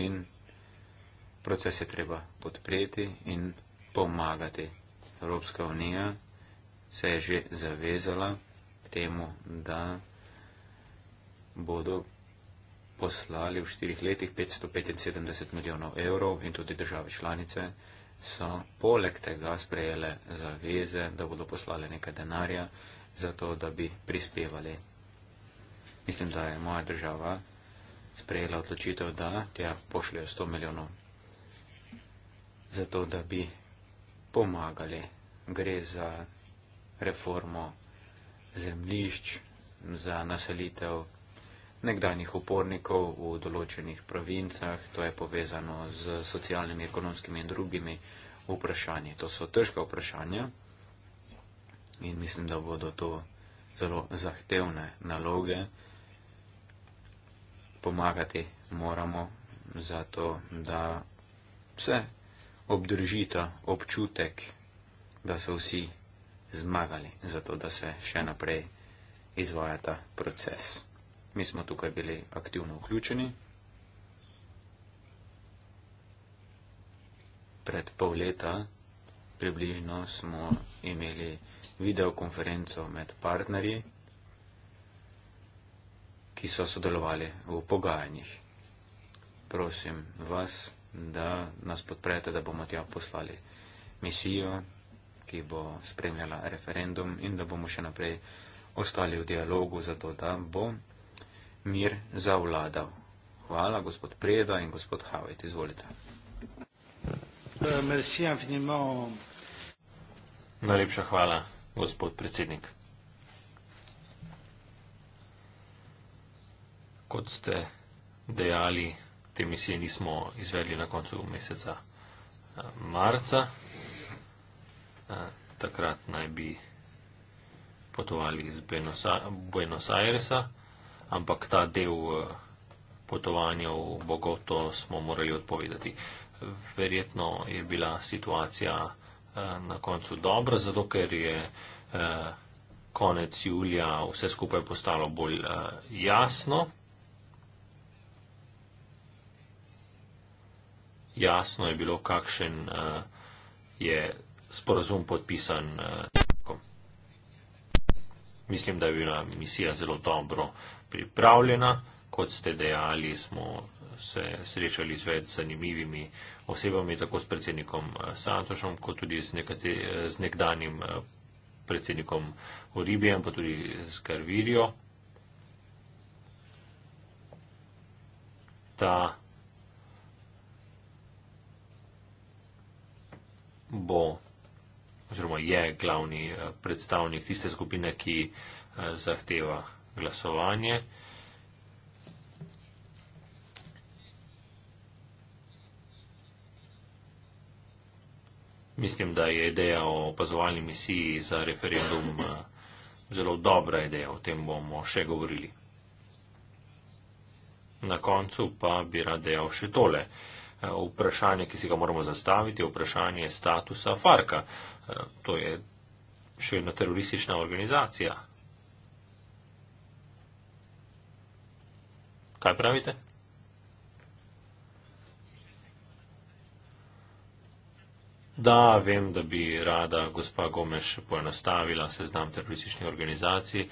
S1: in proces je treba podpreti in pomagati. Evropska unija se je že zavezala temu, da bodo poslali v štirih letih 575 milijonov evrov in tudi države članice so poleg tega sprejele zaveze, da bodo poslali nekaj denarja za to, da bi prispevali. Mislim, da je moja država sprejela odločitev, da tja pošljajo 100 milijonov zato, da bi pomagali. Gre za reformo zemlišč, za naselitev nekdanjih upornikov v določenih provincah. To je povezano z socialnimi, ekonomskimi in drugimi vprašanji. To so težka vprašanja in mislim, da bodo to zelo zahtevne naloge. Pomagati moramo zato, da se obdržita občutek, da so vsi zmagali, zato da se še naprej izvaja ta proces. Mi smo tukaj bili aktivno vključeni. Pred pol leta približno smo imeli videokonferenco med partnerji, ki so sodelovali v pogajanjih. Prosim vas da nas podprete, da bomo tja poslali misijo, ki bo spremljala referendum in da bomo še naprej ostali v dialogu za to, da bo mir zavladal. Hvala, gospod Preda in gospod Havet, izvolite.
S3: Eh,
S2: Najlepša hvala, gospod predsednik. Kot ste dejali, te misije nismo izvedli na koncu meseca eh, marca. Eh, takrat naj bi potovali iz Buenos Airesa, ampak ta del eh, potovanja v Bogoto smo morali odpovedati. Verjetno je bila situacija na koncu dobra, zato ker je konec julija vse skupaj postalo bolj jasno. jasno je bilo, kakšen uh, je sporazum podpisan. Uh, mislim, da je bila misija zelo dobro pripravljena. Kot ste dejali, smo se srečali z več zanimivimi osebami, tako s predsednikom eh, Santošom, kot tudi z, nekate, z nekdanjim predsednikom Oribijem, pa tudi z Karvirjo. Ta bo oziroma je glavni eh, predstavnik tiste skupine, ki eh, zahteva glasovanje. Mislim, da je ideja o opazovalni misiji za referendum eh, zelo dobra ideja, o tem bomo še govorili. Na koncu pa bi rad dejal še tole. Uh, vprašanje, ki si ga moramo zastaviti, je vprašanje statusa Farka. Eh, to je še vedno teroristična organizacija. Kaj pravite? Da, vem, da bi rada gospa Gomeš poenostavila seznam terorističnih organizacij. E,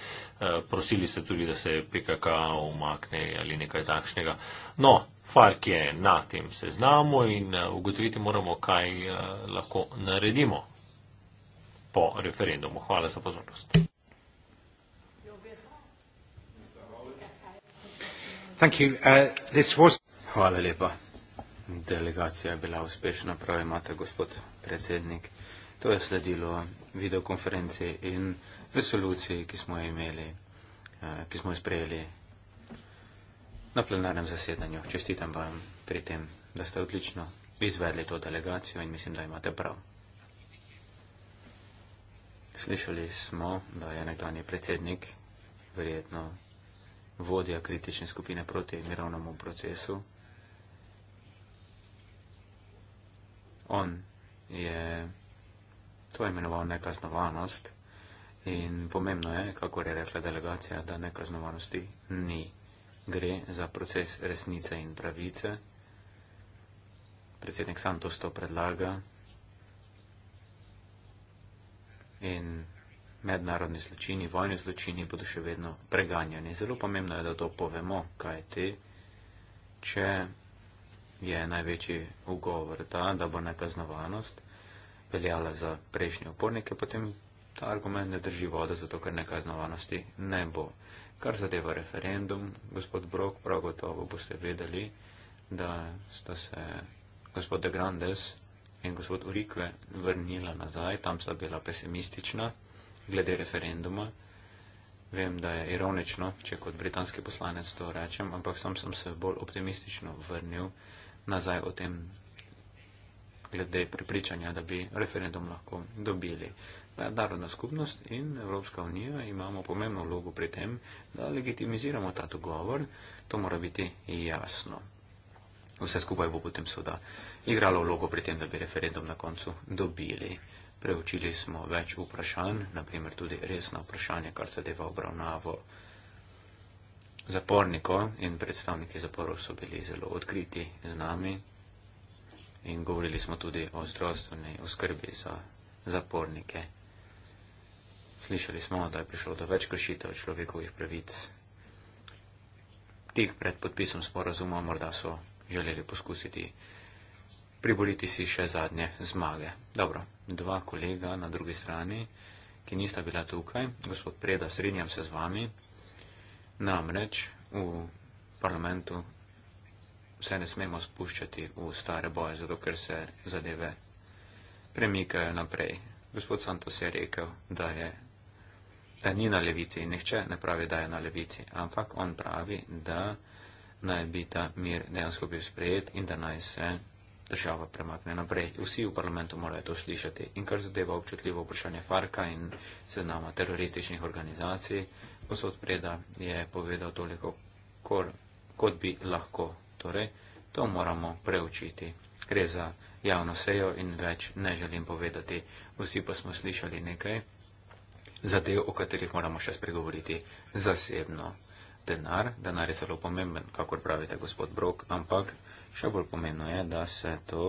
S2: prosili ste tudi, da se PKK umakne ali nekaj takšnega. No, FARC je na tem seznamu in eh, ugotoviti moramo, kaj e, lahko naredimo po referendumu. Hvala za pozornost.
S1: Uh, Hvala lepa. Delegacija je bila uspešna, pravi imate gospod predsednik. To je sledilo videokonferenci in resoluciji, ki smo jo imeli, eh, ki smo jo sprejeli na plenarnem zasedanju. Čestitam vam pri tem, da ste odlično izvedli to delegacijo in mislim, da imate prav. Slišali smo, da je nekdani predsednik, verjetno vodja kritične skupine proti mirovnemu procesu. On je to imenoval nekaznovanost in pomembno je, kako je rekla delegacija, da nekaznovanosti ni. Gre za proces resnice in pravice. Predsednik Santos to predlaga in mednarodni zločini, vojni zločini bodo še vedno preganjeni. Zelo pomembno je, da to povemo, kaj ti, če je največji ugovor ta, da bo nekaznovanost, veljala za prejšnje upornike, potem ta argument ne drži vodo, zato ker nekaznovanosti ne bo. Kar zadeva referendum, gospod Brok, prav gotovo boste vedeli, da sta se gospod De Grandes in gospod Urikve vrnila nazaj, tam sta bila pesimistična glede referenduma. Vem, da je ironično, če kot britanski poslanec to rečem, ampak sam sem se bolj optimistično vrnil nazaj o tem glede pripričanja, da bi referendum lahko dobili. Narodna skupnost in Evropska unija imamo pomembno vlogo pri tem, da legitimiziramo ta dogovor, to mora biti jasno. Vse skupaj bo potem seveda igralo vlogo pri tem, da bi referendum na koncu dobili. Preučili smo več vprašanj, naprimer tudi resna vprašanja, kar se deva obravnavo zaporniko in predstavniki zaporov so bili zelo odkriti z nami in govorili smo tudi o zdravstveni oskrbi za zapornike. Slišali smo, da je prišlo do več kršitev človekovih pravic. Tih pred podpisom sporazuma morda so želeli poskusiti priboriti si še zadnje zmage. Dobro, dva kolega na drugi strani, ki nista bila tukaj, gospod Preda, srednjam se z vami, namreč v parlamentu se ne smemo spuščati v stare boje, zato ker se zadeve premikajo naprej. Gospod Santos je rekel, da, je, da ni na levici. Nihče ne pravi, da je na levici, ampak on pravi, da naj bi ta mir dejansko bil sprejet in da naj se država premakne naprej. Vsi v parlamentu morajo to slišati. In kar zadeva občutljivo vprašanje Farka in seznama terorističnih organizacij, gospod Preda je povedal toliko, kor, kot bi lahko Torej, to moramo preučiti. Gre za javno sejo in več ne želim povedati. Vsi pa smo slišali nekaj zadev, o katerih moramo še spregovoriti zasebno. Denar, denar je zelo pomemben, kakor pravite gospod Brok, ampak še bolj pomembno je, da se to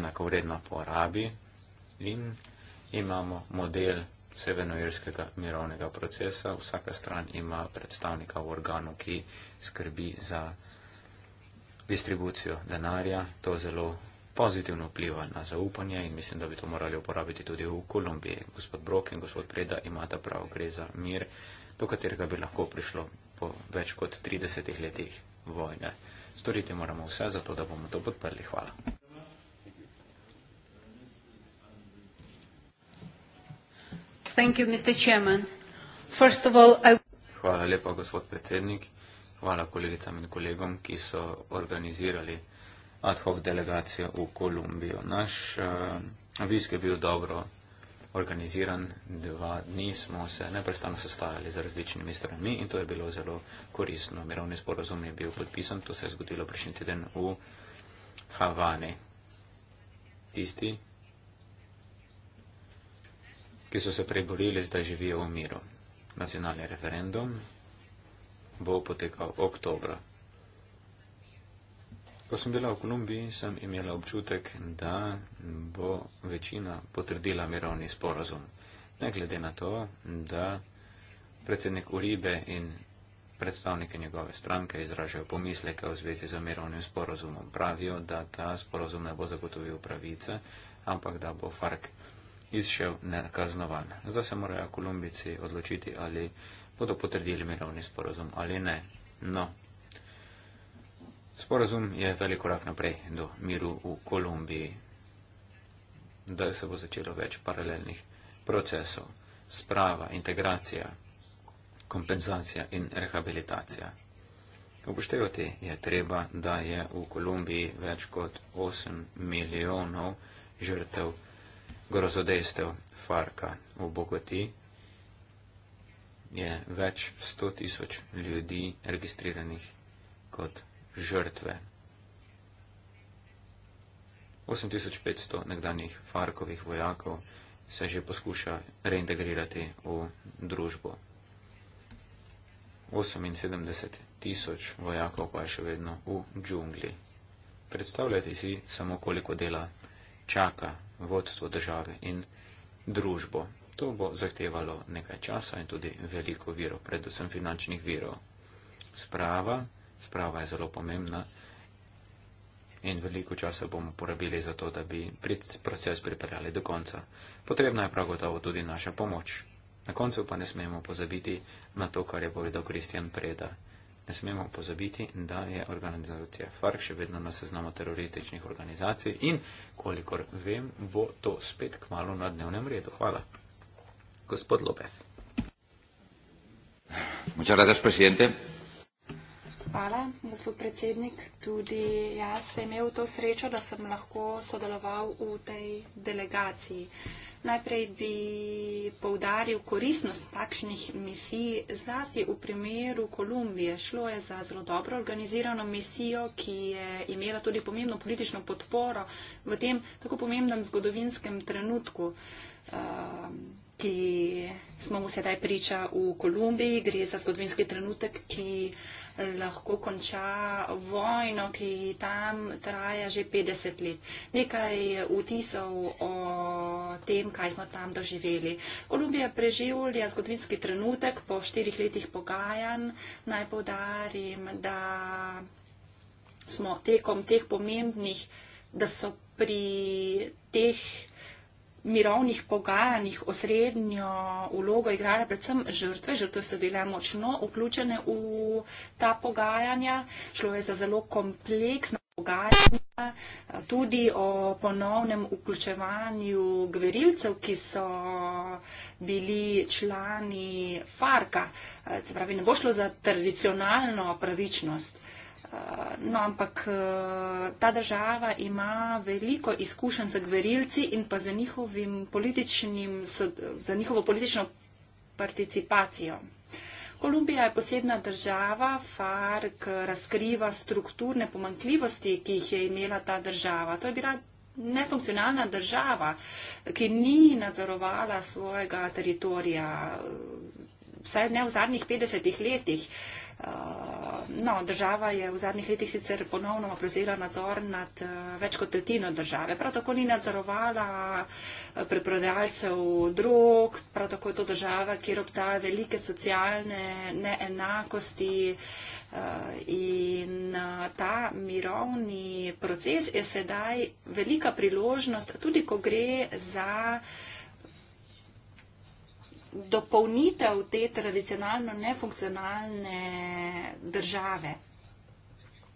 S1: enako vredno porabi in imamo model severnoirskega mirovnega procesa. Vsaka stran ima predstavnika v organu, ki skrbi za distribucijo denarja. To zelo pozitivno vpliva na zaupanje in mislim, da bi to morali uporabiti tudi v Kolumbiji. Gospod Brok in gospod Preda imata prav, gre za mir, do katerega bi lahko prišlo po več kot 30 letih vojne. Storiti moramo vse za to, da bomo to podprli. Hvala. Hvala lepa, gospod predsednik hvala kolegicam in kolegom, ki so organizirali ad hoc delegacijo v Kolumbijo. Naš uh, obisk je bil dobro organiziran, dva dni smo se neprestano sestajali z različnimi stranmi in to je bilo zelo koristno. Mirovni sporozum je bil podpisan, to se je zgodilo prejšnji teden v Havani. Tisti, ki so se preborili, zdaj živijo v miru. Nacionalni referendum bo potekal oktobra. Ko sem bila v Kolumbiji, sem imela občutek, da bo večina potrdila mirovni sporazum. Ne glede na to, da predsednik Uribe in predstavnike njegove stranke izražajo pomisleke v zvezi z mirovnim sporazumom. Pravijo, da ta sporazum ne bo zagotovil pravice, ampak da bo FARC izšel nekaznovan. Zdaj se morajo Kolumbici odločiti, ali bodo potrdili mirovni sporozum ali ne. No. Sporazum je velik korak naprej do miru v Kolumbiji, da se bo začelo več paralelnih procesov, sprava, integracija, kompenzacija in rehabilitacija. Upoštevati je treba, da je v Kolumbiji več kot 8 milijonov žrtev grozodejstev Farka v Bogotiji je več sto tisoč ljudi registriranih kot žrtve. 8500 nekdanjih Farkovih vojakov se že poskuša reintegrirati v družbo. 78 tisoč vojakov pa je še vedno v džungli. Predstavljati si samo, koliko dela čaka vodstvo države in družbo to bo zahtevalo nekaj časa in tudi veliko virov, predvsem finančnih virov. Sprava, sprava je zelo pomembna in veliko časa bomo porabili za to, da bi proces pripeljali do konca. Potrebna je prav gotovo tudi naša pomoč. Na koncu pa ne smemo pozabiti na to, kar je povedal Kristjan Preda. Ne smemo pozabiti, da je organizacija FARC še vedno na seznamu terorističnih organizacij in, kolikor vem, bo to spet kmalo na dnevnem redu. Hvala gospod Lopez.
S4: Hvala, gospod predsednik. Tudi jaz sem imel to srečo, da sem lahko sodeloval v tej delegaciji. Najprej bi poudaril korisnost takšnih misij, zlasti v primeru Kolumbije. Šlo je za zelo dobro organizirano misijo, ki je imela tudi pomembno politično podporo v tem tako pomembnem zgodovinskem trenutku. Uh, ki smo mu sedaj priča v Kolumbiji. Gre za zgodovinski trenutek, ki lahko konča vojno, ki tam traja že 50 let. Nekaj vtisov o tem, kaj smo tam doživeli. Kolumbija preživlja zgodovinski trenutek po štirih letih pogajanj. Naj povdarim, da smo tekom teh pomembnih, da so pri teh mirovnih pogajanjih osrednjo vlogo igrale predvsem žrtve. Žrtve so bile močno vključene v ta pogajanja. Šlo je za zelo kompleksna pogajanja, tudi o ponovnem vključevanju gverilcev, ki so bili člani Farka. Se pravi, ne bo šlo za tradicionalno pravičnost. Eh, no, ampak eh, ta država ima veliko izkušenj z gverilci in pa za, za njihovo politično participacijo. Kolumbija je posebna država, FARC razkriva strukturne pomankljivosti, ki jih je imela ta država. To je bila nefunkcionalna država, ki ni nadzorovala svojega teritorija, eh, vsaj ne v zadnjih 50 letih. Uh, no, država je v zadnjih letih sicer ponovno prevzela nadzor nad eh, več kot tretjino države. Prav tako ni nadzorovala eh, preprodajalcev drog, prav tako je to država, kjer obstaja velike socialne neenakosti eh, in ta mirovni proces je sedaj velika priložnost, tudi ko gre za dopolnitev te tradicionalno nefunkcionalne države.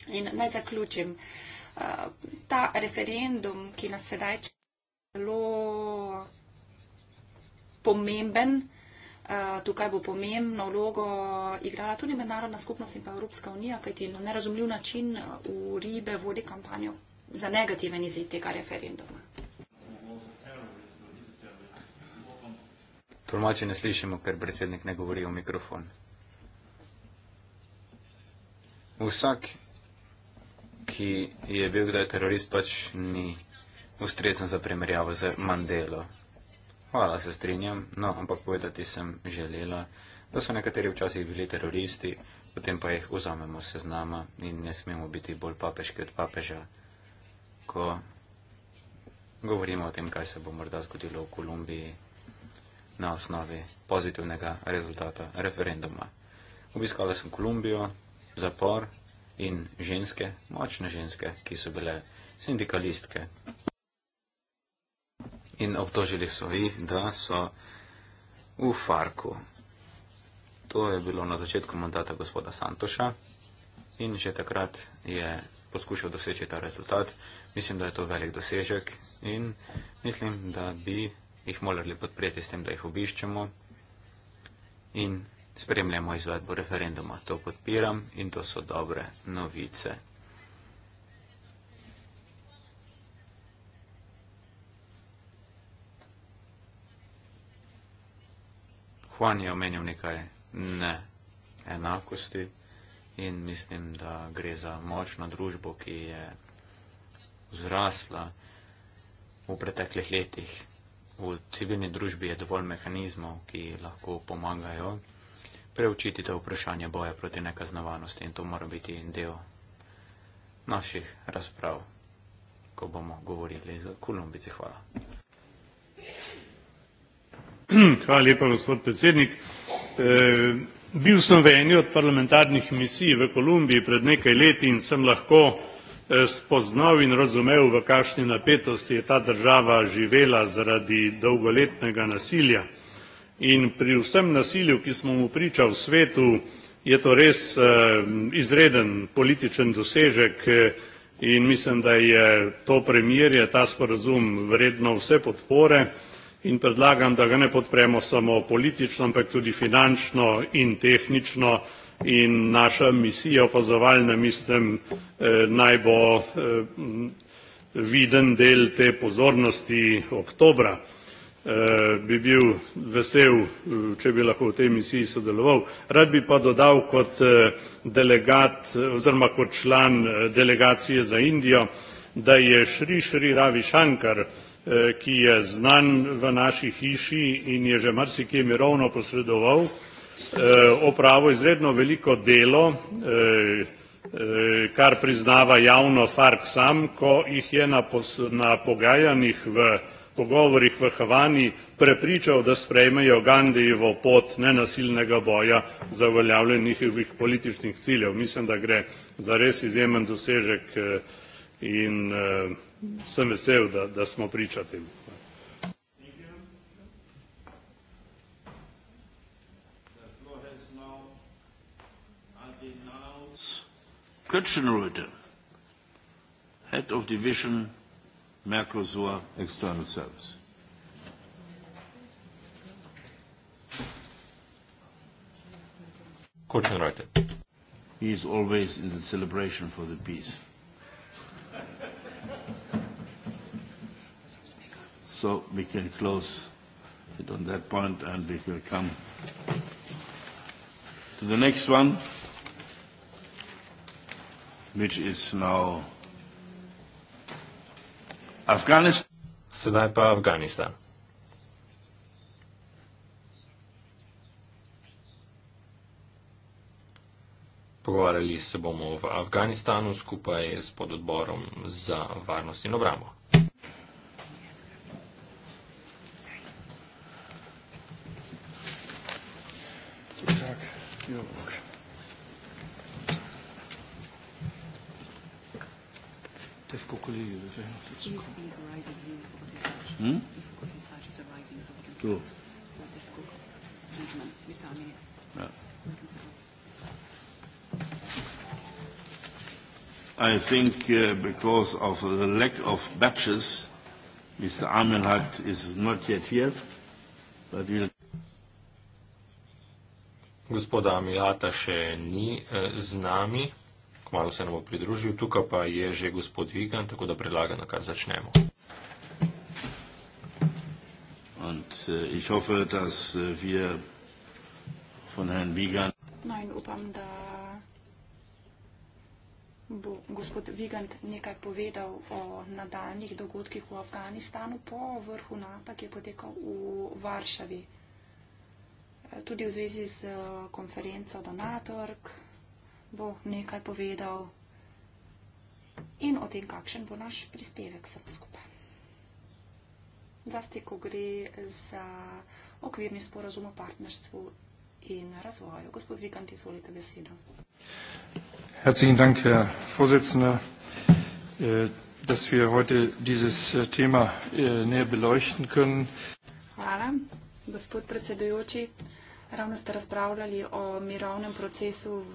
S4: In naj zaključim. Eh, ta referendum, ki nas sedaj čaka, je zelo pomemben. Eh, tukaj bo pomembno vlogo igrala tudi mednarodna skupnost in pa Evropska unija, kajti na nerazumljiv način eh, v ribe vodi kampanjo za negativen izid tega referenduma.
S1: Tolmače ne slišimo, ker predsednik ne govori v mikrofon. Vsak, ki je bil kdaj terorist, pač ni ustrezen za primerjavo z Mandelo. Hvala, se strinjam, no, ampak povedati sem želela, da so nekateri včasih bili teroristi, potem pa jih vzamemo se z nama in ne smemo biti bolj papeški od papeža, ko govorimo o tem, kaj se bo morda zgodilo v Kolumbiji na osnovi pozitivnega rezultata referenduma. Obiskala sem Kolumbijo, zapor in ženske, močne ženske, ki so bile sindikalistke. In obtožili so jih, da so v Farku. To je bilo na začetku mandata gospoda Santoša in že takrat je poskušal doseči ta rezultat. Mislim, da je to velik dosežek in mislim, da bi jih morali podpreti s tem, da jih obiščemo in spremljamo izvedbo referenduma. To podpiram in to so dobre novice. Juan je omenil nekaj neenakosti in mislim, da gre za močno družbo, ki je zrasla v preteklih letih v civilni družbi je dovolj mehanizmov, ki lahko pomagajo preučiti to vprašanje boja proti nekaznovanosti in to mora biti del naših razprav, ko bomo govorili z Kulumbici. Hvala.
S6: Hvala lepa, gospod predsednik. E, bil sem v eni od parlamentarnih misij v Kolumbiji pred nekaj leti in sem lahko Eh, spoznal in razumel, v kakšni napetosti je ta država živela zaradi dolgoletnega nasilja. In pri vsem nasilju, ki smo mu priča v svetu, je to res eh, izreden političen dosežek eh, in mislim, da je to premirje, ta sporazum vredno vse podpore in predlagam, da ga ne podpremo samo politično, ampak tudi finančno in tehnično, in naša misija opazovalna, mislim, eh, naj bo eh, viden del te pozornosti oktobra. Eh, bi bil vesel, če bi lahko v tej misiji sodeloval. Rad bi pa dodal kot delegat oziroma kot član delegacije za Indijo, da je Šri Šri Ravi Šankar, ki je znan v naši hiši in je že marsikje mirovno posredoval, Eh, opravil izredno veliko delo, eh, eh, kar priznava javno FARC sam, ko jih je na, na pogajanjih v pogovorih v Havani prepričal, da sprejmejo Gandijevo pot nenasilnega boja za uveljavljanje njihovih političnih ciljev. Mislim, da gre za res izjemen dosežek in sem vesel, da, da smo priča temu.
S3: Kirchenreuter, head of division Mercosur External Service. Kirchenreuter. He is always in the celebration for the peace. so we can close it on that point and we will come to the next one. Sedaj pa Afganistan.
S2: Pogovarjali se bomo v Afganistanu skupaj s pododborom za varnost in obrambo.
S6: Okay. težko kolegi
S5: reče.
S4: Hm?
S1: Ja.
S3: I think uh, because of the lack of batches, Mr. Amelhart is not yet here, but we'll... Gospoda Amelhata še ni eh,
S2: z nami kmalo se nam bo pridružil, tukaj pa je že gospod Vigan, tako da predlagam,
S3: da kar začnemo. Und, uh, ich hoffe, dass äh, wir von Herrn Wiegand.
S4: Nein, no, upam, da bo gospod Vigand nekaj povedal o nadaljnih dogodkih v Afganistanu po vrhu NATO, ki je potekal v Varšavi. Tudi v zvezi z konferenco Donatork bo nekaj povedal in o tem, kakšen bo naš prispevek vsem skupaj. Zlasti, ko gre za okvirni sporozum o partnerstvu in razvoju. Gospod Vigant, izvolite besedo.
S5: Herzlichen Dank, Herr Vorsitzender, äh, dass wir heute dieses äh, Thema äh, näher beleuchten können.
S4: Hvala, gospod predsedujoči. Ravno ste razpravljali o mirovnem procesu v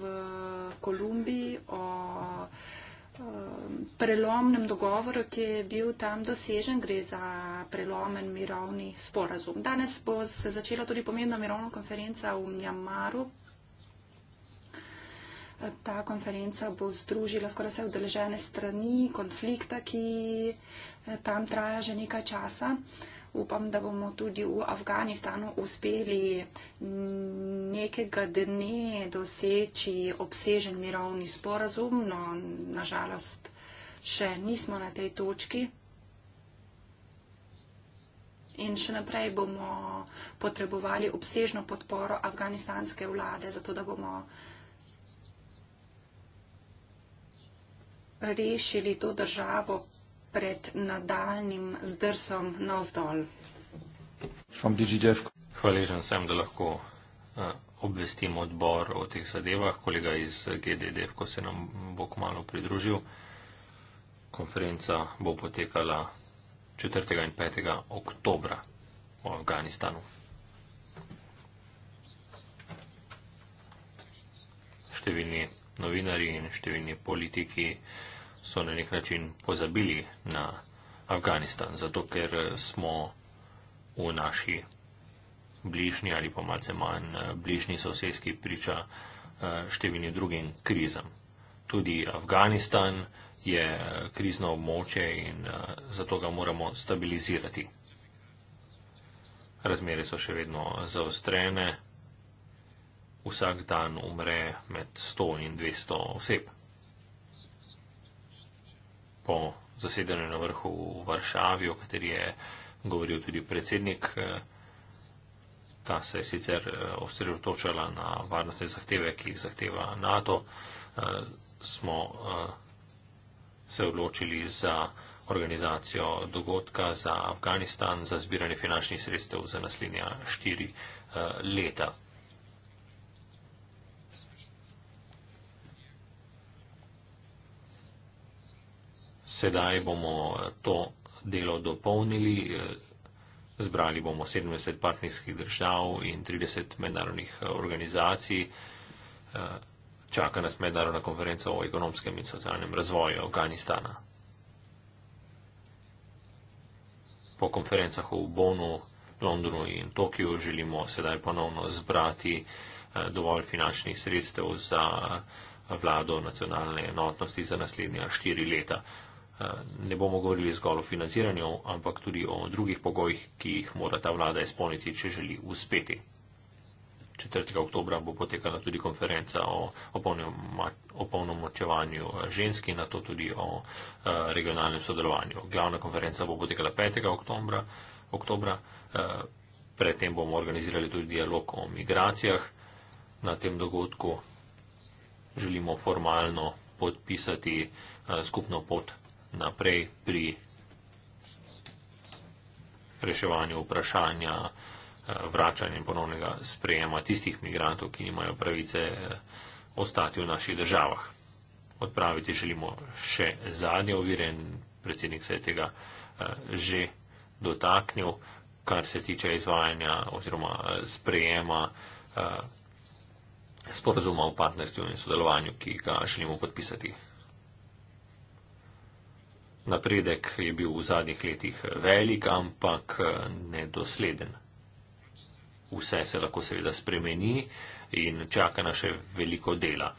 S4: Kolumbiji, o eh, prelomnem dogovoru, ki je bil tam dosežen, gre za prelomen mirovni sporazum. Danes bo se začela tudi pomembna mirovna konferenca v Mjamaru. Ta konferenca bo združila skoraj vse udeležene strani konflikta, ki eh, tam traja že nekaj časa. Uh, upam, da bomo tudi v Afganistanu uspeli nekega dne doseči obsežen mirovni sporazum, no nažalost še nismo na tej točki. In še naprej bomo potrebovali obsežno podporo afganistanske vlade, zato da bomo rešili to državo pred nadaljnim zdrsom na vzdol.
S2: Hvaležen sem, da lahko eh, obvestim odbor o teh zadevah. Kolega iz eh, GDDF, ko se nam bo k malu pridružil, konferenca bo potekala 4. in 5. oktobra v Afganistanu. Številni novinari in številni politiki so na nek način pozabili na Afganistan, zato ker eh, smo v naši bližnji ali pa malce manj eh, bližnji sosedski priča eh, številni drugim krizam. Tudi Afganistan je krizno območje in zato ga moramo stabilizirati. Razmere so še vedno zaostrene. Vsak dan umre med 100 in 200 oseb po zasedanju na vrhu v Varšavi, o kateri je govoril tudi predsednik. Eh, ta se je sicer eh, osredotočala na varnostne zahteve, ki jih zahteva NATO. Eh, smo se odločili za organizacijo dogodka za Afganistan, za zbiranje finančnih sredstev za naslednja štiri leta. Sedaj bomo to delo dopolnili. Eh, zbrali bomo 70 partnerskih držav in 30 mednarodnih eh, organizacij. Eh, čaka nas mednarodna konferenca o ekonomskem in socialnem razvoju Afganistana. Po konferencah v Bonu, Londonu in Tokiju želimo sedaj ponovno zbrati dovolj finančnih sredstev za vlado nacionalne enotnosti za naslednja štiri leta. Eh, ne bomo govorili zgolj o financiranju, ampak tudi o drugih pogojih, ki jih mora ta vlada izpolniti, če želi uspeti. 4. oktobra bo potekala tudi konferenca o opolnomočevanju žensk in na to tudi o eh, regionalnem sodelovanju. Glavna konferenca bo potekala 5. oktobra. oktobra. Eh, Predtem bomo organizirali tudi dialog o migracijah. Na tem dogodku želimo formalno podpisati skupno pot naprej pri reševanju vprašanja, eh, vračanja in ponovnega sprejema tistih migrantov, ki nimajo pravice eh, ostati v naših državah. Odpraviti želimo še zadnje ovire in predsednik se je tega eh, že dotaknil, kar se tiče izvajanja oziroma sprejema sporazuma o partnerstvu in sodelovanju, ki ga želimo podpisati napredek je bil v zadnjih letih velik, ampak nedosleden. Vse se lahko seveda spremeni in čaka na še veliko dela.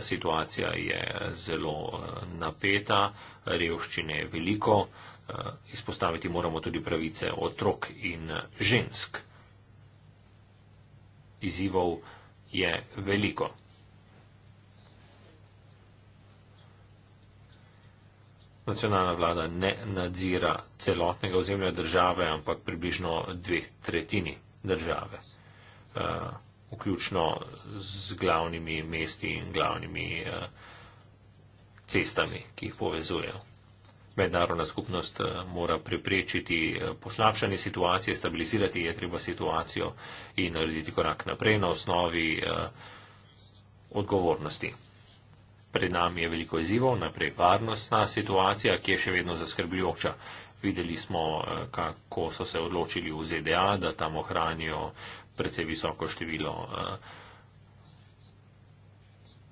S2: Situacija je zelo napeta, revščine je veliko, izpostaviti moramo tudi pravice otrok in žensk. Izivov je veliko. nacionalna vlada ne nadzira celotnega ozemlja države, ampak približno dve tretjini države, uh, vključno z glavnimi mesti in glavnimi uh, cestami, ki jih povezujejo. Mednarodna skupnost eh, mora preprečiti poslabšanje situacije, stabilizirati je treba situacijo in narediti korak naprej na osnovi uh, odgovornosti. Pred nami je veliko izzivov, najprej varnostna situacija, ki je še vedno zaskrbljujoča. Videli smo, eh, kako so se odločili v ZDA, da tam ohranijo predvsej visoko število eh,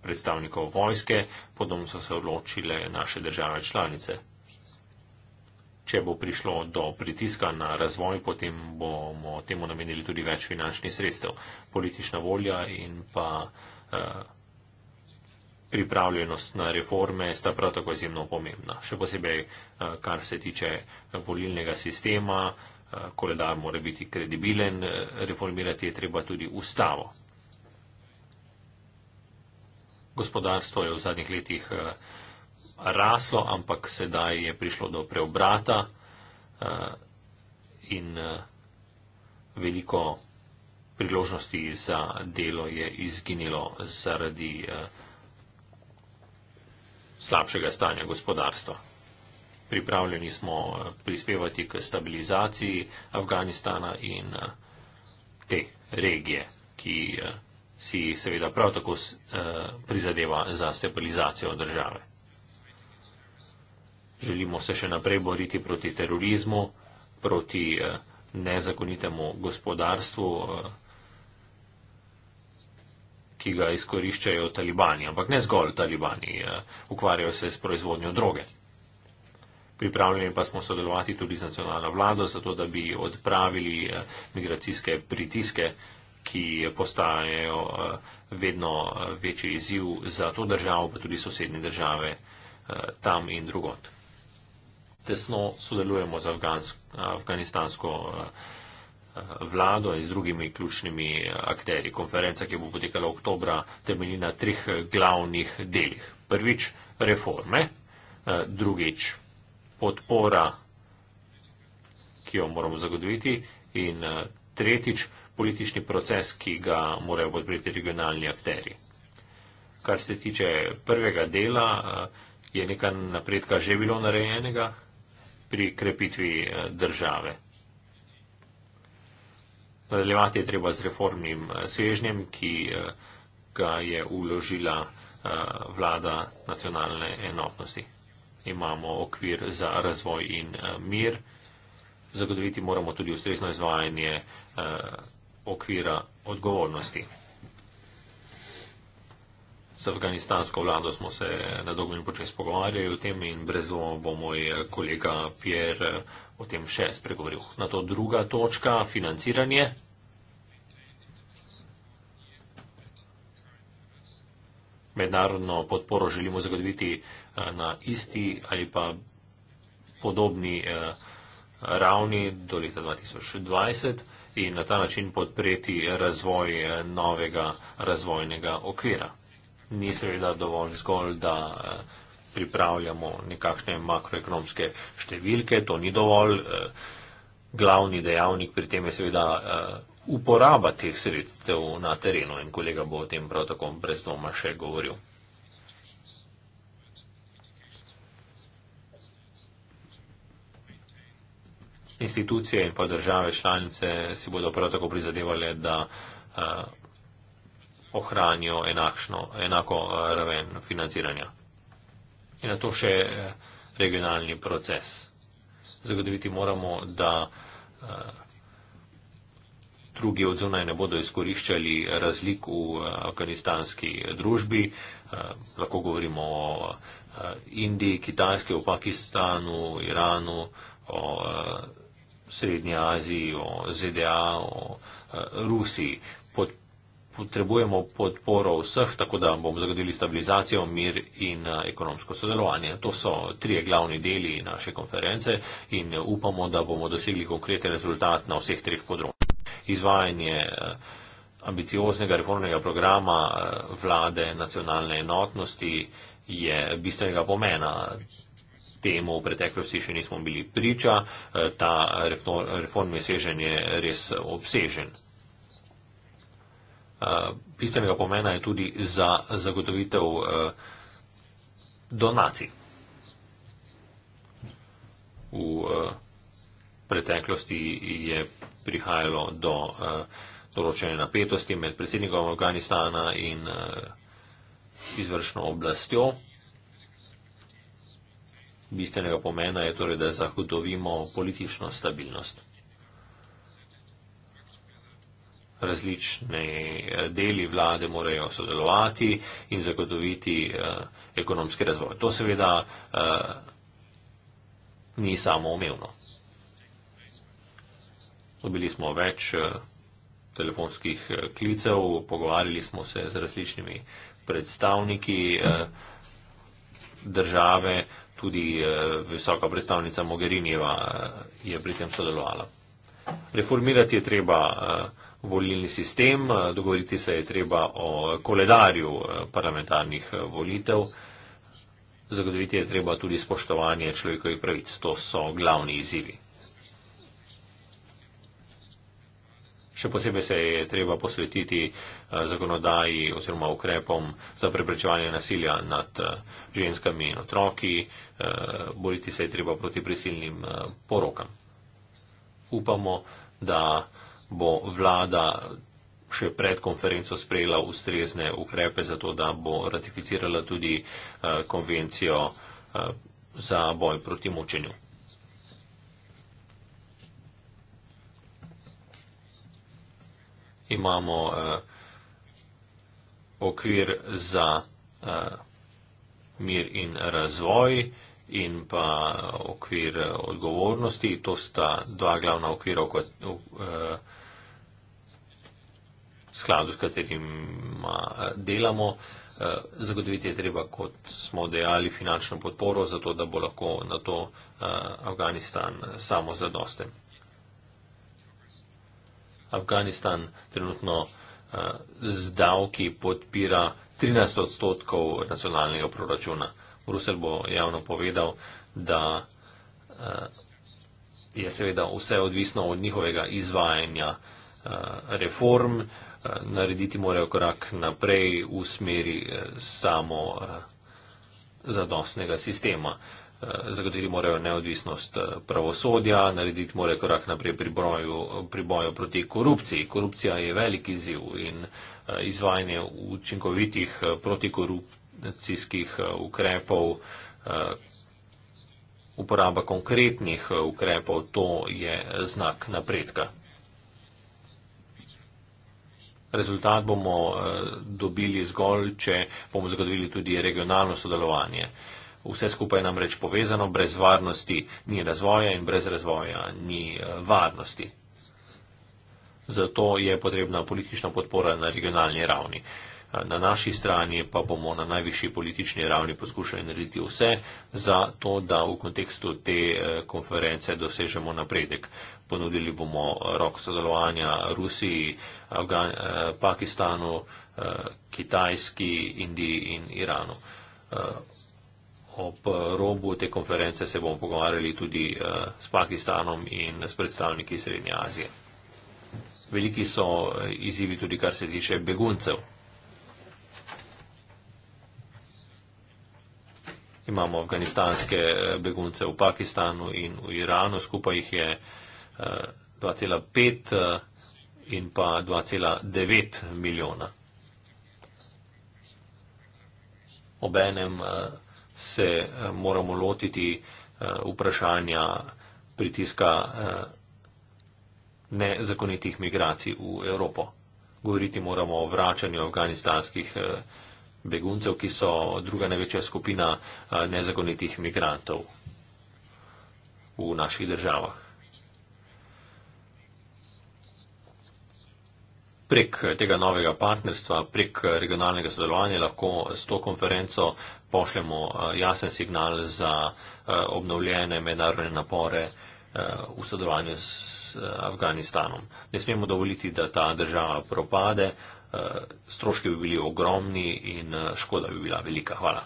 S2: predstavnikov vojske, podobno so se odločile naše države članice. Če bo prišlo do pritiska na razvoj, potem bomo temu namenili tudi več finančnih sredstev. Politična volja in pa eh, pripravljenost na reforme sta prav tako izjemno pomembna. Še posebej, eh, kar se tiče volilnega sistema, eh, koledar mora biti kredibilen, eh, reformirati je treba tudi ustavo. Gospodarstvo je v zadnjih letih raslo, ampak sedaj je prišlo do preobrata in veliko priložnosti za delo je izginilo zaradi slabšega stanja gospodarstva. Pripravljeni smo eh, prispevati k stabilizaciji Afganistana in eh, te regije, ki eh, si seveda prav tako prizadeva za stabilizacijo države. Želimo se še naprej boriti proti terorizmu, proti nezakonitemu gospodarstvu, ki ga izkoriščajo talibani, ampak ne zgolj talibani, eh, ukvarjajo se s proizvodnjo droge. Pripravljeni pa smo sodelovati tudi z nacionalno vlado, zato da bi odpravili eh, migracijske pritiske, ki postajajo eh, vedno večji izziv za to državo, pa tudi sosednje države tam in drugot. Tesno sodelujemo z Afganistansko. Afganistansko vlado in z drugimi ključnimi eh, akteri. Konferenca, ki bo potekala oktobra, temelji na trih glavnih delih. Prvič reforme, eh, drugič podpora, ki jo moramo zagotoviti in eh, tretjič politični proces, ki ga morajo podpreti regionalni akteri. Kar se tiče prvega dela, je nekaj napredka že bilo narejenega pri krepitvi države. Nadaljevati je treba z reformnim eh, svežnjem, ki eh, ga je uložila eh, vlada nacionalne enotnosti. Imamo okvir za razvoj in mir. Zagotoviti moramo tudi ustrezno izvajanje okvira odgovornosti. S afganistansko vlado smo se na dolgo in počas pogovarjali o tem in brez dvoma bo moj kolega Pierre o tem še spregovoril. Na to druga točka, financiranje. Mednarodno podporo želimo zagotoviti eh, na isti ali pa podobni eh, ravni do leta 2020 in na ta način podpreti razvoj eh, novega razvojnega okvira. Ni seveda dovolj zgolj, da pripravljamo nekakšne makroekonomske številke, to ni dovolj. Eh, glavni dejavnik pri tem je seveda eh, uporaba teh sredstev na terenu in kolega bo o tem prav tako brez doma še govoril. Institucije in pa države članice si bodo prav tako prizadevali, da eh, ohranijo enakšno, enako raven financiranja in na to še eh, regionalni proces. Zagotoviti moramo, da eh, drugi odzunaj ne bodo izkoriščali razlik v eh, afganistanski družbi. Lahko govorimo o Indiji, Kitajski, o Pakistanu, Iranu, o Srednji Aziji, o ZDA, o Rusiji. Pod potrebujemo podporo vseh, tako da bomo zagodili stabilizacijo, mir in eh, ekonomsko sodelovanje. To so trije glavni deli naše konference in eh, upamo, da bomo dosegli konkreten rezultat na vseh treh področjih. Izvajanje eh, ambicioznega reformnega programa vlade nacionalne enotnosti je bistvenega pomena. Temu v preteklosti še nismo bili priča, ta reformni sežen je res obsežen. Eh, bistvenega pomena je tudi za zagotovitev eh, donacij v eh, preteklosti je prihajalo do določene napetosti med predsednikom Afganistana in izvršno oblastjo. Bistvenega pomena je torej, da zagotovimo politično stabilnost. različni eh, deli vlade morajo sodelovati in zagotoviti eh, ekonomski razvoj. To seveda eh, ni samo omevno. Dobili smo več telefonskih klicev, pogovarjali smo se z različnimi predstavniki države, tudi visoka predstavnica Mogherinjeva je pri tem sodelovala. Reformirati je treba volilni sistem. Eh, dogovoriti se je treba o koledarju eh, parlamentarnih eh, volitev. Zagotoviti je treba tudi spoštovanje človekovih pravic. To so glavni izzivi. Še posebej se je treba posvetiti zakonodaji oziroma ukrepom za preprečevanje nasilja nad ženskami in otroki. Boriti se je treba proti prisilnim porokam. Upamo, da bo vlada še pred konferenco sprejela ustrezne ukrepe za to, da bo ratificirala tudi eh, konvencijo eh, za boj proti mučenju. Imamo eh, okvir za mir in razvoj in pa okvir odgovornosti. To sta dva glavna okvira, v katerih skladu, s katerim eh, delamo. Eh, zagotoviti je treba, kot smo dejali, finančno podporo, zato da bo lahko na to eh, Afganistan samo zadosten. Afganistan trenutno z davki podpira 13 odstotkov nacionalnega proračuna. Brusel bo javno povedal, da je seveda vse odvisno od njihovega izvajanja reform narediti morajo korak naprej v smeri eh, samo eh, zadostnega sistema. Eh, zagotoviti morajo neodvisnost pravosodja, narediti morajo korak naprej pri, broju, pri boju proti korupciji. Korupcija je velik izziv in izvajanje učinkovitih protikorupcijskih ukrepov, uporaba konkretnih ukrepov, to je znak napredka rezultat bomo eh, dobili zgolj, če bomo zagotovili tudi regionalno sodelovanje. Vse skupaj je namreč povezano, brez varnosti ni razvoja in brez razvoja ni eh, varnosti. Zato je potrebna politična podpora na regionalni ravni. Na naši strani pa bomo na najvišji politični ravni poskušali narediti vse za to, da v kontekstu te eh, konference dosežemo napredek. Ponudili bomo rok sodelovanja Rusiji, Afgan eh, Pakistanu, eh, Kitajski, Indiji in Iranu. Ob robu te konference se bomo pogovarjali tudi s Pakistanom in s predstavniki Srednje Azije. Veliki so izzivi tudi, kar se tiče beguncev. imamo afganistanske eh, begunce v Pakistanu in v Iranu, skupaj jih je 2,5 eh, eh, in pa 2,9 milijona. Obenem se moramo lotiti vprašanja pritiska nezakonitih migracij v Evropo. Govoriti moramo o vračanju afganistanskih eh, beguncev, ki so druga največja skupina nezakonitih migrantov v naših državah. Prek tega novega partnerstva, prek regionalnega sodelovanja lahko s to konferenco pošljemo jasen signal za obnovljene mednarodne napore v sodelovanju s Afganistanom. Ne smemo dovoliti, da ta država propade, Eh, stroški bi bili ogromni in eh, škoda bi bila velika.
S3: Hvala.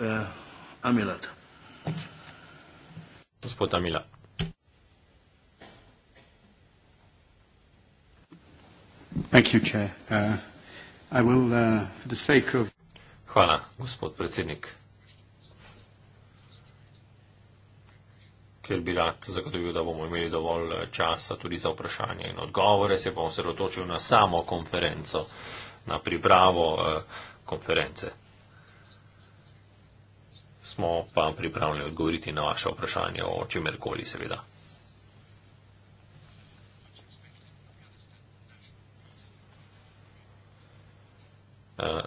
S3: Eh, Amilat.
S2: Gospod Amilat.
S6: Uh,
S3: uh,
S2: Hvala, gospod predsednik. kjer bi rad zagotovil, da bomo imeli dovolj eh, časa tudi za vprašanje in odgovore, se bom osredotočil na samo konferenco, na pripravo eh, konference. Smo pa pripravljeni odgovoriti na vaše vprašanje o čemerkoli, seveda. Eh,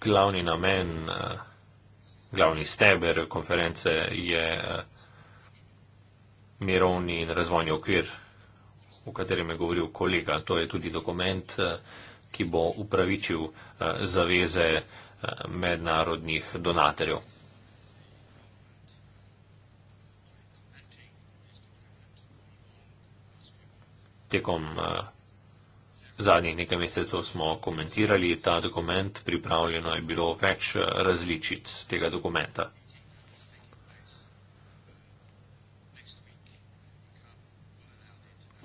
S2: glavni namen, glavni steber konference je mirovni in razvojni okvir, o katerem je govoril kolega. To je tudi dokument, eh, ki bo upravičil eh, zaveze eh, mednarodnih donatorjev. Tekom zadnjih nekaj mesecev smo komentirali ta dokument, pripravljeno je bilo več različic tega dokumenta.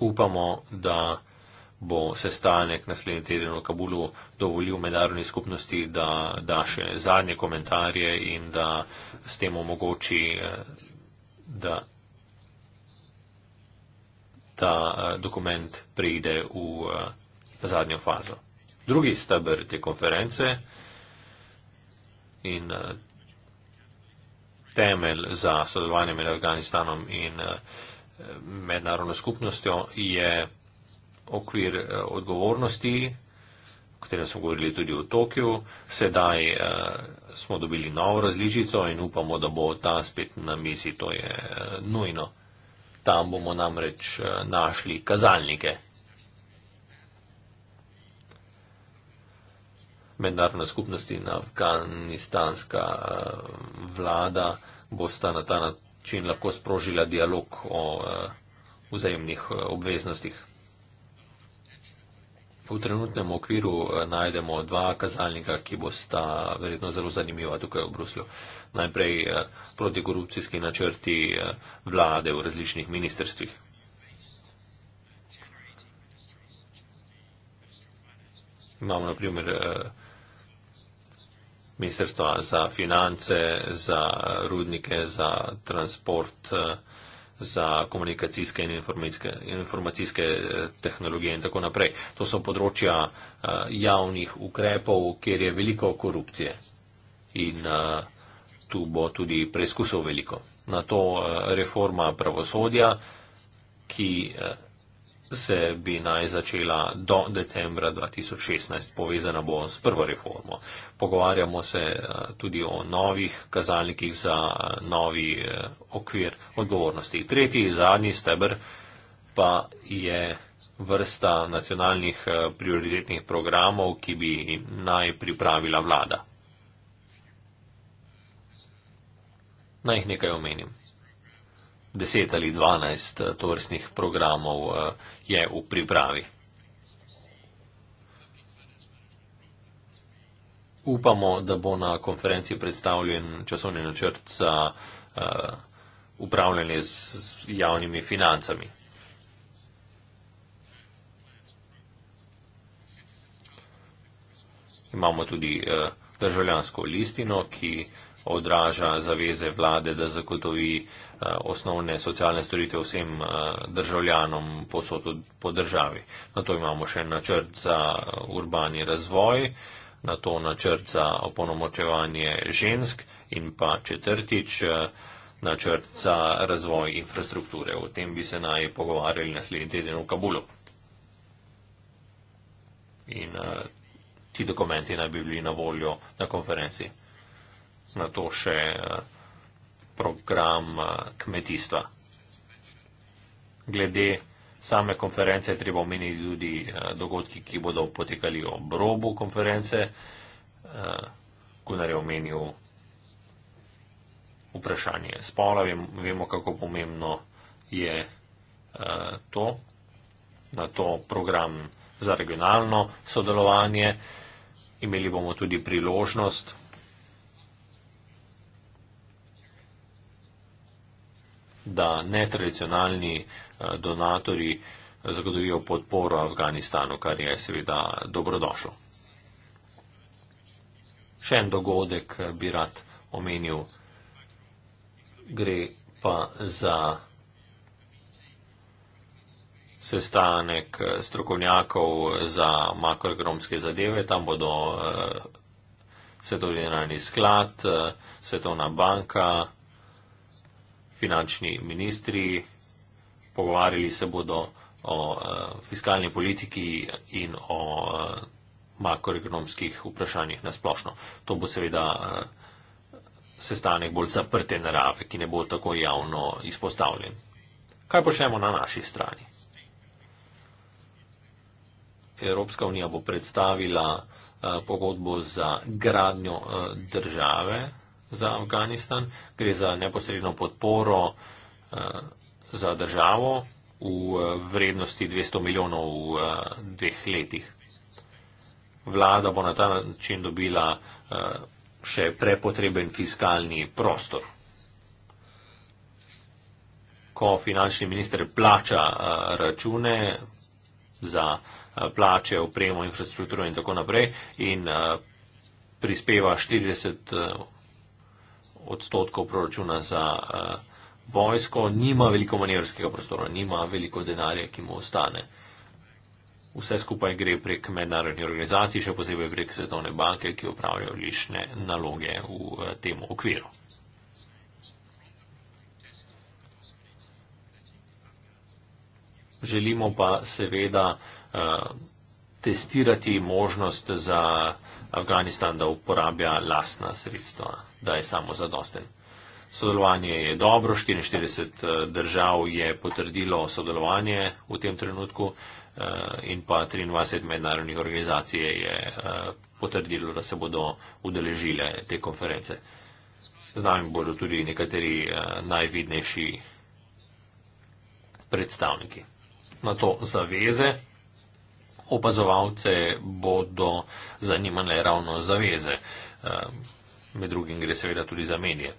S2: upamo, da bo sestanek naslednji teden v Kabulu dovolil mednarodni skupnosti, da da še zadnje komentarje in da s tem omogoči, eh, da, da eh, dokument preide v eh, zadnjo fazo. Drugi stabr te konference in temelj za sodelovanje med Afganistanom in uh, mednarodno skupnostjo je okvir eh, odgovornosti, o katerem smo govorili tudi v Tokiu. Sedaj eh, smo dobili novo različico in upamo, da bo ta spet na misi, to je eh, nujno. Tam bomo namreč eh, našli kazalnike. Mednarodna skupnost in afganistanska eh, vlada bosta na ta način način lahko sprožila dialog o eh, vzajemnih eh, obveznostih. V trenutnem okviru eh, najdemo dva kazalnika, ki bosta verjetno zelo zanimiva tukaj v Bruslju. Najprej protikorupcijski načrti vlade v različnih ministerstvih. Imamo na primer ministrstva za finance, za rudnike, za transport, za komunikacijske in informacijske eh, tehnologije in tako naprej. To so področja eh, javnih ukrepov, kjer je veliko korupcije in eh, tu bo tudi preizkusov veliko. Na to reforma pravosodja, ki se bi naj začela do decembra 2016, povezana bo s prvo reformo. Pogovarjamo se eh, tudi o novih kazalnikih za eh, novi eh, okvir odgovornosti. Tretji, zadnji stebr pa je vrsta nacionalnih prioritetnih programov, ki bi naj pripravila vlada. Naj jih nekaj omenim deset ali dvanajst eh, tovrstnih programov eh, je v pripravi. Upamo, da bo na konferenci predstavljen časovni načrt za eh, upravljanje z javnimi financami. Imamo tudi državljansko listino, ki odraža zaveze vlade, da zagotovi eh, osnovne socialne storitve vsem eh, državljanom posod po državi. Na to imamo še načrt za eh, urbani razvoj, na to načrt za oponomočevanje žensk in pa četrtič načrt za razvoj infrastrukture. O tem bi se naj pogovarjali naslednji teden v Kabulu. In uh, ti dokumenti naj bi bili na voljo na konferenci na to še eh, program eh, kmetijstva. Glede same konference je treba omeniti tudi eh, dogodki, ki bodo potekali ob robu konference. Gunnar je omenil vprašanje spola, vemo, kako pomembno je to, na to program za regionalno sodelovanje. Imeli bomo tudi priložnost da netradicionalni eh, donatori eh, zagotovijo podporo Afganistanu, kar je seveda dobrodošlo. Še en dogodek eh, bi rad omenil, gre pa za sestanek strokovnjakov za makroekonomske zadeve, tam bodo eh, svetovni sklad, eh, svetovna banka, finančni ministri, pogovarjali se bodo o eh, fiskalni politiki in o eh, makroekonomskih vprašanjih nasplošno. To bo seveda eh, sestanek bolj zaprte narave, ki ne bo tako javno izpostavljen. Kaj počnemo na naši strani? Evropska unija bo predstavila pogodbo za gradnjo države, za Afganistan, gre za neposredno podporo uh, za državo v uh, vrednosti 200 milijonov v uh, dveh letih. Vlada bo na ta način dobila uh, še prepotreben fiskalni prostor. Ko finančni minister plača uh, račune za plače, opremo, infrastrukturo in tako naprej in uh, prispeva 40 uh, odstotkov proračuna za uh, vojsko, nima veliko manevrskega prostora, nima veliko denarja, ki mu ostane. Vse skupaj gre prek mednarodnih organizacij, še posebej prek Svetovne banke, ki upravljajo lišne naloge v uh, tem okviru. Želimo pa seveda uh, testirati možnost za uh, Afganistan, da uporablja lastna sredstva, da je samo zadosten. Sodelovanje je dobro, 44 eh, držav je potrdilo sodelovanje v tem trenutku eh, in pa 23 mednarodnih organizacij je eh, potrdilo, da se bodo udeležile te konference. Z nami bodo tudi nekateri najvidnejši predstavniki. Na to zaveze opazovalce bodo zanimale ravno zaveze. Ehm, med drugim gre seveda tudi za medije.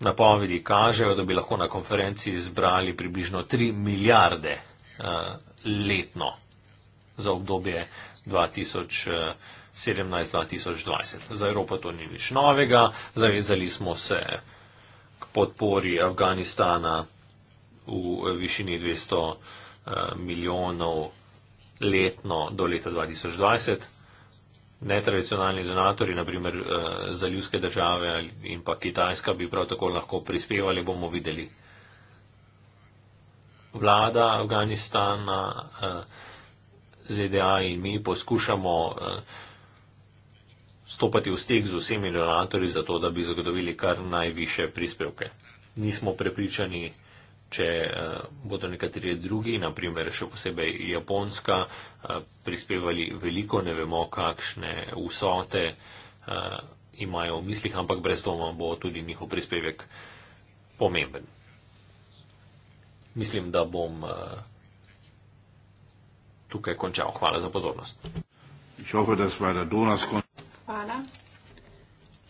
S2: Napovedi kažejo, da bi lahko na konferenci zbrali približno 3 milijarde eh, letno za obdobje 2017-2020. Eh, za Evropo to ni nič novega, zavezali smo se k podpori Afganistana v eh, višini 200 milijonov letno do leta 2020. Netradicionalni donatori, naprimer eh, za ljudske države in pa Kitajska, bi prav tako lahko prispevali, bomo videli. Vlada Afganistana, eh, ZDA in mi poskušamo eh, stopati v stik z vsemi donatori, zato da bi zagotovili kar najviše prispevke. Nismo prepričani, da če eh, bodo nekateri drugi, naprimer še posebej Japonska, eh, prispevali veliko, ne vemo, kakšne vsote eh, imajo v mislih, ampak brez doma bo tudi njihov prispevek pomemben. Mislim, da bom
S3: tukaj končal. Hvala za pozornost. Hvala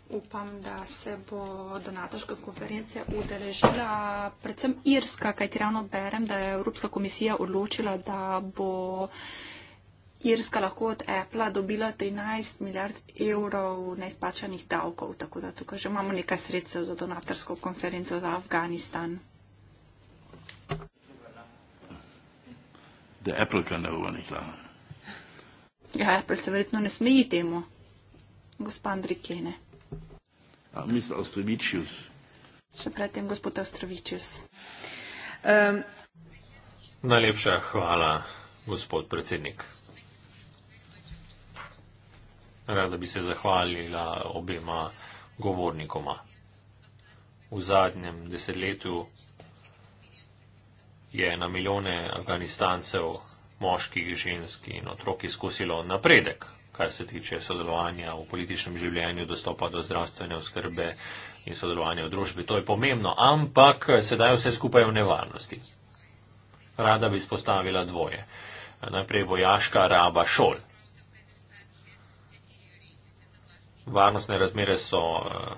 S4: upam, da se bo donatorska konferencija udeležila predvsem Irska, kaj ti ravno berem, da je Evropska komisija odločila, da bo Irska lahko od Apple dobila 13 milijard evrov neizplačanih davkov. Tako da tukaj že imamo nekaj sredstev za donatorsko konferenco za Afganistan.
S3: Da Apple kaj ne bo nekla.
S4: Ja, Apple se verjetno ne smeji temu. Gospod Andrikene.
S3: Miss Ostrovičius.
S4: Še predtem, gospod Ostrovičius. Um... Ehm.
S2: Najlepša hvala, gospod predsednik. Rada bi se zahvalila obema govornikoma. V zadnjem desetletju je na milijone Afganistancev, moških, žensk in otrok izkusilo napredek kar se tiče sodelovanja v političnem življenju, dostopa do zdravstvene oskrbe in sodelovanja v družbi. To je pomembno, ampak sedaj vse skupaj v nevarnosti. Rada bi spostavila dvoje. Najprej vojaška raba šol. Varnostne razmere so eh,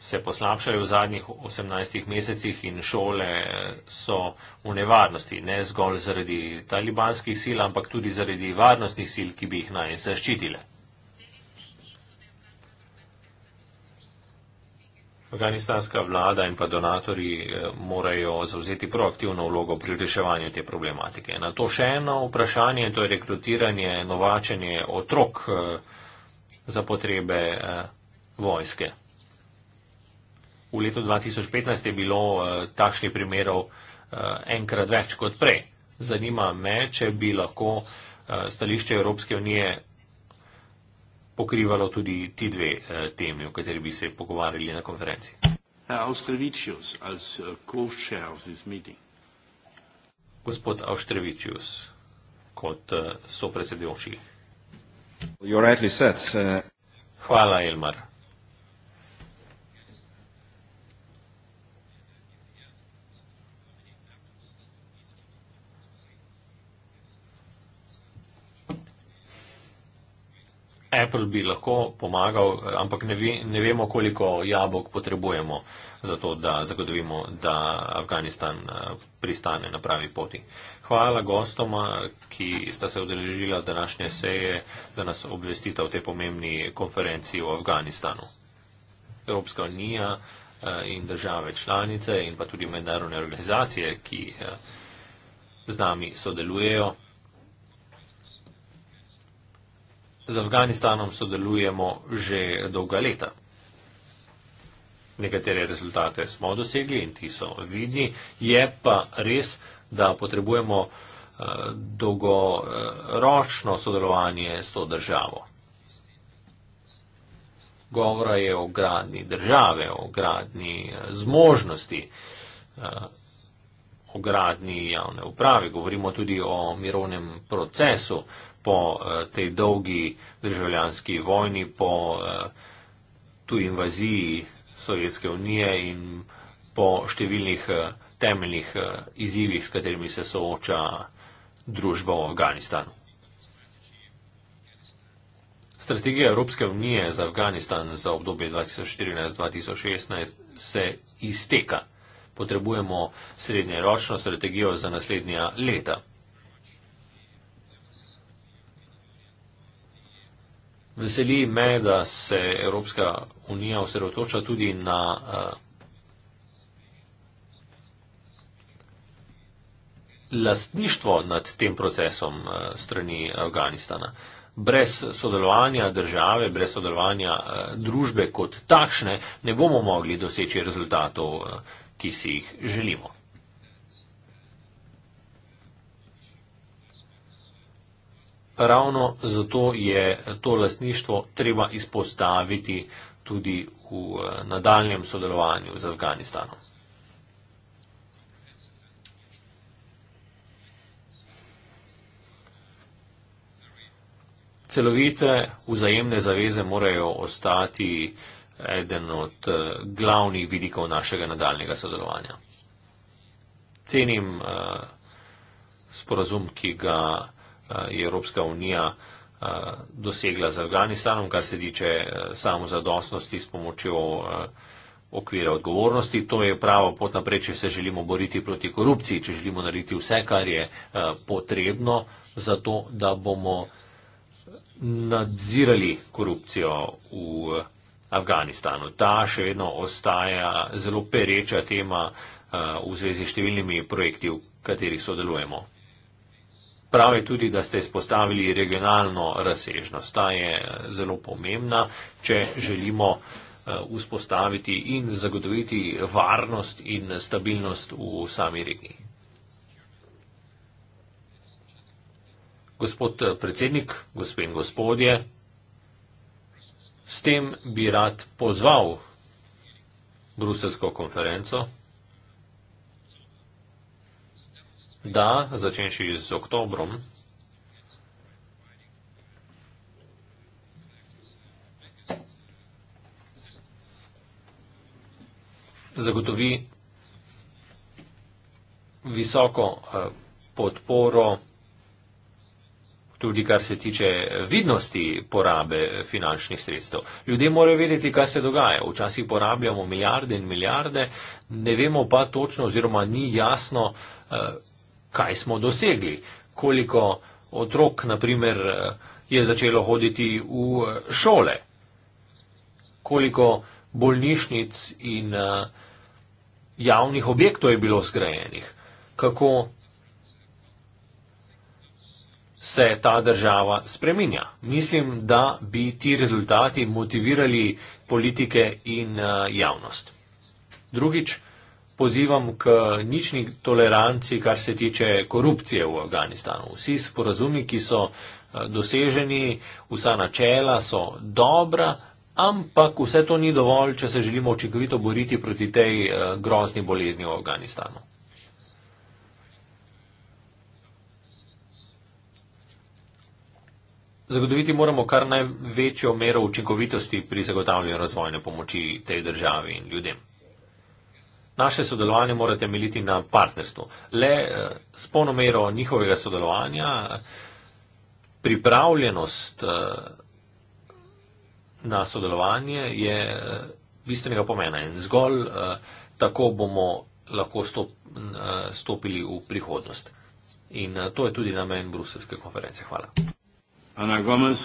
S2: se poslabšali v zadnjih 18 mesecih in šole eh, so v nevarnosti, ne zgolj zaradi talibanskih sil, ampak tudi zaradi varnostnih sil, ki bi jih naj zaščitile. Afganistanska vlada in pa donatori eh, morajo zauzeti proaktivno vlogo pri reševanju te problematike. Na to še eno vprašanje, to je rekrutiranje, novačenje otrok eh, za potrebe vojske v letu 2015 je bilo uh, takšnih primerov uh, enkrat več kot prej. Zanima me, če bi lahko uh, stališče Evropske unije pokrivalo tudi ti dve uh, temi, o kateri bi se pogovarjali na konferenci. Gospod Austrevičius, kot uh, sopresedujoči. Hvala, Elmar. Apple bi lahko pomagal, ampak ne, ve, ne vemo, koliko jabolk potrebujemo za to, da zagotovimo, da Afganistan eh, pristane na pravi poti. Hvala gostoma, ki sta se odrežila današnje seje, da nas obvestita o tej pomembni konferenci v Afganistanu. Evropska unija eh, in države članice in pa tudi mednarodne organizacije, ki eh, z nami sodelujejo. z Afganistanom sodelujemo že dolga leta. Nekatere rezultate smo dosegli in ti so vidni. Je pa res, da potrebujemo eh, dolgoročno sodelovanje s to državo. Govora je o gradni države, o gradni eh, zmožnosti, eh, o gradni javne uprave. Govorimo tudi o mirovnem procesu, po eh, tej dolgi državljanski vojni, po eh, tu invaziji Sovjetske unije in po številnih eh, temeljnih izzivih, s katerimi se sooča družba v Afganistanu. Strategija Evropske unije za Afganistan za obdobje 2014-2016 se izteka. Potrebujemo srednjeročno strategijo za naslednja leta. Veseli me, da se Evropska unija osredotoča tudi na eh, lastništvo nad tem procesom eh, strani Afganistana. Brez sodelovanja države, brez sodelovanja eh, družbe kot takšne ne bomo mogli doseči rezultatov, ki si jih želimo. ravno zato je to lasništvo treba izpostaviti tudi v eh, nadaljem sodelovanju z Afganistanom. Celovite vzajemne zaveze morajo ostati eden od eh, glavnih vidikov našega nadaljnega sodelovanja. Cenim uh, sporazum, ki ga Eh, je Evropska unija eh, dosegla z Afganistanom, kar se tiče eh, samozadostnosti s pomočjo okvira odgovornosti. To je pravo pot naprej, če se želimo boriti proti korupciji, če želimo narediti vse, kar je potrebno, zato da bomo nadzirali korupcijo v Afganistanu. Ta še vedno ostaja zelo pereča tema v zvezi s številnimi projekti, v katerih sodelujemo. Pravi tudi, da ste izpostavili regionalno razsežnost. Ta je eh, zelo pomembna, če želimo eh, vzpostaviti in zagotoviti varnost in stabilnost v sami regiji. Gospod eh, predsednik, gospod in gospodje, s tem bi rad pozval bruselsko konferenco. Da, začenši z oktobrom. Zagotovi visoko eh, podporo tudi kar se tiče eh, vidnosti porabe eh, finančnih sredstev. Ljudje morajo vedeti, kaj se dogaja. Včasih porabljamo milijarde in milijarde, ne vemo pa točno oziroma ni jasno, kaj smo dosegli, koliko otrok, naprimer, eh, je začelo hoditi v eh, šole, koliko bolnišnic in eh, javnih objektov je bilo zgrajenih, kako se ta država spreminja. Mislim, da bi ti rezultati motivirali politike in javnost. Drugič, pozivam k nični toleranci, kar se tiče korupcije v Afganistanu. Vsi sporazumi, ki so eh, doseženi, vsa načela so dobra, ampak vse to ni dovolj, če se želimo očekovito boriti proti tej eh, grozni bolezni v Afganistanu. Zagotoviti moramo kar največjo mero učinkovitosti pri zagotavljanju razvojne pomoči tej državi in ljudem. Naše sodelovanje mora temeljiti na partnerstvu. Le eh, s ponomero njihovega sodelovanja, pripravljenost eh, na sodelovanje je eh, bistvenega pomena in zgolj tako bomo lahko stopili v prihodnost. In to je tudi namen bruselske konference. Hvala. Ana Gomes.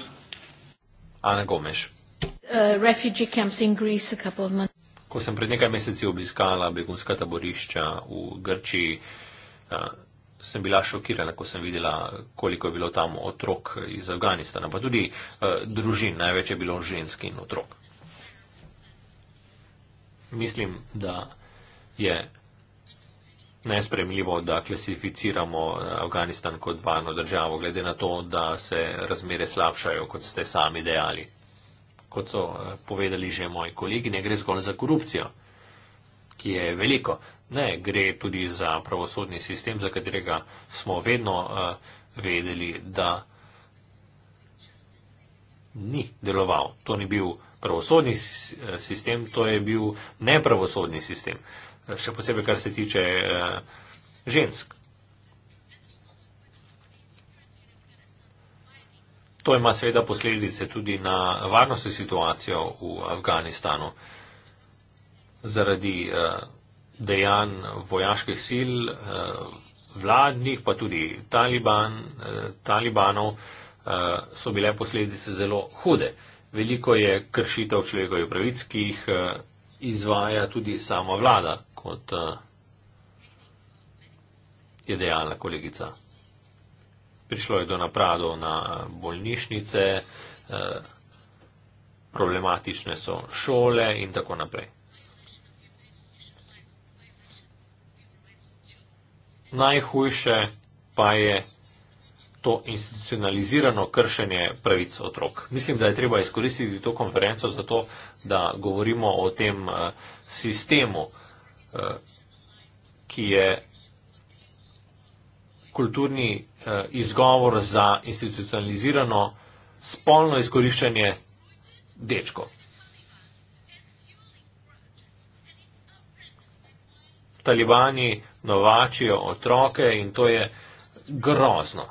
S2: Ana Gomes.
S4: Uh, refugee camps in Greece a couple of months
S2: Ko sem pred nekaj meseci obiskala begunska taborišča v Grčiji, sem bila šokirana, ko sem videla, koliko je bilo tam otrok iz Afganistana, pa tudi družin, največ je bilo žensk in otrok. Mislim, da je nespremljivo, da klasificiramo Afganistan kot varno državo, glede na to, da se razmere slabšajo, kot ste sami dejali kot so eh, povedali že moji kolegi, ne gre zgolj za korupcijo, ki je veliko. Ne, gre tudi za pravosodni sistem, za katerega smo vedno uh, vedeli, da ni deloval. To ni bil pravosodni eh, sistem, to je bil nepravosodni sistem. Še posebej, kar se tiče uh, žensk. To ima seveda posledice tudi na varnostno situacijo v Afganistanu. Zaradi eh, dejanj vojaških sil, eh, vladnih, pa tudi Taliban, eh, talibanov, eh, so bile posledice zelo hude. Veliko je kršitev človekovih pravic, ki jih eh, izvaja tudi sama vlada, kot eh, je dejala kolegica prišlo je do napadov na eh, bolnišnice, eh, problematične so šole in tako naprej. Najhujše pa je to institucionalizirano kršenje pravic otrok. Mislim, da je treba izkoristiti to konferenco za to, da govorimo o tem eh, sistemu, ki je kulturni eh, izgovor za institucionalizirano spolno izkoriščanje dečkov. Talibani novačijo otroke in to je grozno.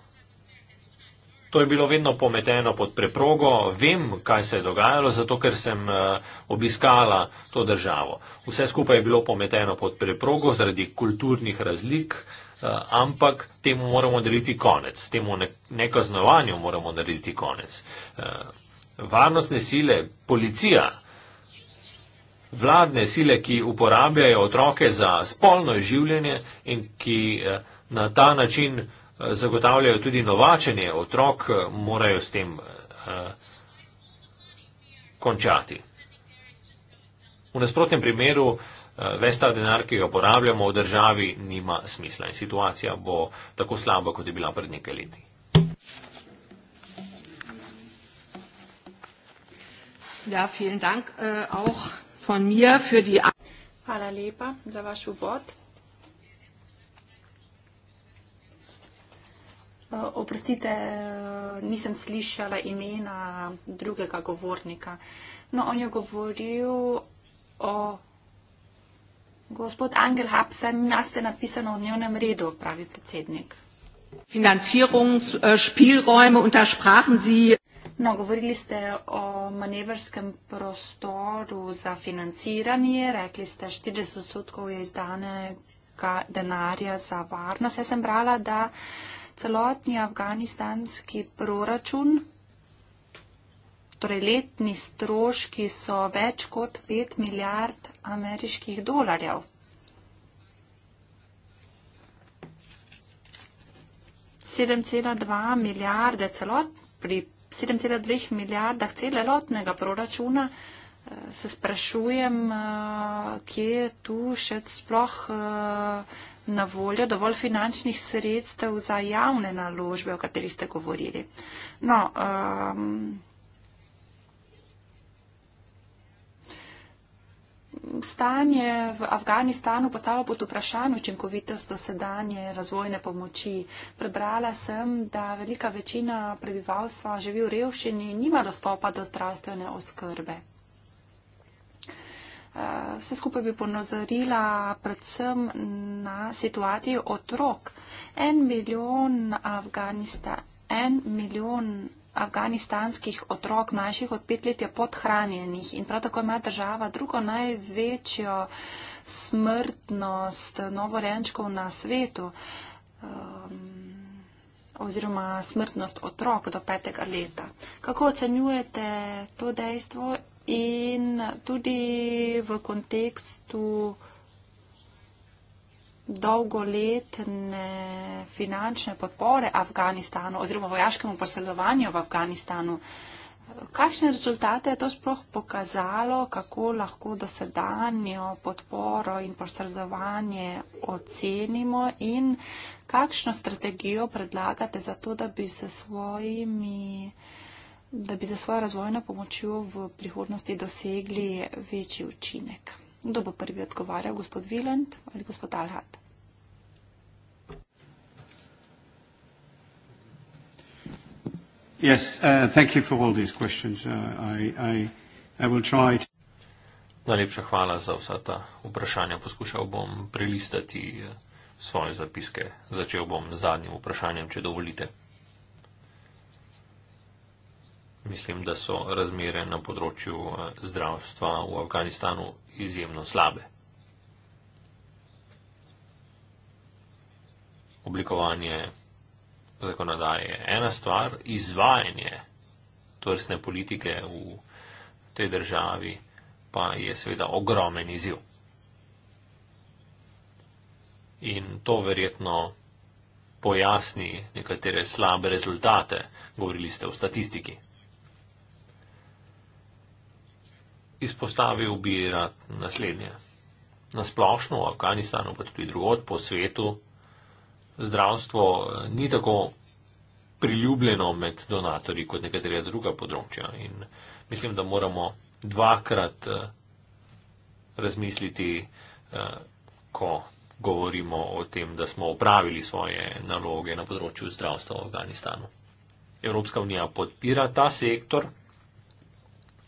S2: To je bilo vedno pometeno pod preprogo, vem, kaj se je dogajalo, zato ker sem eh, obiskala to državo. Vse skupaj je bilo pometeno pod preprogo zaradi kulturnih razlik, Eh, ampak temu moramo narediti konec, temu nekaznovanju moramo narediti konec. Eh, varnostne sile, policija, vladne sile, ki uporabljajo otroke za spolno življenje in ki eh, na ta način zagotavljajo tudi novačenje otrok, morajo s tem končati. V nasprotnem primeru Eh, ves ta denar, ki jo porabljamo v državi, nima smisla in situacija bo tako slaba, kot je bila pred nekaj leti.
S4: Ja, vielen Dank äh, auch
S3: von mir für die.
S4: Hvala lepa za vaš uvod. Äh, oprostite, äh, nisem slišala imena drugega govornika. No, on je govoril o Gospod Angel Haps, saj imate napisano v dnevnem redu, pravi predsednik. Financiranje, unterspraken si. No, govorili ste o manevrskem prostoru za financiranje, rekli ste, 40 odstotkov je izdanega denarja za varnost. Jaz sem brala, da celotni afganistanski proračun, torej letni stroški so več kot 5 milijard ameriških dolarjev. milijarde celot, pri 7,2 milijardah celelotnega proračuna eh, se sprašujem, eh, kje je tu še sploh eh, na voljo dovolj finančnih sredstev za javne naložbe, o katerih ste govorili. No, um, stanje v Afganistanu postavlja pod vprašanje učinkovitost dosedanje razvojne pomoči. Prebrala sem, da velika večina prebivalstva živi v revščini in nima dostopa do zdravstvene oskrbe. Eh, vse skupaj bi ponazorila predvsem na situacijo otrok. En milijon Afganistan. En milijon afganistanskih otrok, mlajših od pet let, je podhranjenih in prav tako ima država drugo največjo smrtnost novorenčkov na svetu um, oziroma smrtnost otrok do petega leta. Kako ocenjujete to dejstvo in tudi v kontekstu dolgoletne finančne podpore Afganistanu oziroma vojaškemu posredovanju v Afganistanu. Kakšne rezultate je to sploh pokazalo, kako lahko dosedanjo podporo in posredovanje ocenimo in kakšno strategijo predlagate za to, da bi se svojimi da bi za svojo razvojno pomočjo v prihodnosti dosegli večji učinek. Kdo bo prvi odgovarjal, gospod Vilent ali gospod Alhat?
S6: Yes, uh, thank you for all these questions. Uh, I, I, I will try to...
S2: Najlepša hvala za vsa ta vprašanja. Poskušal bom prelistati uh, svoje zapiske. Začel bom z zadnjim vprašanjem, če dovolite. Mislim, da so razmere na področju uh, zdravstva v Afganistanu izjemno slabe. Oblikovanje zakonodaje je ena stvar, izvajanje tvrstne politike v tej državi pa je seveda ogromen izjiv. In to verjetno pojasni nekatere slabe rezultate, govorili ste v statistiki. izpostavil bi rad naslednje. Na splošno v Afganistanu, pa tudi drugod po svetu, zdravstvo eh, ni tako priljubljeno med donatorji kot nekatere druga področja. In mislim, da moramo dvakrat eh, razmisliti, eh, ko govorimo o tem, da smo opravili svoje naloge na področju zdravstva v Afganistanu. Evropska unija podpira ta sektor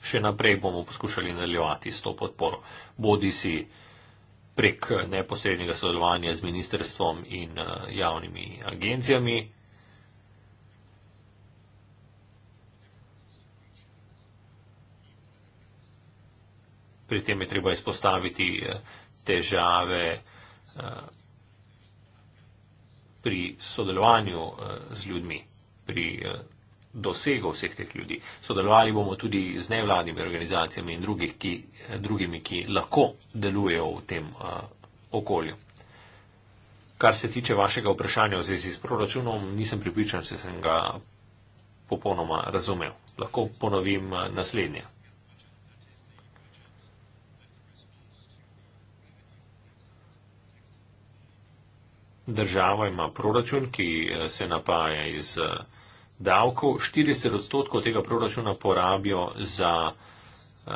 S2: še naprej bomo poskušali nadaljevati s to podporo. Bodi si prek neposrednjega sodelovanja z ministerstvom in eh, javnimi agencijami, Pri tem je treba izpostaviti eh, težave eh, pri sodelovanju z ljudmi, pri dosegov vseh teh ljudi. Sodelovali bomo tudi z nevladnimi organizacijami in drugih, ki, drugimi, ki lahko delujejo v tem uh, okolju. Kar se tiče vašega vprašanja v zvezi s proračunom, nisem pripričan, da sem ga popolnoma razumel. Lahko ponovim eh, naslednje. Država ima proračun, ki eh, se napaja iz uh, davkov, 40 odstotkov tega proračuna porabijo za uh,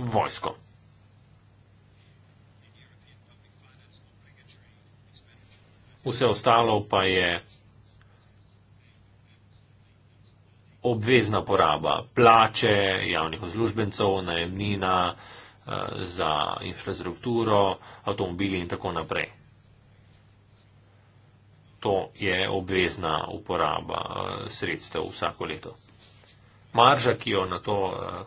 S2: vojsko. Vse ostalo pa je obvezna poraba, plače javnih uslužbencev, najemnina eh, za infrastrukturo, avtomobili in tako naprej to je obvezna uporaba eh, sredstev vsako leto. Marža, ki jo na to eh,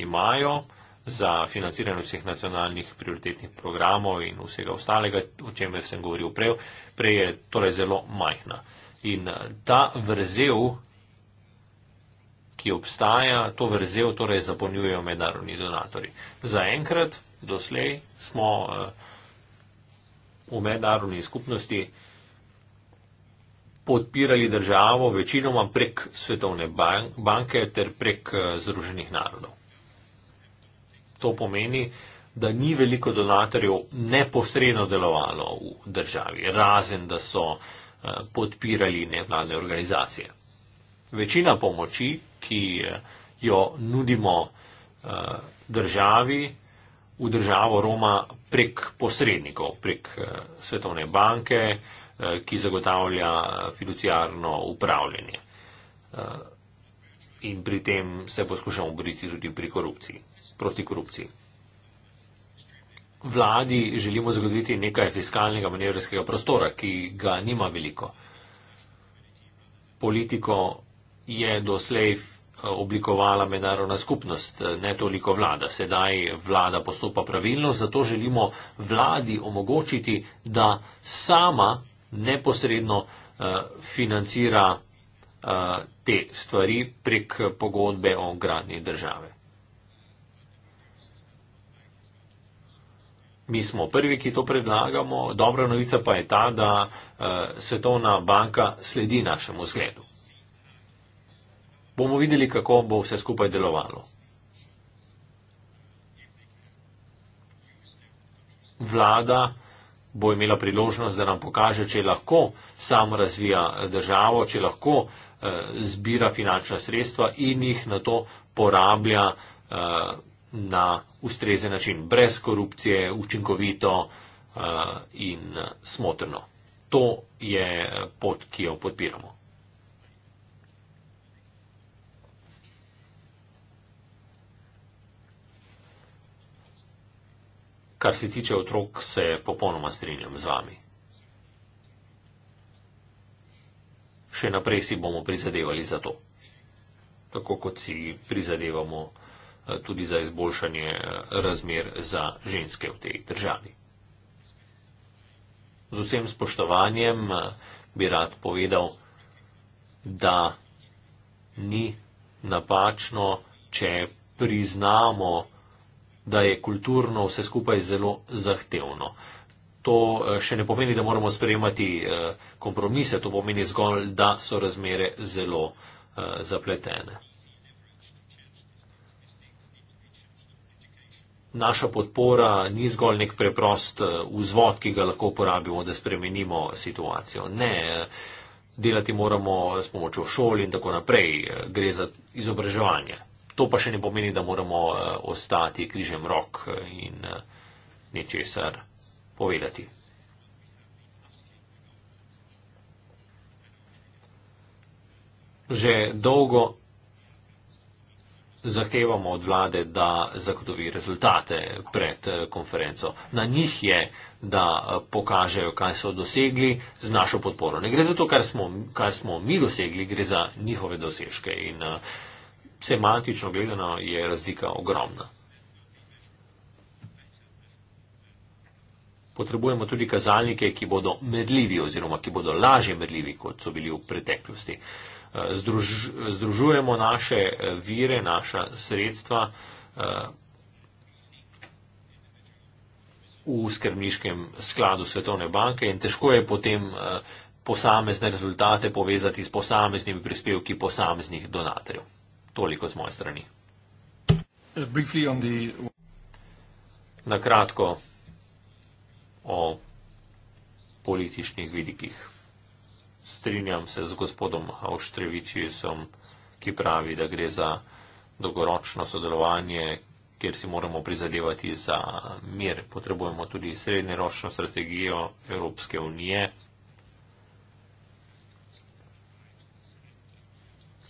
S2: imajo za financiranje vseh nacionalnih prioritetnih programov in vsega ostalega, o čemer sem govoril prej, prej je torej zelo majhna. In eh, ta vrzel, ki obstaja, to vrzel torej zapolnjujejo mednarodni donatori. Za enkrat, doslej, smo v mednarodni skupnosti podpirali državo večinoma prek Svetovne banke ter prek eh, Združenih narodov. To pomeni, da ni veliko donatorjev neposredno delovalo v državi, razen da so eh, podpirali nevladne organizacije. Večina pomoči, ki eh, jo nudimo državi, v državo Roma prek posrednikov, prek Svetovne banke, Eh, ki zagotavlja fiduciarno upravljanje. Eh, in pri tem se poskušamo boriti tudi pri korupciji, proti korupciji. Vladi želimo zagotoviti nekaj fiskalnega manevrskega prostora, ki ga nima veliko. Politiko je doslej eh, oblikovala mednarodna skupnost, ne toliko vlada. Sedaj vlada postopa pravilno, zato želimo vladi omogočiti, da sama neposredno uh, financira uh, te stvari prek pogodbe o gradnji države. Mi smo prvi, ki to predlagamo, dobra novica pa je ta, da uh, Svetovna banka sledi našemu zgledu. Bomo videli, kako bo vse skupaj delovalo. Vlada bo imela priložnost, da nam pokaže, če lahko sam razvija državo, če lahko eh, zbira finančna sredstva in jih na to porablja eh, na ustrezen način, brez korupcije, učinkovito eh, in eh, smotrno. To je pot, ki jo podpiramo. Kar se tiče otrok, se popolnoma strinjam z vami. Še naprej si bomo prizadevali za to, tako kot si prizadevamo eh, tudi za izboljšanje eh, razmer za ženske v tej državi. Z vsem spoštovanjem eh, bi rad povedal, da ni napačno, če priznamo, da je kulturno vse skupaj zelo zahtevno. To eh, še ne pomeni, da moramo sprejemati eh, kompromise, to pomeni zgolj, da so razmere zelo eh, zapletene. Naša podpora ni zgolj nek preprost vzvod, ki ga lahko uporabimo, da spremenimo situacijo. Ne, delati moramo s pomočjo šol in tako naprej. Gre za izobraževanje to pa še ne pomeni, da moramo eh, ostati križem rok eh, in eh, nečesar povedati. Že dolgo zahtevamo od vlade, da zagotovi rezultate pred konferenco. Na njih je, da pokažejo, kaj so dosegli z našo podporo. Ne gre za to, kar smo, kar smo mi dosegli, gre za njihove dosežke. In, uh, semantično gledano je razlika ogromna. Potrebujemo tudi kazalnike, ki bodo medljivi oziroma ki bodo lažje medljivi, kot so bili v preteklosti. Združ, združujemo naše vire, naša sredstva eh, v skrbniškem skladu Svetovne banke in težko je potem eh, posamezne rezultate povezati s posameznimi prispevki posameznih donatorjev. Toliko z moje strani.
S5: Uh, the...
S2: Na kratko o političnih vidikih. Strinjam se z gospodom Avštrevičisom, ki pravi, da gre za dolgoročno sodelovanje, kjer si moramo prizadevati za mir. Potrebujemo tudi srednjeročno strategijo Evropske unije.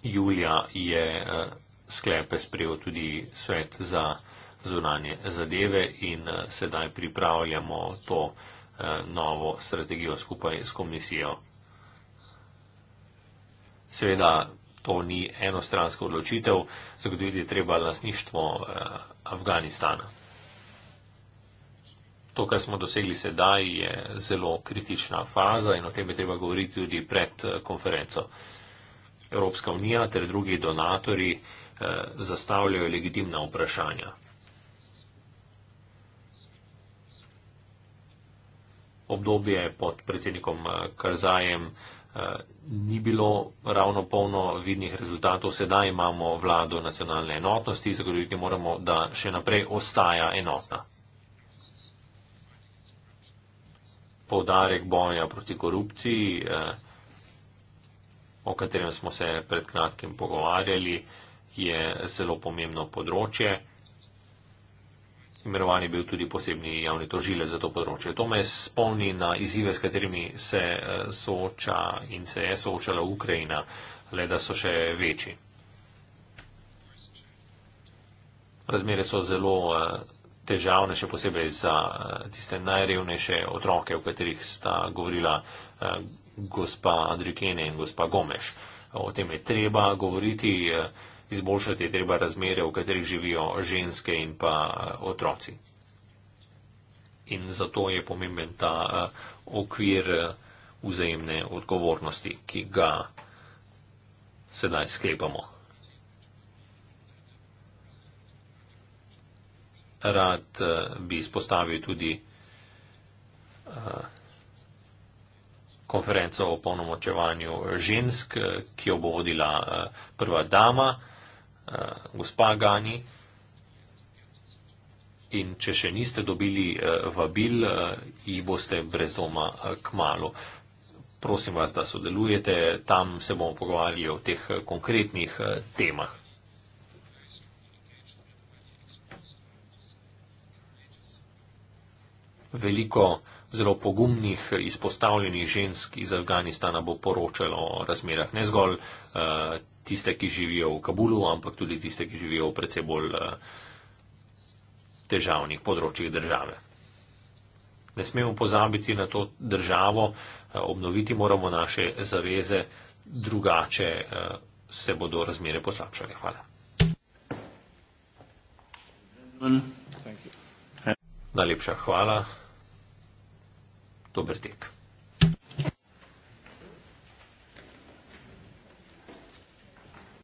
S2: julija je eh, sklepe sprejel tudi svet za zunanje zadeve in eh, sedaj pripravljamo to eh, novo strategijo skupaj s komisijo. Seveda to ni enostranska odločitev, zagotoviti treba lasništvo Afganistana. To, kar smo dosegli sedaj, je zelo kritična faza in o tem je treba govoriti tudi pred konferenco. Evropska unija ter drugi donatori eh, zastavljajo legitimna vprašanja. Obdobje pod predsednikom eh, Karzajem eh, ni bilo ravno polno vidnih rezultatov. Sedaj imamo vlado nacionalne enotnosti, zagotoviti moramo, da še naprej ostaja enotna. Povdarek boja proti korupciji. Eh, o katerem smo se pred kratkim pogovarjali, je zelo pomembno področje. Imenovan je bil tudi posebni javni tožile za to področje. To me spomni na izzive, s katerimi se eh, sooča in se je soočala Ukrajina, le da so še večji. Razmere so zelo eh, težavne, še posebej za eh, tiste najrevnejše otroke, o katerih sta govorila gospa Andrikene in gospa Gomeš. O tem je treba govoriti, eh, izboljšati je treba razmere, v katerih živijo ženske in pa eh, otroci. In zato je pomemben ta eh, okvir vzajemne odgovornosti, ki ga sedaj sklepamo. Rad bi izpostavil tudi konferenco o polnomočevanju žensk, eh, ki jo bo vodila eh, prva dama, eh, gospa Gani. In če še niste dobili vabil, jih boste brez doma k malu. Prosim vas, da sodelujete, tam se bomo pogovarjali o teh konkretnih temah. Veliko zelo pogumnih, izpostavljenih žensk iz Afganistana bo poročalo o razmerah ne zgolj uh, tiste, ki živijo v Kabulu, ampak tudi tiste, ki živijo v predvsej bolj uh, težavnih področjih države. Ne smemo pozabiti na to državo, eh, obnoviti moramo naše zaveze, drugače se bodo razmere poslabšale. Hvala. Najlepša hvala dober tek.